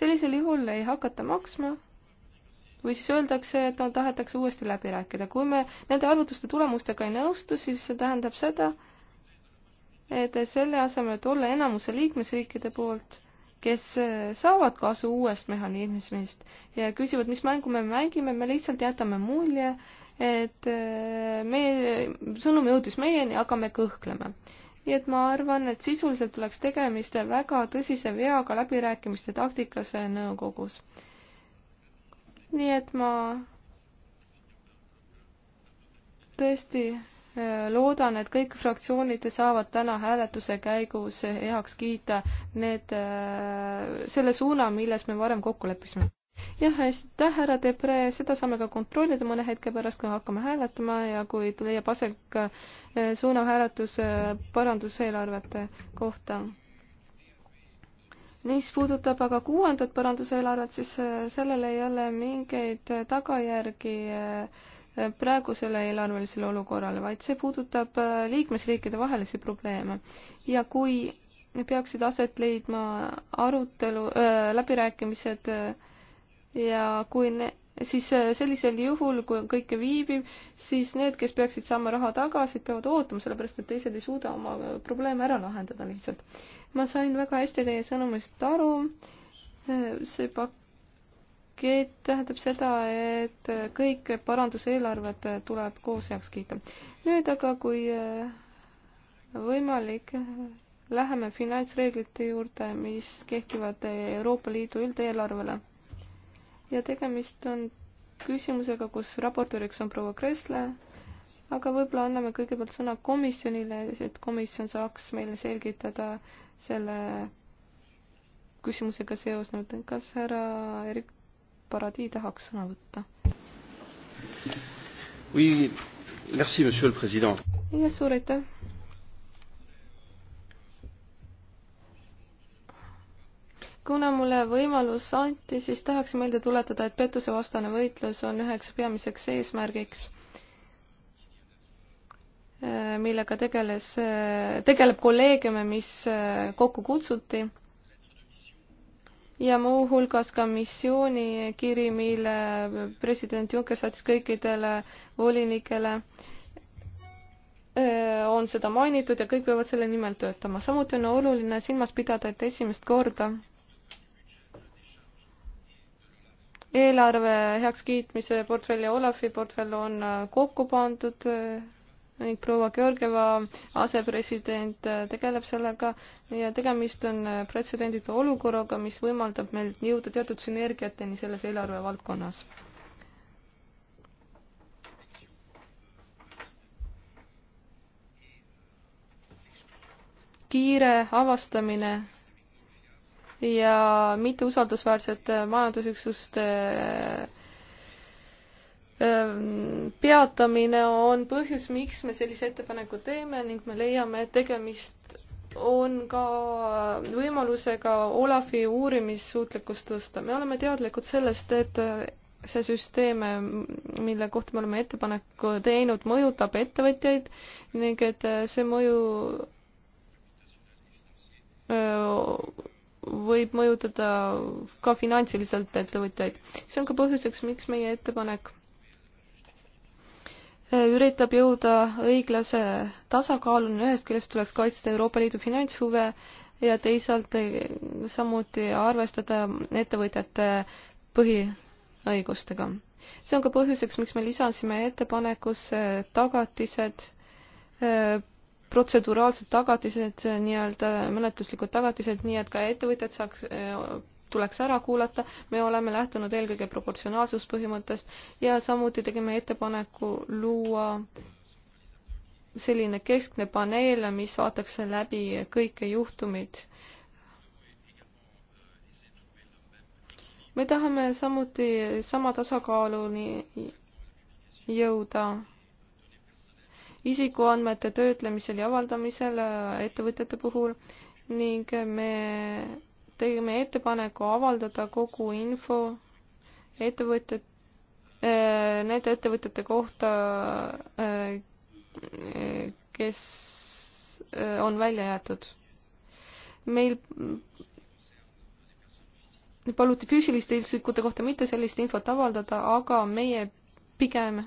sellisel juhul ei hakata maksma või siis öeldakse, et on, tahetakse uuesti läbi rääkida. kui me nende arvutuste tulemustega ei nõustu, siis see tähendab seda, et selle asemel, et olla enamuse liikmesriikide poolt, kes äh, saavad kasu uuest mehhanismist ja küsivad, mis mängu me mängime, me lihtsalt jätame mulje, et äh, meie, sõnum jõudis meieni, aga me kõhkleme. nii et ma arvan, et sisuliselt oleks tegemist väga tõsise veaga läbirääkimiste taktikas nõukogus. nii et ma tõesti äh, loodan, et kõik fraktsioonid saavad täna hääletuse käigus heaks kiita need, äh, selle suuna, milles me varem kokku leppisime jah, aitäh, härra Debre, seda saame ka kontrollida mõne hetke pärast, kui hakkame hääletama ja kui leiab aset eh, suunav hääletus eh, paranduseelarvete kohta. mis puudutab aga kuuendat paranduseelarvet, siis eh, sellel ei ole mingeid tagajärgi praegusele eelarvelisele olukorrale, vaid see puudutab liikmesriikide vahelisi probleeme ja kui peaksid aset leidma arutelu äh,, läbirääkimised äh, ja kui ne-, siis äh, sellisel juhul, kui on kõike viibib, siis need, kes peaksid saama raha tagasi, peavad ootama, sellepärast et teised ei suuda oma äh, probleeme ära lahendada lihtsalt. ma sain väga hästi teie sõnumist aru, äh, see pakett tähendab seda, et kõik paranduseelarved tuleb koos heaks kiita. nüüd aga, kui võimalik, läheme finantsreeglite juurde, mis kehtivad Euroopa Liidu üldeelarvele ja tegemist on küsimusega, kus raportööriks on proua Kresle, aga võib-olla anname kõigepealt sõna komisjonile, et komisjon saaks meile selgitada selle küsimusega seosnud, kas härra Erik Paradi tahaks sõna võtta? jah, suur aitäh kuna mulle võimalus anti, siis tahaksin meelde tuletada, et pettusevastane võitlus on üheks peamiseks eesmärgiks, äh, millega tegeles, äh, tegeleb kolleegiume, mis äh, kokku kutsuti ja muuhulgas ka missioonikiri, mille president Juncker saatis kõikidele volinikele on seda mainitud ja kõik peavad selle nimel töötama. samuti on oluline silmas pidada, et esimest korda eelarve heakskiitmise portfell ja Olafi portfell on äh, kokku pandud äh, ning proua Georgieva asepresident äh, tegeleb sellega ja tegemist on pretsedenditu olukorraga, mis võimaldab meil jõuda teatud sünergiateni selles eelarve valdkonnas. kiire avastamine ja mitteusaldusväärsete äh, majandusüksuste äh, peatamine on põhjus, miks me sellise ettepaneku teeme ning me leiame, et tegemist on ka võimalusega Olafi uurimissuutlikkust tõsta. me oleme teadlikud sellest, et äh, see süsteem, mille kohta me oleme ettepaneku teinud, mõjutab ettevõtjaid ning et see mõju öö, võib mõjutada ka finantsiliselt ettevõtjaid. see on ka põhjuseks, miks meie ettepanek eh, üritab jõuda õiglase tasakaaluni, ühest küljest tuleks kaitsta Euroopa Liidu finantshuve ja teisalt eh, samuti arvestada ettevõtjate põhiõigustega. see on ka põhjuseks, miks me lisasime ettepanekusse tagatised eh, protseduuraalsed tagatised, nii-öelda menetluslikud tagatised, nii et ka ettevõtjad saaks, e, tuleks ära kuulata, me oleme lähtunud eelkõige proportsionaalsuspõhimõttest ja samuti tegime ettepaneku luua selline keskne paneel, mis vaataks läbi kõike juhtumid me tahame samuti sama tasakaaluni jõuda isikuandmete töötlemisel ja avaldamisel äh, ettevõtete puhul ning me tegime ettepaneku avaldada kogu info ettevõtjad, äh, nende ettevõtjate kohta, äh, kes on välja jäetud. meil paluti füüsiliste isikute kohta mitte sellist infot avaldada, aga meie pigem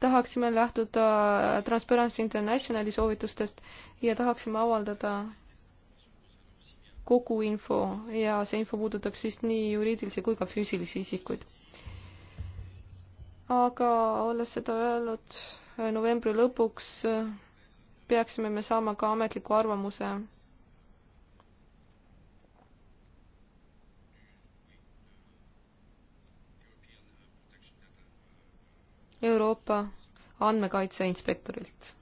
tahaksime lähtuda Transparency Internationali soovitustest ja tahaksime avaldada kogu info ja see info puudutaks siis nii juriidilisi kui ka füüsilisi isikuid. aga olles seda öelnud, novembri lõpuks peaksime me saama ka ametliku arvamuse Euroopa andmekaitse inspektorilt.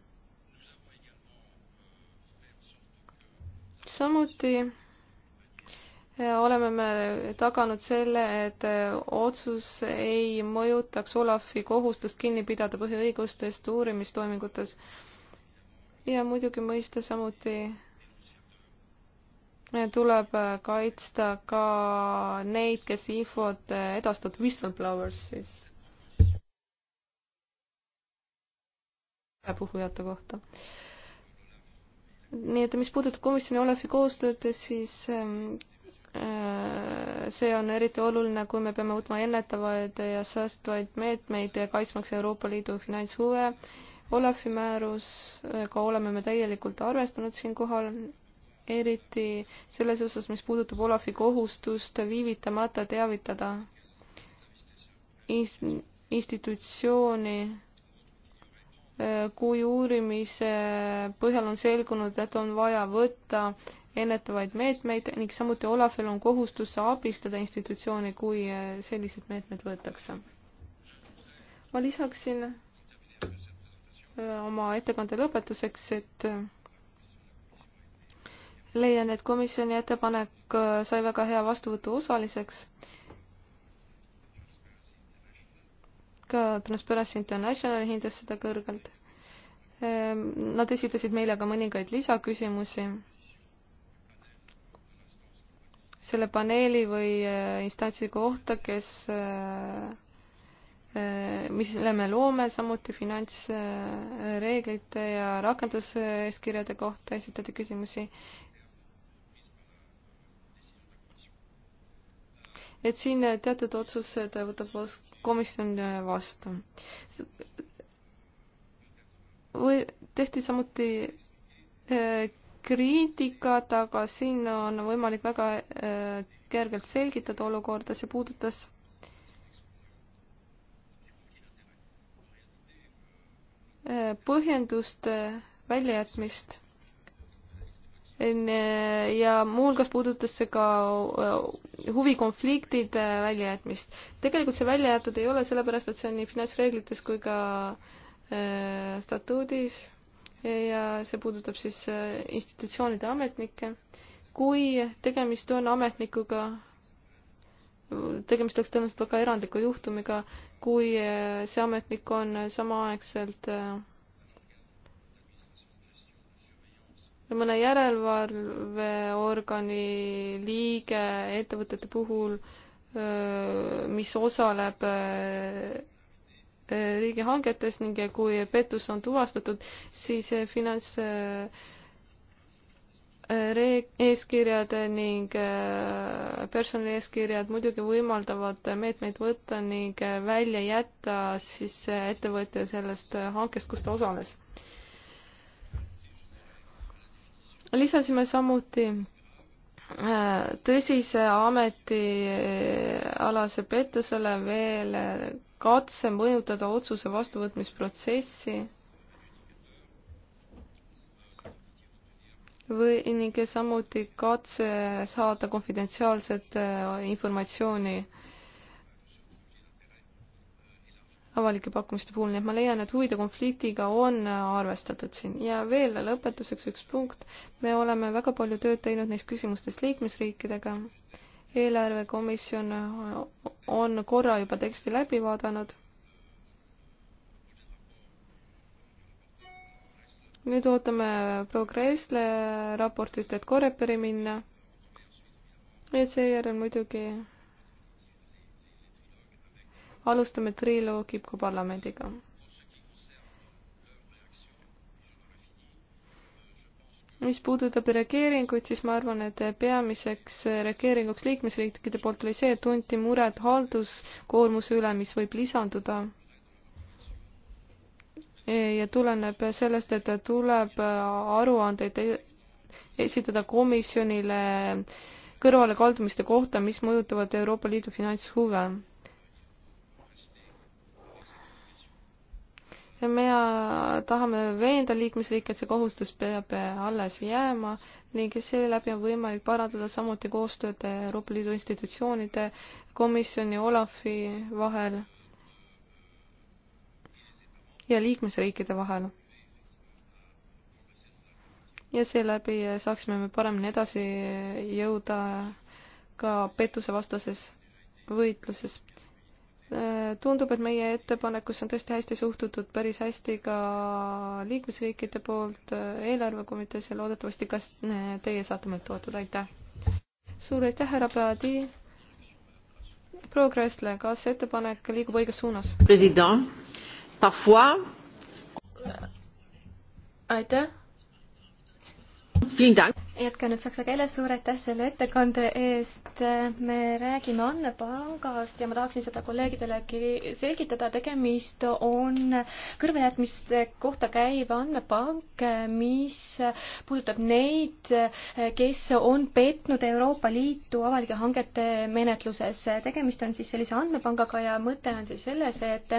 samuti eh, oleme me taganud selle, et eh, otsus ei mõjutaks Olafi kohustust kinni pidada põhiõigustest uurimistoimingutes ja muidugi mõista samuti eh, tuleb kaitsta ka neid, kes infot edastavad, whistleblowers siis puhujate kohta. nii et mis puudutab komisjoni Olevi koostööd, siis ähm, äh, see on eriti oluline, kui me peame võtma ennetavaid ja säästvaid meetmeid ja kaitsmaks Euroopa Liidu finantshuve. Olafi määrusega oleme me täielikult arvestanud siinkohal, eriti selles osas, mis puudutab Olafi kohustust viivitamata teavitada institutsiooni kui uurimise põhjal on selgunud, et on vaja võtta ennetavaid meetmeid ning samuti Olafil on kohustus abistada institutsioone, kui eh, sellised meetmed võetakse. ma lisaksin eh, oma ettekande lõpetuseks, et eh, leian, et komisjoni ettepanek sai väga hea vastuvõtu osaliseks ka Transparency International hindas seda kõrgelt. Ehm, nad esitasid meile ka mõningaid lisaküsimusi selle paneeli või eh, instantsi kohta, kes, eh, eh, mille me loome, samuti finantsreeglite ja rakenduseeskirjade kohta esitati küsimusi et siin teatud otsused võtab komisjon vastu. või tehti samuti eh, kriitikat, aga siin on võimalik väga eh, kergelt selgitada olukorda, see puudutas eh, põhjenduste väljajätmist Äh, ja muuhulgas puudutas see ka äh, huvikonfliktide väljajätmist. tegelikult see välja jäetud ei ole, sellepärast et see on nii finantsreeglites kui ka äh, statuudis ja see puudutab siis institutsioonide ametnikke. kui tegemist on ametnikuga, tegemist oleks tõenäoliselt väga erandliku juhtumiga, kui see ametnik on samaaegselt äh, mõne järelevalveorgani liige ettevõtete puhul, mis osaleb riigihangetes ning kui pettus on tuvastatud, siis finants eeskirjad ning personali eeskirjad muidugi võimaldavad meetmeid võtta ning välja jätta siis ettevõtja sellest hankest, kus ta osales lisasime samuti äh, tõsise ametialase äh, pettusele veel äh, katse mõjutada otsuse vastuvõtmisprotsessi või ning samuti katse saada konfidentsiaalset informatsiooni äh, avalike pakkumiste puhul, nii et ma leian, et huvide konfliktiga on äh, arvestatud siin. ja veel lõpetuseks üks punkt, me oleme väga palju tööd teinud neis küsimustes liikmesriikidega, eelarvekomisjon äh, on korra juba teksti läbi vaadanud, nüüd ootame progressle raportit, et Coreperi minna ja seejärel muidugi alustame triloogi ka parlamendiga. mis puudutab reageeringuid, siis ma arvan, et peamiseks reageeringuks liikmesriikide poolt oli see, et tunti muret halduskoormuse üle, mis võib lisanduda ja tuleneb sellest, et tuleb aruandeid esitada komisjonile kõrvalekaldumiste kohta, mis mõjutavad Euroopa Liidu finantshuve. me tahame veenda liikmesriike, et see kohustus peab alles jääma ning seeläbi on võimalik parandada samuti koostööd Euroopa Liidu institutsioonide, komisjoni, Olafi vahel ja liikmesriikide vahel. ja seeläbi saaksime me paremini edasi jõuda ka pettusevastases võitluses Äh, tundub, et meie ettepanekusse on tõesti hästi suhtutud, päris hästi ka liikmesriikide poolt äh, eelarvekomitees ja loodetavasti ka äh, teie saate meilt toetada, aitäh! suur aitäh, härra Paadi! proua Kressle, kas ettepanek liigub õiges suunas? president, parfois aitäh! jätkan nüüd saksa keeles, suur aitäh selle ettekande eest. me räägime andmepangast ja ma tahaksin seda kolleegidelegi selgitada. tegemist on kõrvalejätmiste kohta käiv andmepank, mis puudutab neid, kes on petnud Euroopa Liitu avalike hangete menetluses. tegemist on siis sellise andmepangaga ja mõte on siis selles, et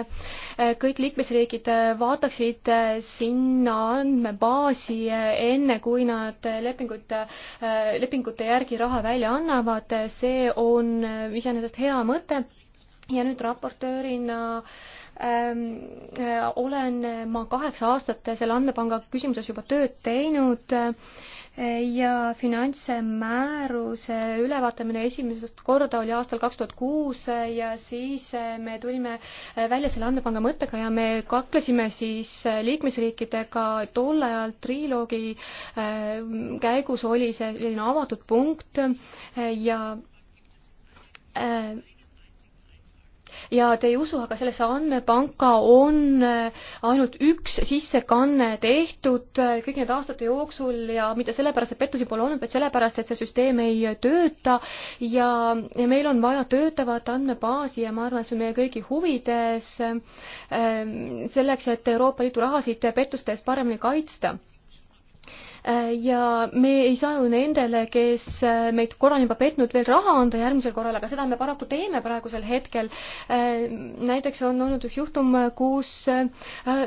kõik liikmesriigid vaataksid sinna andmebaasi enne, kui nad lepingut lepinguid, äh, lepingute järgi raha välja annavad, see on iseenesest hea mõte ja nüüd raportöörina ähm, äh, olen ma kaheksa aastat selle andmepanga küsimuses juba tööd teinud äh, ja finantsmääruse ülevaatamine esimesest korda oli aastal kaks tuhat kuus ja siis me tulime välja selle andmepanga mõttega ja me kaklesime siis liikmesriikidega, tol ajal triloogi äh, käigus oli see selline avatud punkt ja äh, ja te ei usu, aga sellesse andmepanka on äh, ainult üks sissekanne tehtud äh, kõik need aastate jooksul ja mitte sellepärast, et pettusi pole olnud, vaid sellepärast, et see süsteem ei tööta ja meil on vaja töötavat andmebaasi ja ma arvan, et see on meie kõigi huvides äh, selleks, et Euroopa Liidu rahasid pettuste eest paremini kaitsta Äh, ja me ei saa ju nendele, kes äh, meid korra on juba petnud, veel raha anda järgmisel korral, aga seda me paraku teeme praegusel hetkel. Äh, näiteks on olnud üks juhtum, kus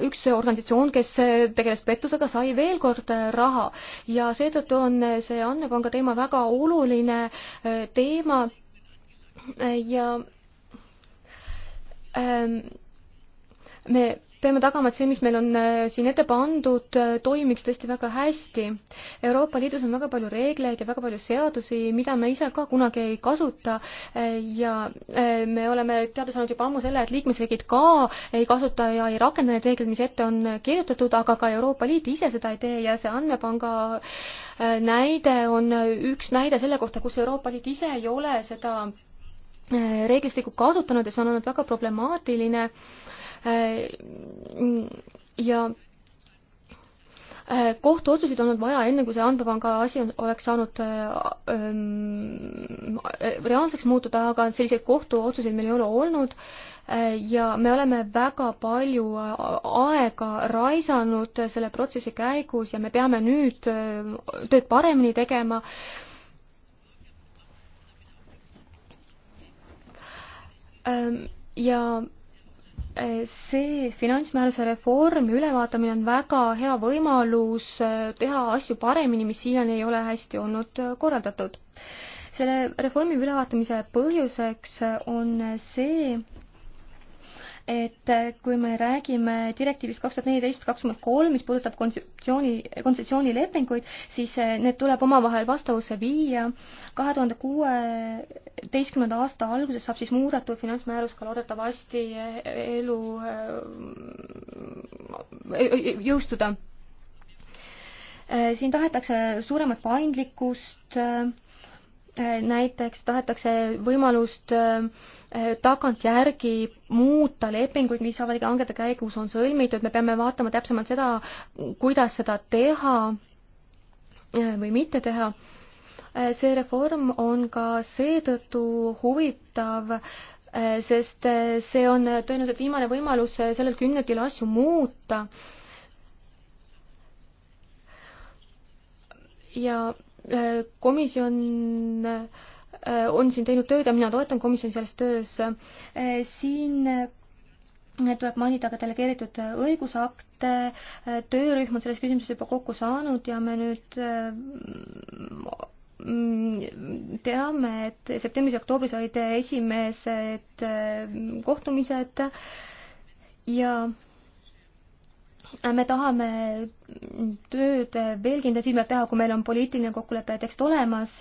üks organisatsioon, kes tegeles pettusega, sai veel kord raha ja seetõttu on see andmepanga teema väga oluline teema ja ähm, me peame tagama, et see, mis meil on äh, siin ette pandud, äh, toimiks tõesti väga hästi. Euroopa Liidus on väga palju reegleid ja väga palju seadusi, mida me ise ka kunagi ei kasuta äh, ja me oleme teada saanud juba ammu selle, et liikmesriigid ka ei kasuta ja ei rakenda neid reegleid, mis ette on kirjutatud, aga ka Euroopa Liit ise seda ei tee ja see andmepanga näide on üks näide selle kohta, kus Euroopa Liit ise ei ole seda reeglistikku kasutanud ja see on olnud väga problemaatiline Äh, ja äh, kohtuotsuseid olnud vaja, enne kui see andmepanga asi on, oleks saanud äh, ähm, reaalseks muutuda, aga selliseid kohtuotsuseid meil ei ole olnud ja me oleme väga palju aega raisanud selle protsessi käigus ja me peame nüüd tööd paremini tegema. Ähm, ja see finantsmääruse reform, ülevaatamine on väga hea võimalus äh, teha asju paremini, mis siiani ei ole hästi olnud äh, korraldatud. selle reformi ülevaatamise põhjuseks äh, on see, et äh, kui me räägime direktiivist kaks tuhat neliteist kakskümmend kolm, mis puudutab kontseptsiooni, kontsessioonilepinguid, siis äh, need tuleb omavahel vastavusse viia. kahe tuhande kuueteistkümnenda aasta alguses saab siis muudetud finantsmäärus ka loodetavasti äh, elu jõustuda. siin tahetakse suuremat paindlikkust Äh, näiteks tahetakse võimalust äh, tagantjärgi muuta lepinguid, mis avalike hangete käigus on sõlmitud, me peame vaatama täpsemalt seda, kuidas seda teha äh, või mitte teha. see reform on ka seetõttu huvitav, sest see on tõenäoliselt viimane võimalus sellel kümnendil asju muuta. ja komisjon äh, on siin teinud tööd ja mina toetan komisjoni selles töös. Äh, siin äh, tuleb mainida ka delegeeritud õigusakte, töörühm on selles küsimuses juba kokku saanud ja me nüüd mm, teame, et septembris ja oktoobris olid esimesed kohtumised ja me tahame tööd veelgi intensiivsemalt teha, kui meil on poliitiline kokkulepe ja tekst olemas.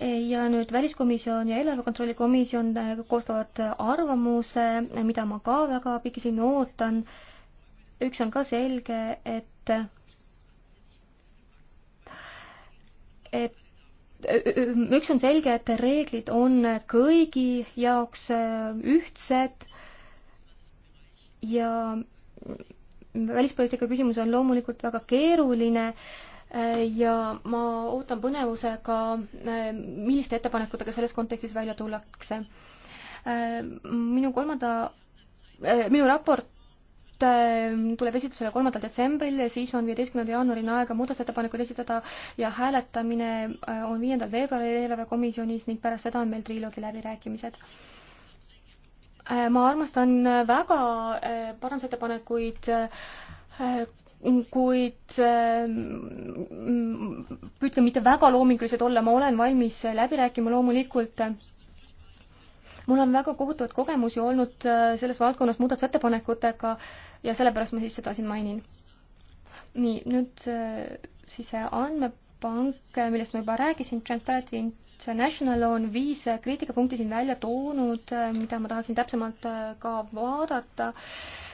ja nüüd Väliskomisjon ja Eelarvekontrolli komisjon koostavad arvamuse, mida ma ka väga pikisilmi ootan. üks on ka selge, et et üks on selge, et reeglid on kõigi jaoks ühtsed ja välispoliitika küsimus on loomulikult väga keeruline äh, ja ma ootan põnevusega, äh, milliste ettepanekutega selles kontekstis välja tullakse. Äh, minu kolmanda, minu raport tuleb esitusele kolmandal detsembril, siis on viieteistkümnenda jaanuarini aega muudatusettepanekuid esitada ja hääletamine on viiendal veebruaril eelarvekomisjonis ning pärast seda on meil triloogi läbirääkimised Äh, ma armastan äh, väga äh, parandusettepanekuid, kuid püüdke mm, mitte väga loomingulised olla, ma olen valmis läbi rääkima loomulikult. mul on väga kohutavaid kogemusi olnud selles valdkonnas muudatusettepanekutega ja sellepärast ma siis seda siin mainin. nii, nüüd siis andme pank, millest ma juba rääkisin, Transparency International on viis kriitikapunkti siin välja toonud, mida ma tahaksin täpsemalt äh, ka vaadata.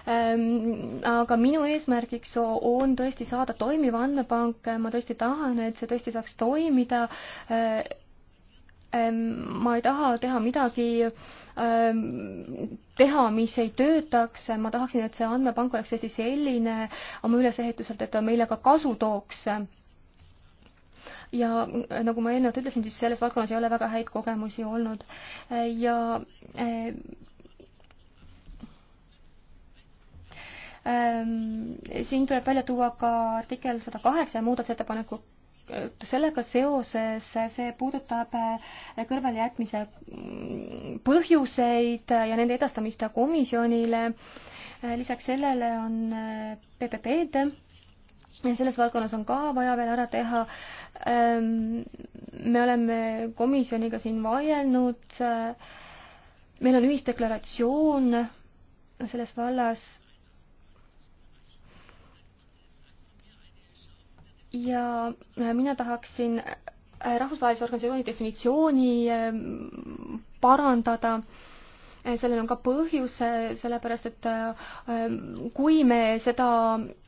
Ähm, aga minu eesmärgiks on tõesti saada toimiv andmepank, ma tõesti tahan, et see tõesti saaks toimida. Äh, ähm, ma ei taha teha midagi ähm, teha, mis ei töötaks, ma tahaksin, et see andmepank oleks tõesti selline oma ülesehituselt, et ta meile ka kasu tooks ja nagu ma eelnevalt ütlesin, siis selles valdkonnas ei ole väga häid kogemusi olnud ja ehm, siin tuleb välja tuua ka artikkel sada kaheksa muudatusettepaneku sellega seoses see puudutab eh, kõrvalejätmise mm, põhjuseid ja nende edastamist komisjonile. Eh, lisaks sellele on eh, PPP-d selles valdkonnas on ka vaja veel ära teha. Ähm, me oleme komisjoniga siin vaielnud. meil on ühisdeklaratsioon selles vallas. ja mina tahaksin rahvusvahelise organisatsiooni definitsiooni ähm, parandada äh, sellel on ka põhjus, sellepärast et ähm, kui me seda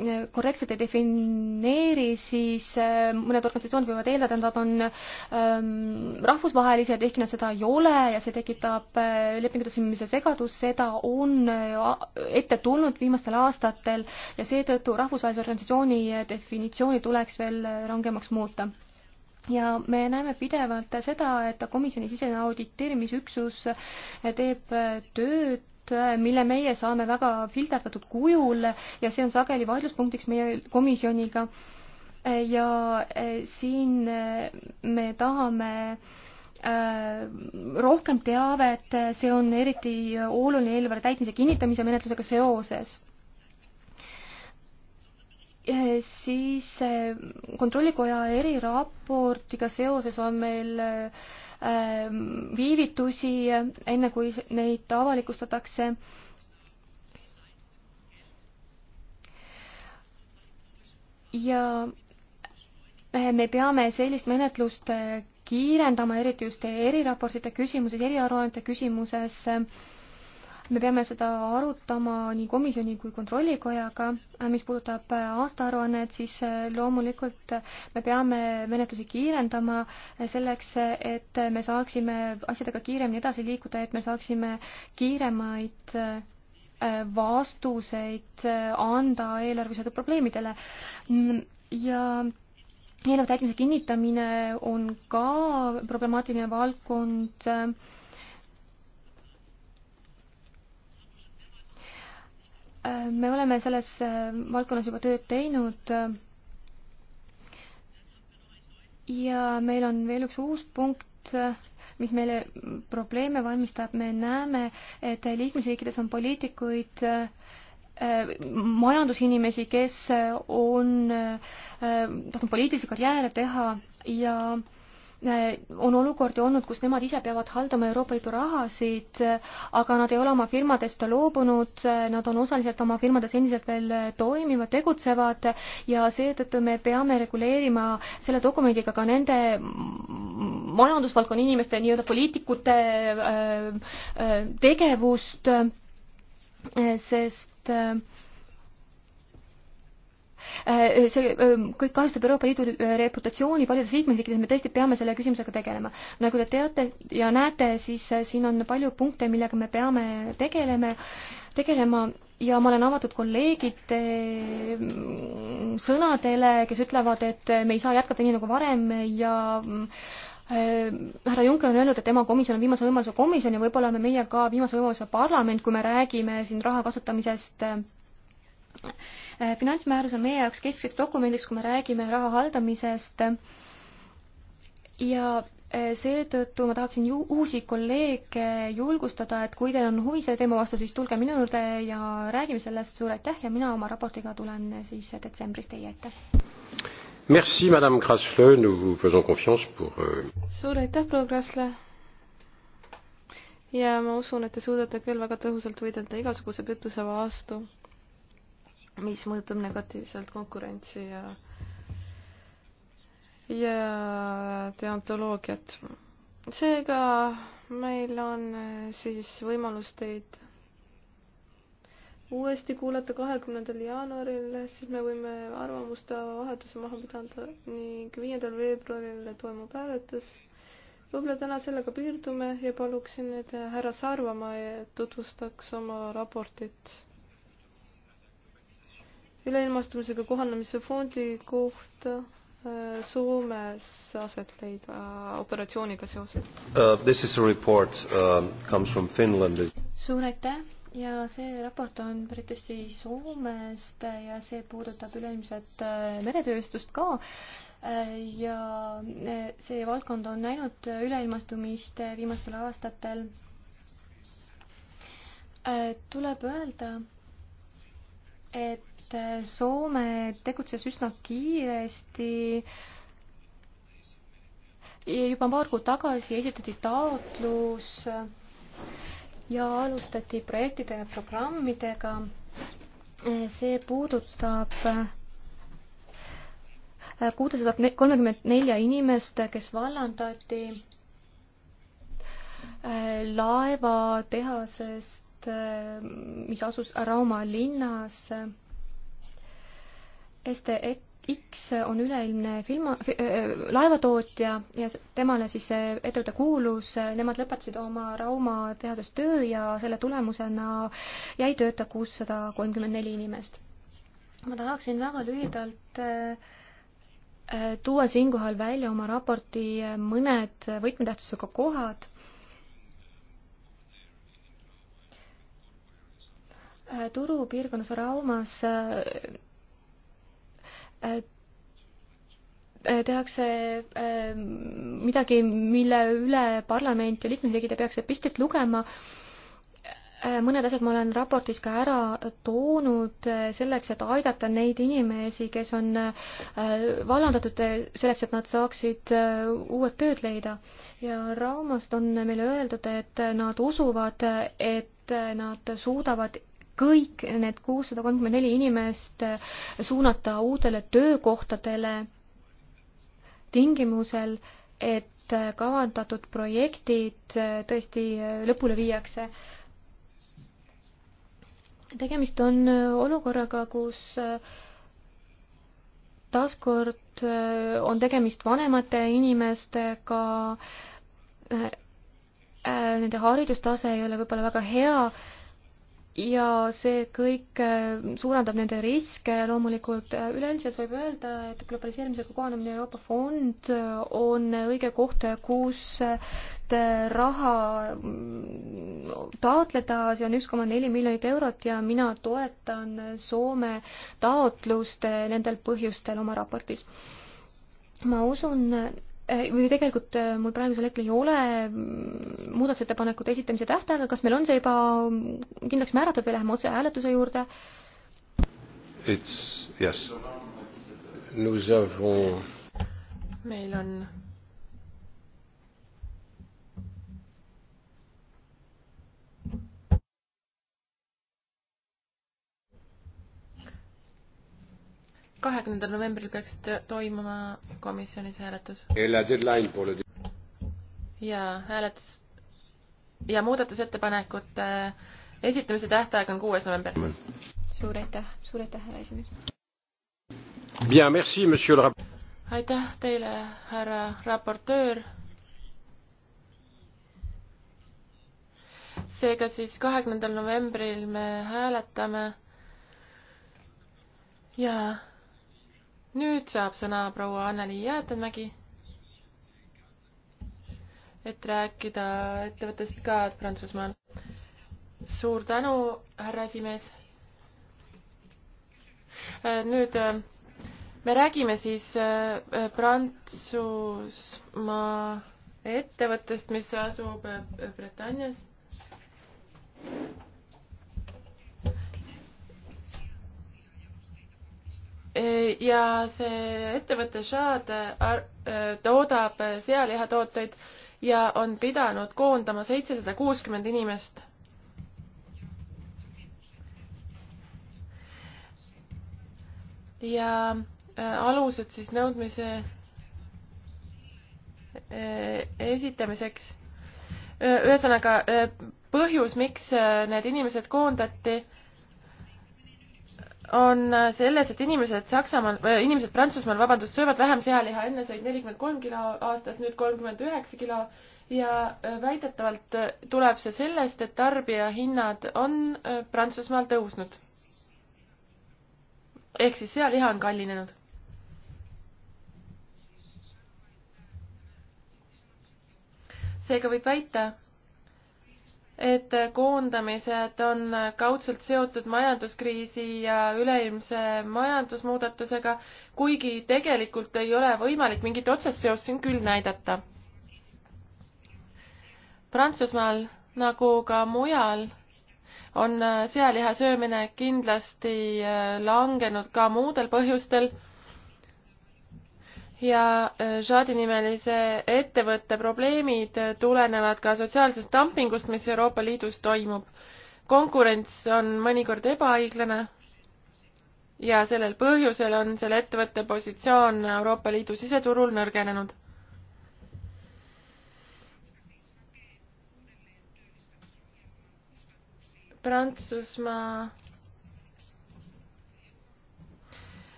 äh, korrektselt ei defineeri, siis äh, mõned organisatsioonid võivad eeldada, et nad on ähm, rahvusvahelised, ehkki nad seda ei ole ja see tekitab äh, lepingu sõlmimise segadust, seda on ette tulnud viimastel aastatel ja seetõttu rahvusvahelise organisatsiooni definitsiooni tuleks veel rangemaks muuta ja me näeme pidevalt seda, et komisjonisisene auditeerimisüksus teeb tööd, mille meie saame väga filterdatud kujul ja see on sageli vaidluspunktiks meie komisjoniga. ja e, siin e, me tahame e, rohkem teavet, see on eriti oluline eelarve täitmise kinnitamise menetlusega seoses Eh, siis eh, Kontrollikoja eriraportiga seoses on meil eh, viivitusi, enne kui neid avalikustatakse ja me peame sellist menetlust kiirendama, eriti just eriraportite küsimuses, eriaruannete küsimuses, me peame seda arutama nii komisjoni kui kontrollikojaga. Äh, mis puudutab äh, aastaaruannet, siis äh, loomulikult me peame menetlusi kiirendama selleks, et me saaksime asjadega kiiremini edasi liikuda, et me saaksime kiiremaid vastuseid anda eelarve seotud probleemidele. Mm, ja eelarve täitmise kinnitamine on ka problemaatiline valdkond me oleme selles äh, valdkonnas juba tööd teinud. ja meil on veel üks uus punkt, äh, mis meile probleeme valmistab, me näeme, et liikmesriikides on poliitikuid, äh, majandusinimesi, kes on tahtnud poliitilisi karjääre teha ja äh, Äh, on olukordi olnud, kus nemad ise peavad haldama Euroopa Liidu rahasid, aga nad ei ole oma firmadest loobunud, nad on osaliselt oma firmades endiselt veel toimivad, tegutsevad ja seetõttu me peame reguleerima selle dokumendiga ka nende majandusvaldkonna inimeste, nii-öelda poliitikute äh, äh, tegevust, sest Äh, see ähm, kõik kahjustab Euroopa Liidu äh, reputatsiooni paljudes liikmesriikides, me tõesti peame selle küsimusega tegelema. nagu te teate ja näete, siis äh, siin on palju punkte, millega me peame tegelema, tegelema ja ma olen avatud kolleegide mm, sõnadele, kes ütlevad, et me ei saa jätkata nii nagu varem ja mm, härra Juncker on öelnud, et tema komisjon on viimase võimaluse komisjon ja võib-olla oleme meie ka viimase võimaluse parlament, kui me räägime siin raha kasutamisest Äh, finantsmäärus on meie jaoks keskseks dokumendiks, kui me räägime raha haldamisest ja äh, seetõttu ma tahaksin ju uusi kolleege julgustada, et kui teil on huvi selle teema vastu, siis tulge minu juurde ja räägime sellest, suur aitäh ja mina oma raportiga tulen äh, siis detsembris teie ette. Merci madame Grasle, nous vous faisons confiance pour euh, suur aitäh, proua Grasle! ja ma usun, et te suudate küll väga tõhusalt võidelda igasuguse petuse vastu mis mõjutab negatiivselt konkurentsi ja ja deontoloogiat. seega meil on eh, siis võimalus teid uuesti kuulata kahekümnendal jaanuaril, siis me võime arvamuste vahetuse maha pidada ning viiendal veebruaril toimub hääletus. võib-olla täna sellega piirdume ja paluksin nüüd härra Sarvamaa tutvustaks oma raportit üleilmastumisega kohanemise fondi kohta äh, Soomes aset leidva operatsiooniga seoses uh,? This is a report uh, comes from Finland. suur aitäh ja see raport on Briti Soomest ja see puudutab üleilmset äh, meretööstust ka äh, ja see valdkond on näinud üleilmastumist viimastel aastatel. tuleb öelda, et Soome tegutses üsna kiiresti juba paar kuud tagasi esitati taotlus ja alustati projektide ja programmidega. see puudutab kuutesadat kolmekümmet nelja inimest, kes vallandati laevatehasest Äh, mis asus Rauma linnas. STX on üleilmne firma, äh, äh, laevatootja ja temale siis see ettevõte kuulus, nemad lõpetasid oma Rauma tehases töö ja selle tulemusena jäi tööta kuussada kolmkümmend neli inimest. ma tahaksin väga lühidalt äh, tuua siinkohal välja oma raporti mõned võtmetähtsusega kohad. Äh, turupiirkonnas Raumas äh, äh, tehakse midagi, mille üle parlament ja liikmesriigid ei peaks pistet lugema. mõned asjad ma olen raportis ka ära toonud selleks, et aidata neid inimesi, kes on vallandatud, selleks, et nad saaksid uued tööd leida. ja Raumast on meile öeldud, et nad usuvad, et nad suudavad kõik need kuussada kolmkümmend neli inimest suunata uutele töökohtadele tingimusel, et kavandatud projektid tõesti lõpule viiakse. tegemist on olukorraga, kus taaskord on tegemist vanemate inimestega, nende haridustase ei ole võib-olla väga hea ja see kõik äh, suurendab nende riske ja loomulikult äh, üleüldiselt võib öelda, et globaliseerimisega kohanemine Euroopa fond äh, on õige koht, kus raha mm, taotleda, see on üks koma neli miljonit eurot ja mina toetan Soome taotlust nendel põhjustel oma raportis. ma usun, Äh, või tegelikult äh, mul praegusel hetkel ei ole mm, muudatusettepanekute esitamise tähtaega, kas meil on see juba mm, kindlaks määratud või läheme otse hääletuse juurde? It's, yes. Nous avons... meil on kahekümnendal novembril peaks toimuma komisjonis hääletus. ja hääletus ja muudatusettepanekute äh, esitamise tähtaeg on kuues november. suur aitäh, suur aitäh, härra esimees. aitäh teile, härra raportöör. seega siis kahekümnendal novembril me hääletame ja nüüd saab sõna proua Anneli Jäätemägi, et rääkida ettevõttest ka Prantsusmaal. suur tänu, härra esimees. Äh, nüüd äh, me räägime siis äh, Prantsusmaa ettevõttest, mis asub Britannias. ja see ettevõte Shad äh, toodab sealihatooteid ja on pidanud koondama seitsesada kuuskümmend inimest. ja äh, alused siis nõudmise äh, esitamiseks. ühesõnaga põhjus, miks need inimesed koondati on selles, et inimesed Saksamaal äh,, inimesed Prantsusmaal, vabandust, söövad vähem sealiha, enne said nelikümmend kolm kilo aastas, nüüd kolmkümmend üheksa kilo ja äh, väidetavalt äh, tuleb see sellest, et tarbijahinnad on äh, Prantsusmaal tõusnud. ehk siis sealiha on kallinenud. seega võib väita, et koondamised on kaudselt seotud majanduskriisi ja üleilmse majandusmuudatusega, kuigi tegelikult ei ole võimalik mingit otsest seost siin küll näidata. Prantsusmaal nagu ka mujal on sealiha söömine kindlasti langenud ka muudel põhjustel ja äh, Žadi nimelise ettevõtte probleemid tulenevad ka sotsiaalsest dumpingust, mis Euroopa Liidus toimub. konkurents on mõnikord ebaõiglane ja sellel põhjusel on selle ettevõtte positsioon Euroopa Liidu siseturul nõrgenenud. Prantsusmaa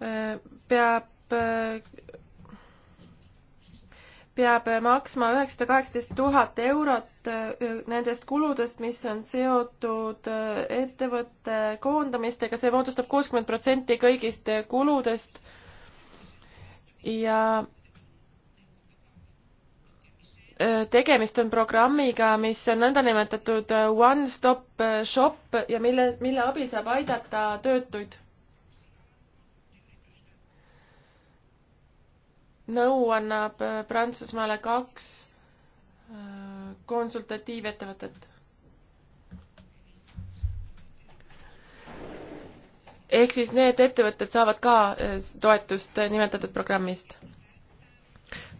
äh, peab äh, peab maksma üheksasada kaheksateist tuhat eurot äh, nendest kuludest, mis on seotud äh, ettevõtte koondamistega, see moodustab kuuskümmend protsenti kõigist äh, kuludest ja tegemist on programmiga, mis on nõndanimetatud one stop shop ja mille, mille abil saab aidata töötuid nõu annab äh, Prantsusmaale kaks äh, konsultatiivettevõtet. ehk siis need ettevõtted saavad ka äh, toetust nimetatud programmist.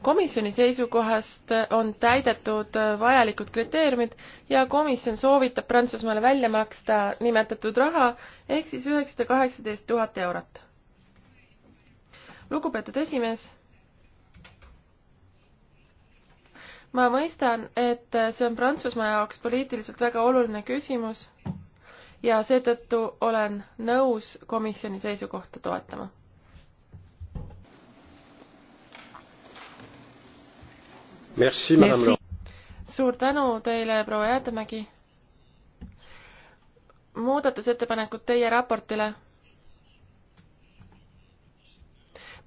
komisjoni seisukohast on täidetud vajalikud kriteeriumid ja komisjon soovitab Prantsusmaale välja maksta nimetatud raha ehk siis üheksasada kaheksateist tuhat eurot. lugupeetud esimees ma mõistan, et see on Prantsusmaa jaoks poliitiliselt väga oluline küsimus ja seetõttu olen nõus komisjoni seisukohta toetama. suur tänu teile, proua Jäätemägi. muudatusettepanekud teie raportile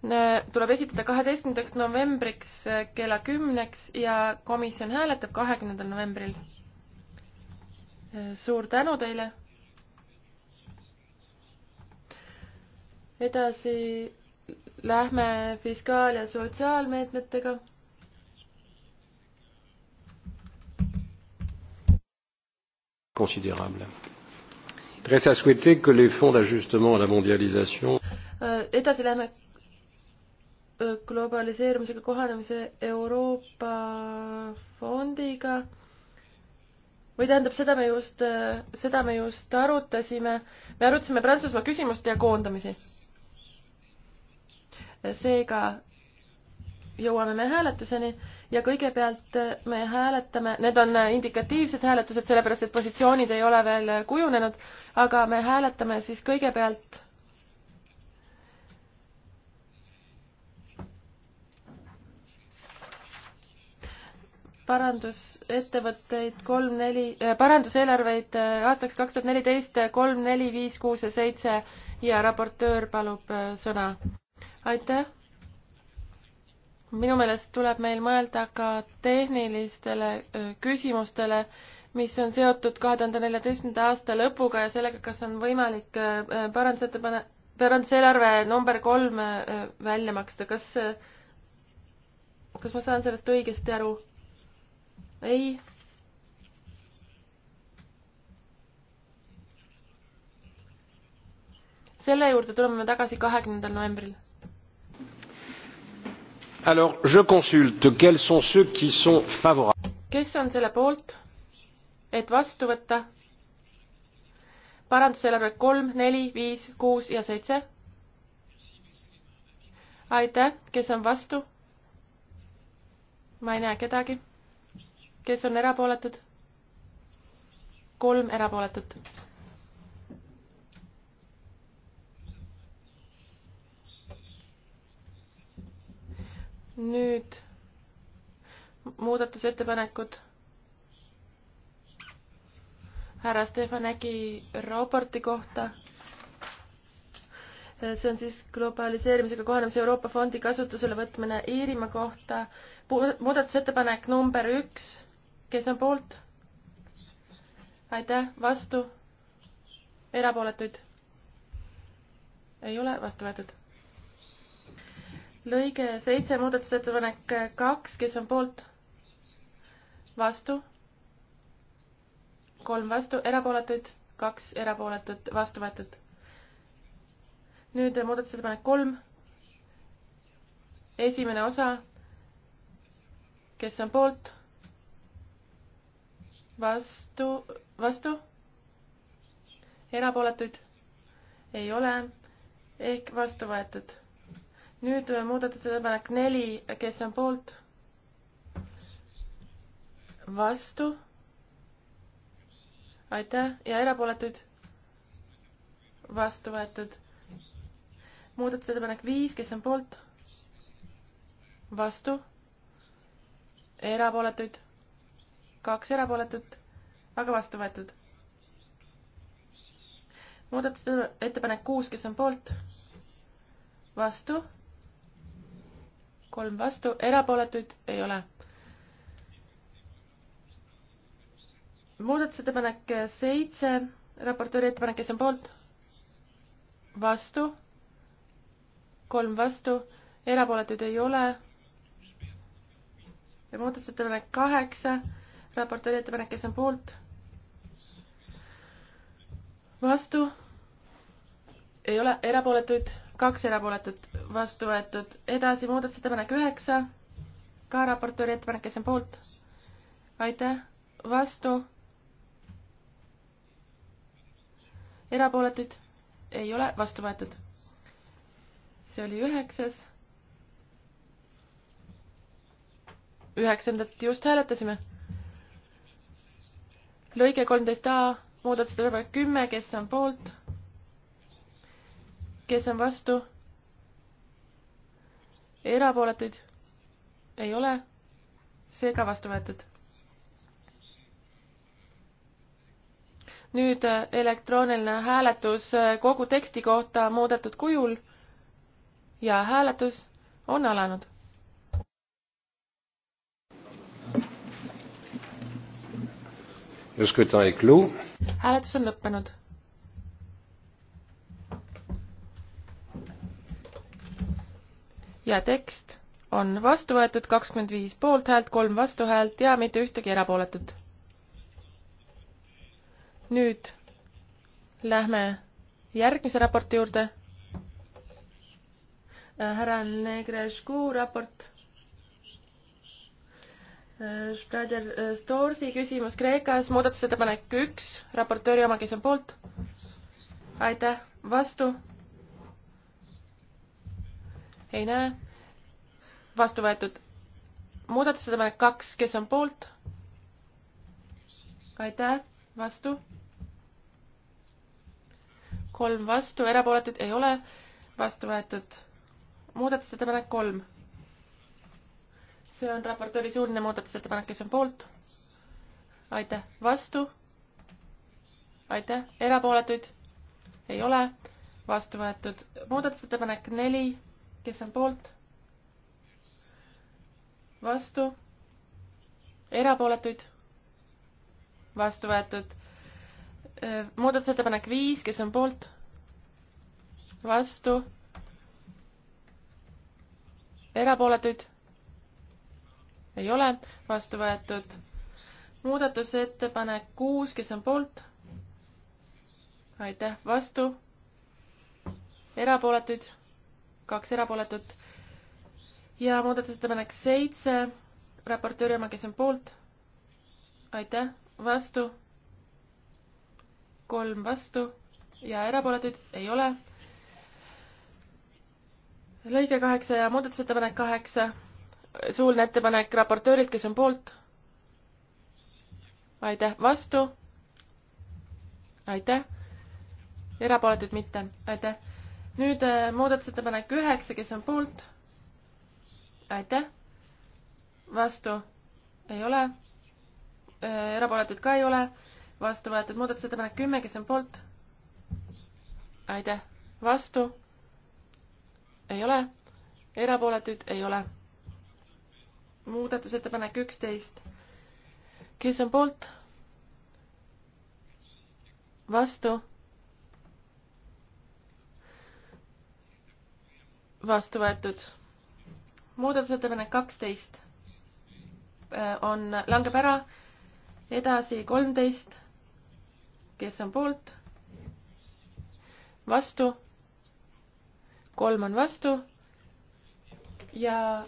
Äh, tuleb esitada kaheteistkümnendaks novembriks äh, kella kümneks ja komisjon hääletab kahekümnendal novembril. Äh, suur tänu teile. edasi lähme fiskaal- ja sotsiaalmeetmetega. considérable. Il reste à souhaiter que les fonds d'ajustement à la mondialisation edasi lähme globaliseerumisega kohanemise Euroopa fondiga või tähendab, seda me just, seda me just arutasime, me arutasime Prantsusmaa küsimust ja koondamisi. seega jõuame me hääletuseni ja kõigepealt me hääletame, need on indikatiivsed hääletused, sellepärast et positsioonid ei ole veel kujunenud, aga me hääletame siis kõigepealt parandusettevõtteid kolm, neli äh,, paranduseelarveid äh, aastaks kaks tuhat neliteist kolm, neli, viis, kuus ja seitse ja raportöör palub äh, sõna. aitäh! minu meelest tuleb meil mõelda ka tehnilistele äh, küsimustele, mis on seotud kahe tuhande neljateistkümnenda aasta lõpuga ja sellega, kas on võimalik äh, parandusettepane-, paranduseelarve number kolm äh, välja maksta, kas, kas ma saan sellest õigesti aru? ei. selle juurde tuleme tagasi kahekümnendal novembril. Alors je consulte quels sont ceux qui sont favorables. kes on selle poolt, et vastu võtta? paranduseelarve kolm, neli, viis, kuus ja seitse. aitäh, kes on vastu? ma ei näe kedagi kes on erapooletud? kolm erapooletut. nüüd muudatusettepanekud härra Stefanäki raporti kohta. see on siis globaliseerimisega kohanemise Euroopa Fondi kasutusele võtmine Iirimaa kohta. muudatusettepanek number üks kes on poolt? aitäh, vastu? erapooletuid? ei ole vastu võetud. lõige seitse, muudatusettepanek kaks, kes on poolt? vastu? kolm vastu, erapooletuid, kaks erapooletut, vastu võetud. nüüd muudatusettepanek kolm. esimene osa, kes on poolt? vastu, vastu, erapooletuid ei ole ehk vastu võetud. nüüd muudatusettepanek neli, kes on poolt? vastu. aitäh ja erapooletuid? vastu võetud. muudatusettepanek viis, kes on poolt? vastu. erapooletuid kaks erapooletut, aga vastu võetud. muudatusettepanek kuus, kes on poolt, vastu, kolm vastu, erapooletuid ei ole. muudatusettepanek seitse, raportööri ettepanek, kes on poolt, vastu, kolm vastu, erapooletuid ei ole ja muudatusettepanek kaheksa raportööri ettepanek, kes on poolt? vastu? ei ole erapooletuid, kaks erapooletut vastu võetud. edasi muudatusettepanek üheksa, ka raportööri ettepanek, kes on poolt? aitäh, vastu? erapooletuid ei ole vastu võetud. see oli üheksas üheksandat just hääletasime lõige kolmteist A, muudatusettepanek kümme, kes on poolt? kes on vastu? erapooletuid ei ole, seega vastu võetud. nüüd äh, elektrooniline hääletus äh, kogu teksti kohta muudetud kujul ja hääletus on alanud hääletus on lõppenud. ja tekst on vastu võetud kakskümmend viis poolthäält, kolm vastuhäält ja mitte ühtegi erapooletut. nüüd lähme järgmise raporti juurde. Äh, härra Negrescu raport Sprader äh, Storsi küsimus Kreekas, muudatusettepanek üks, raportööri oma, kes on poolt? aitäh, vastu? ei näe. vastu võetud. muudatusettepanek kaks, kes on poolt? aitäh, vastu? kolm vastu, erapooletuid ei ole, vastu võetud. muudatusettepanek kolm see on raportööri suuline muudatusettepanek, kes on poolt? aitäh, vastu? aitäh, erapooletuid? ei ole, vastu võetud. muudatusettepanek neli, kes on poolt? vastu? erapooletuid? vastu võetud. Äh, muudatusettepanek viis, kes on poolt? vastu? erapooletuid? ei ole vastu võetud. muudatusettepanek kuus, kes on poolt? aitäh, vastu? erapooletuid? kaks erapooletut. ja muudatusettepanek seitse, raportööri oma, kes on poolt? aitäh, vastu? kolm vastu ja erapooletuid ei ole. lõige kaheksa ja muudatusettepanek kaheksa suuline ettepanek, raportöörid, kes on poolt? aitäh, vastu? aitäh. erapooletud mitte, aitäh. nüüd äh, muudatusettepanek üheksa, kes on poolt? aitäh. vastu? ei ole. Äh, erapooletud ka ei ole. vastu võetud muudatusettepanek kümme, kes on poolt? aitäh. vastu? ei ole. erapooletuid ei ole muudatusettepanek üksteist. kes on poolt? vastu? vastu võetud. muudatusettepanek kaksteist äh, on, langeb ära. edasi kolmteist. kes on poolt? vastu? kolm on vastu ja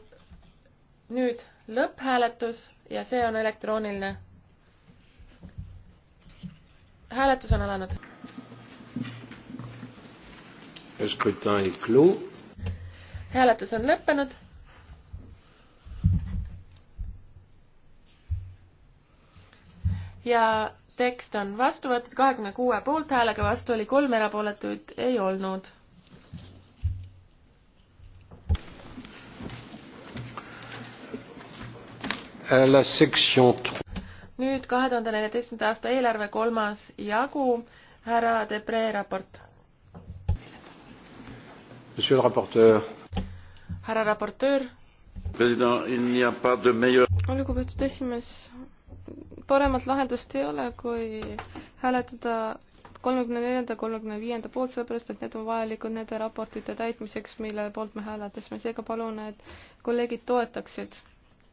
nüüd lõpphääletus ja see on elektrooniline. hääletus on alanud. hääletus on lõppenud. ja tekst on vastu võetud kahekümne kuue poolthäälega, vastu oli kolm erapooletuid, ei olnud nüüd kahe tuhande neljateistkümnenda aasta eelarve kolmas jagu, härra Debre raport. härra raportöör. lugupeetud esimees, paremat lahendust ei ole, kui hääletada kolmekümne neljanda, kolmekümne viienda poolt, sellepärast et need on vajalikud nende raportite täitmiseks, mille poolt me hääletasime, seega palun, et kolleegid toetaksid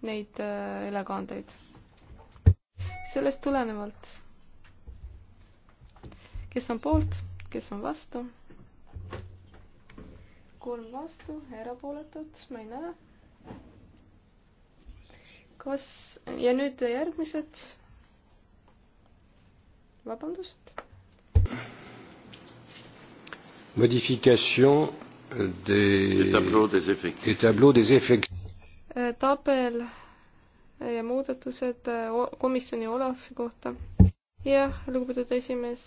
neid ülekandeid. Äh, sellest tulenevalt, kes on poolt, kes on vastu? kolm vastu, erapooletut ma ei näe. kas ja nüüd järgmised? vabandust. modification des, des tableaux des effectifs Äh, tabel äh, ja muudatused äh, komisjoni Olafi kohta. jah, lugupeetud esimees,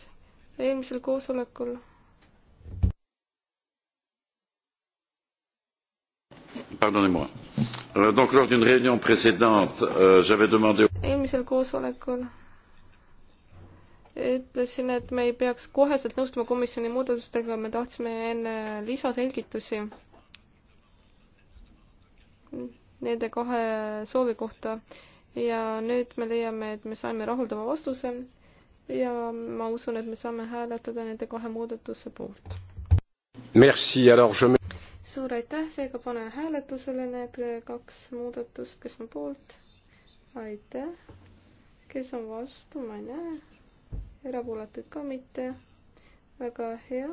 eelmisel koosolekul Pardonnez-moi. Euh, donc lors d'une réunion précédente, euh, j'avais demandé eelmisel koosolekul ütlesin, et me ei peaks koheselt nõustuma komisjoni muudatustega, me tahtsime enne lisaselgitusi nende kahe soovi kohta ja nüüd me leiame, et me saime rahuldava vastuse ja ma usun, et me saame hääletada nende kahe muudatuse poolt. Je... suur aitäh, seega panen hääletusele need kaks muudatust, kes on poolt. aitäh. kes on vastu, ma ei näe. erapooletuid ka mitte. väga hea.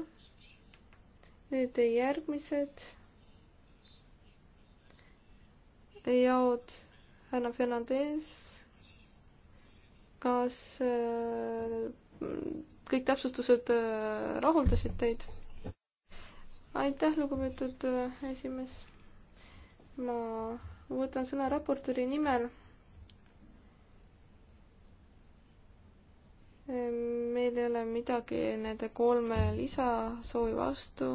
nüüd järgmised jaod härra Fernandes, kas äh, kõik täpsustused äh, rahuldasid teid? aitäh, lugupeetud äh, esimees. ma võtan sõna raportööri nimel meil ei ole midagi nende kolme lisasoovi vastu.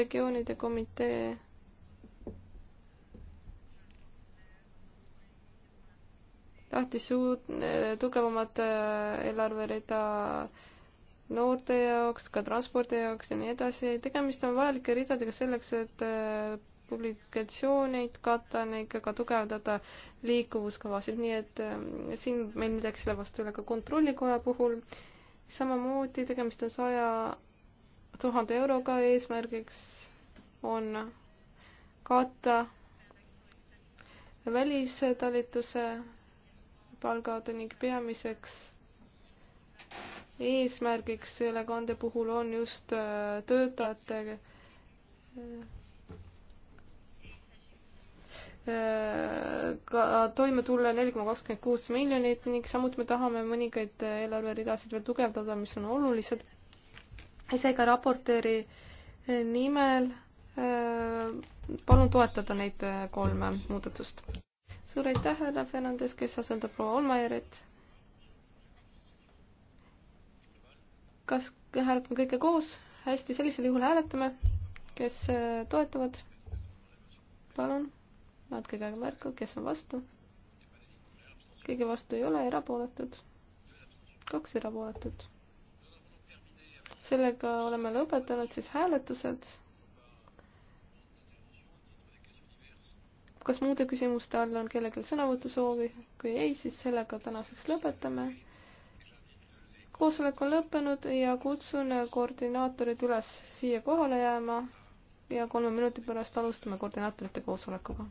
regioonide komitee tahtis uut, tugevamat äh, eelarverida noorte jaoks, ka transpordi jaoks ja nii edasi. tegemist on vajalike ridadega selleks, et äh, publikatsioonid katta ning ka tugevdada liikuvuskavasid, nii et äh, siin meil midagi selle vastu ei ole ka kontrollikoja puhul. samamoodi tegemist on saja tuhande euroga, eesmärgiks on katta välistalituse miinimumpalgad ning peamiseks eesmärgiks selle kande puhul on just äh, töötajate äh, ka toime tulla neli koma kakskümmend kuus miljonit ning samuti me tahame mõningaid eelarveridasid veel tugevdada, mis on olulised. seega raportööri nimel äh, palun toetada neid kolme muudatust suur aitäh, härra Fernandes, kes asendab proua Olmajärit. kas hääletame kõike koos? hästi, sellisel juhul hääletame. kes äh, toetavad? palun, andke käega märku, kes on vastu. keegi vastu ei ole, erapooletud. kaks erapooletut. sellega oleme lõpetanud siis hääletused kas muude küsimuste all on kellelgi sõnavõtusoovi? kui ei, siis sellega tänaseks lõpetame. koosolek on lõppenud ja kutsun koordinaatorid üles siia kohale jääma ja kolme minuti pärast alustame koordinaatorite koosolekuga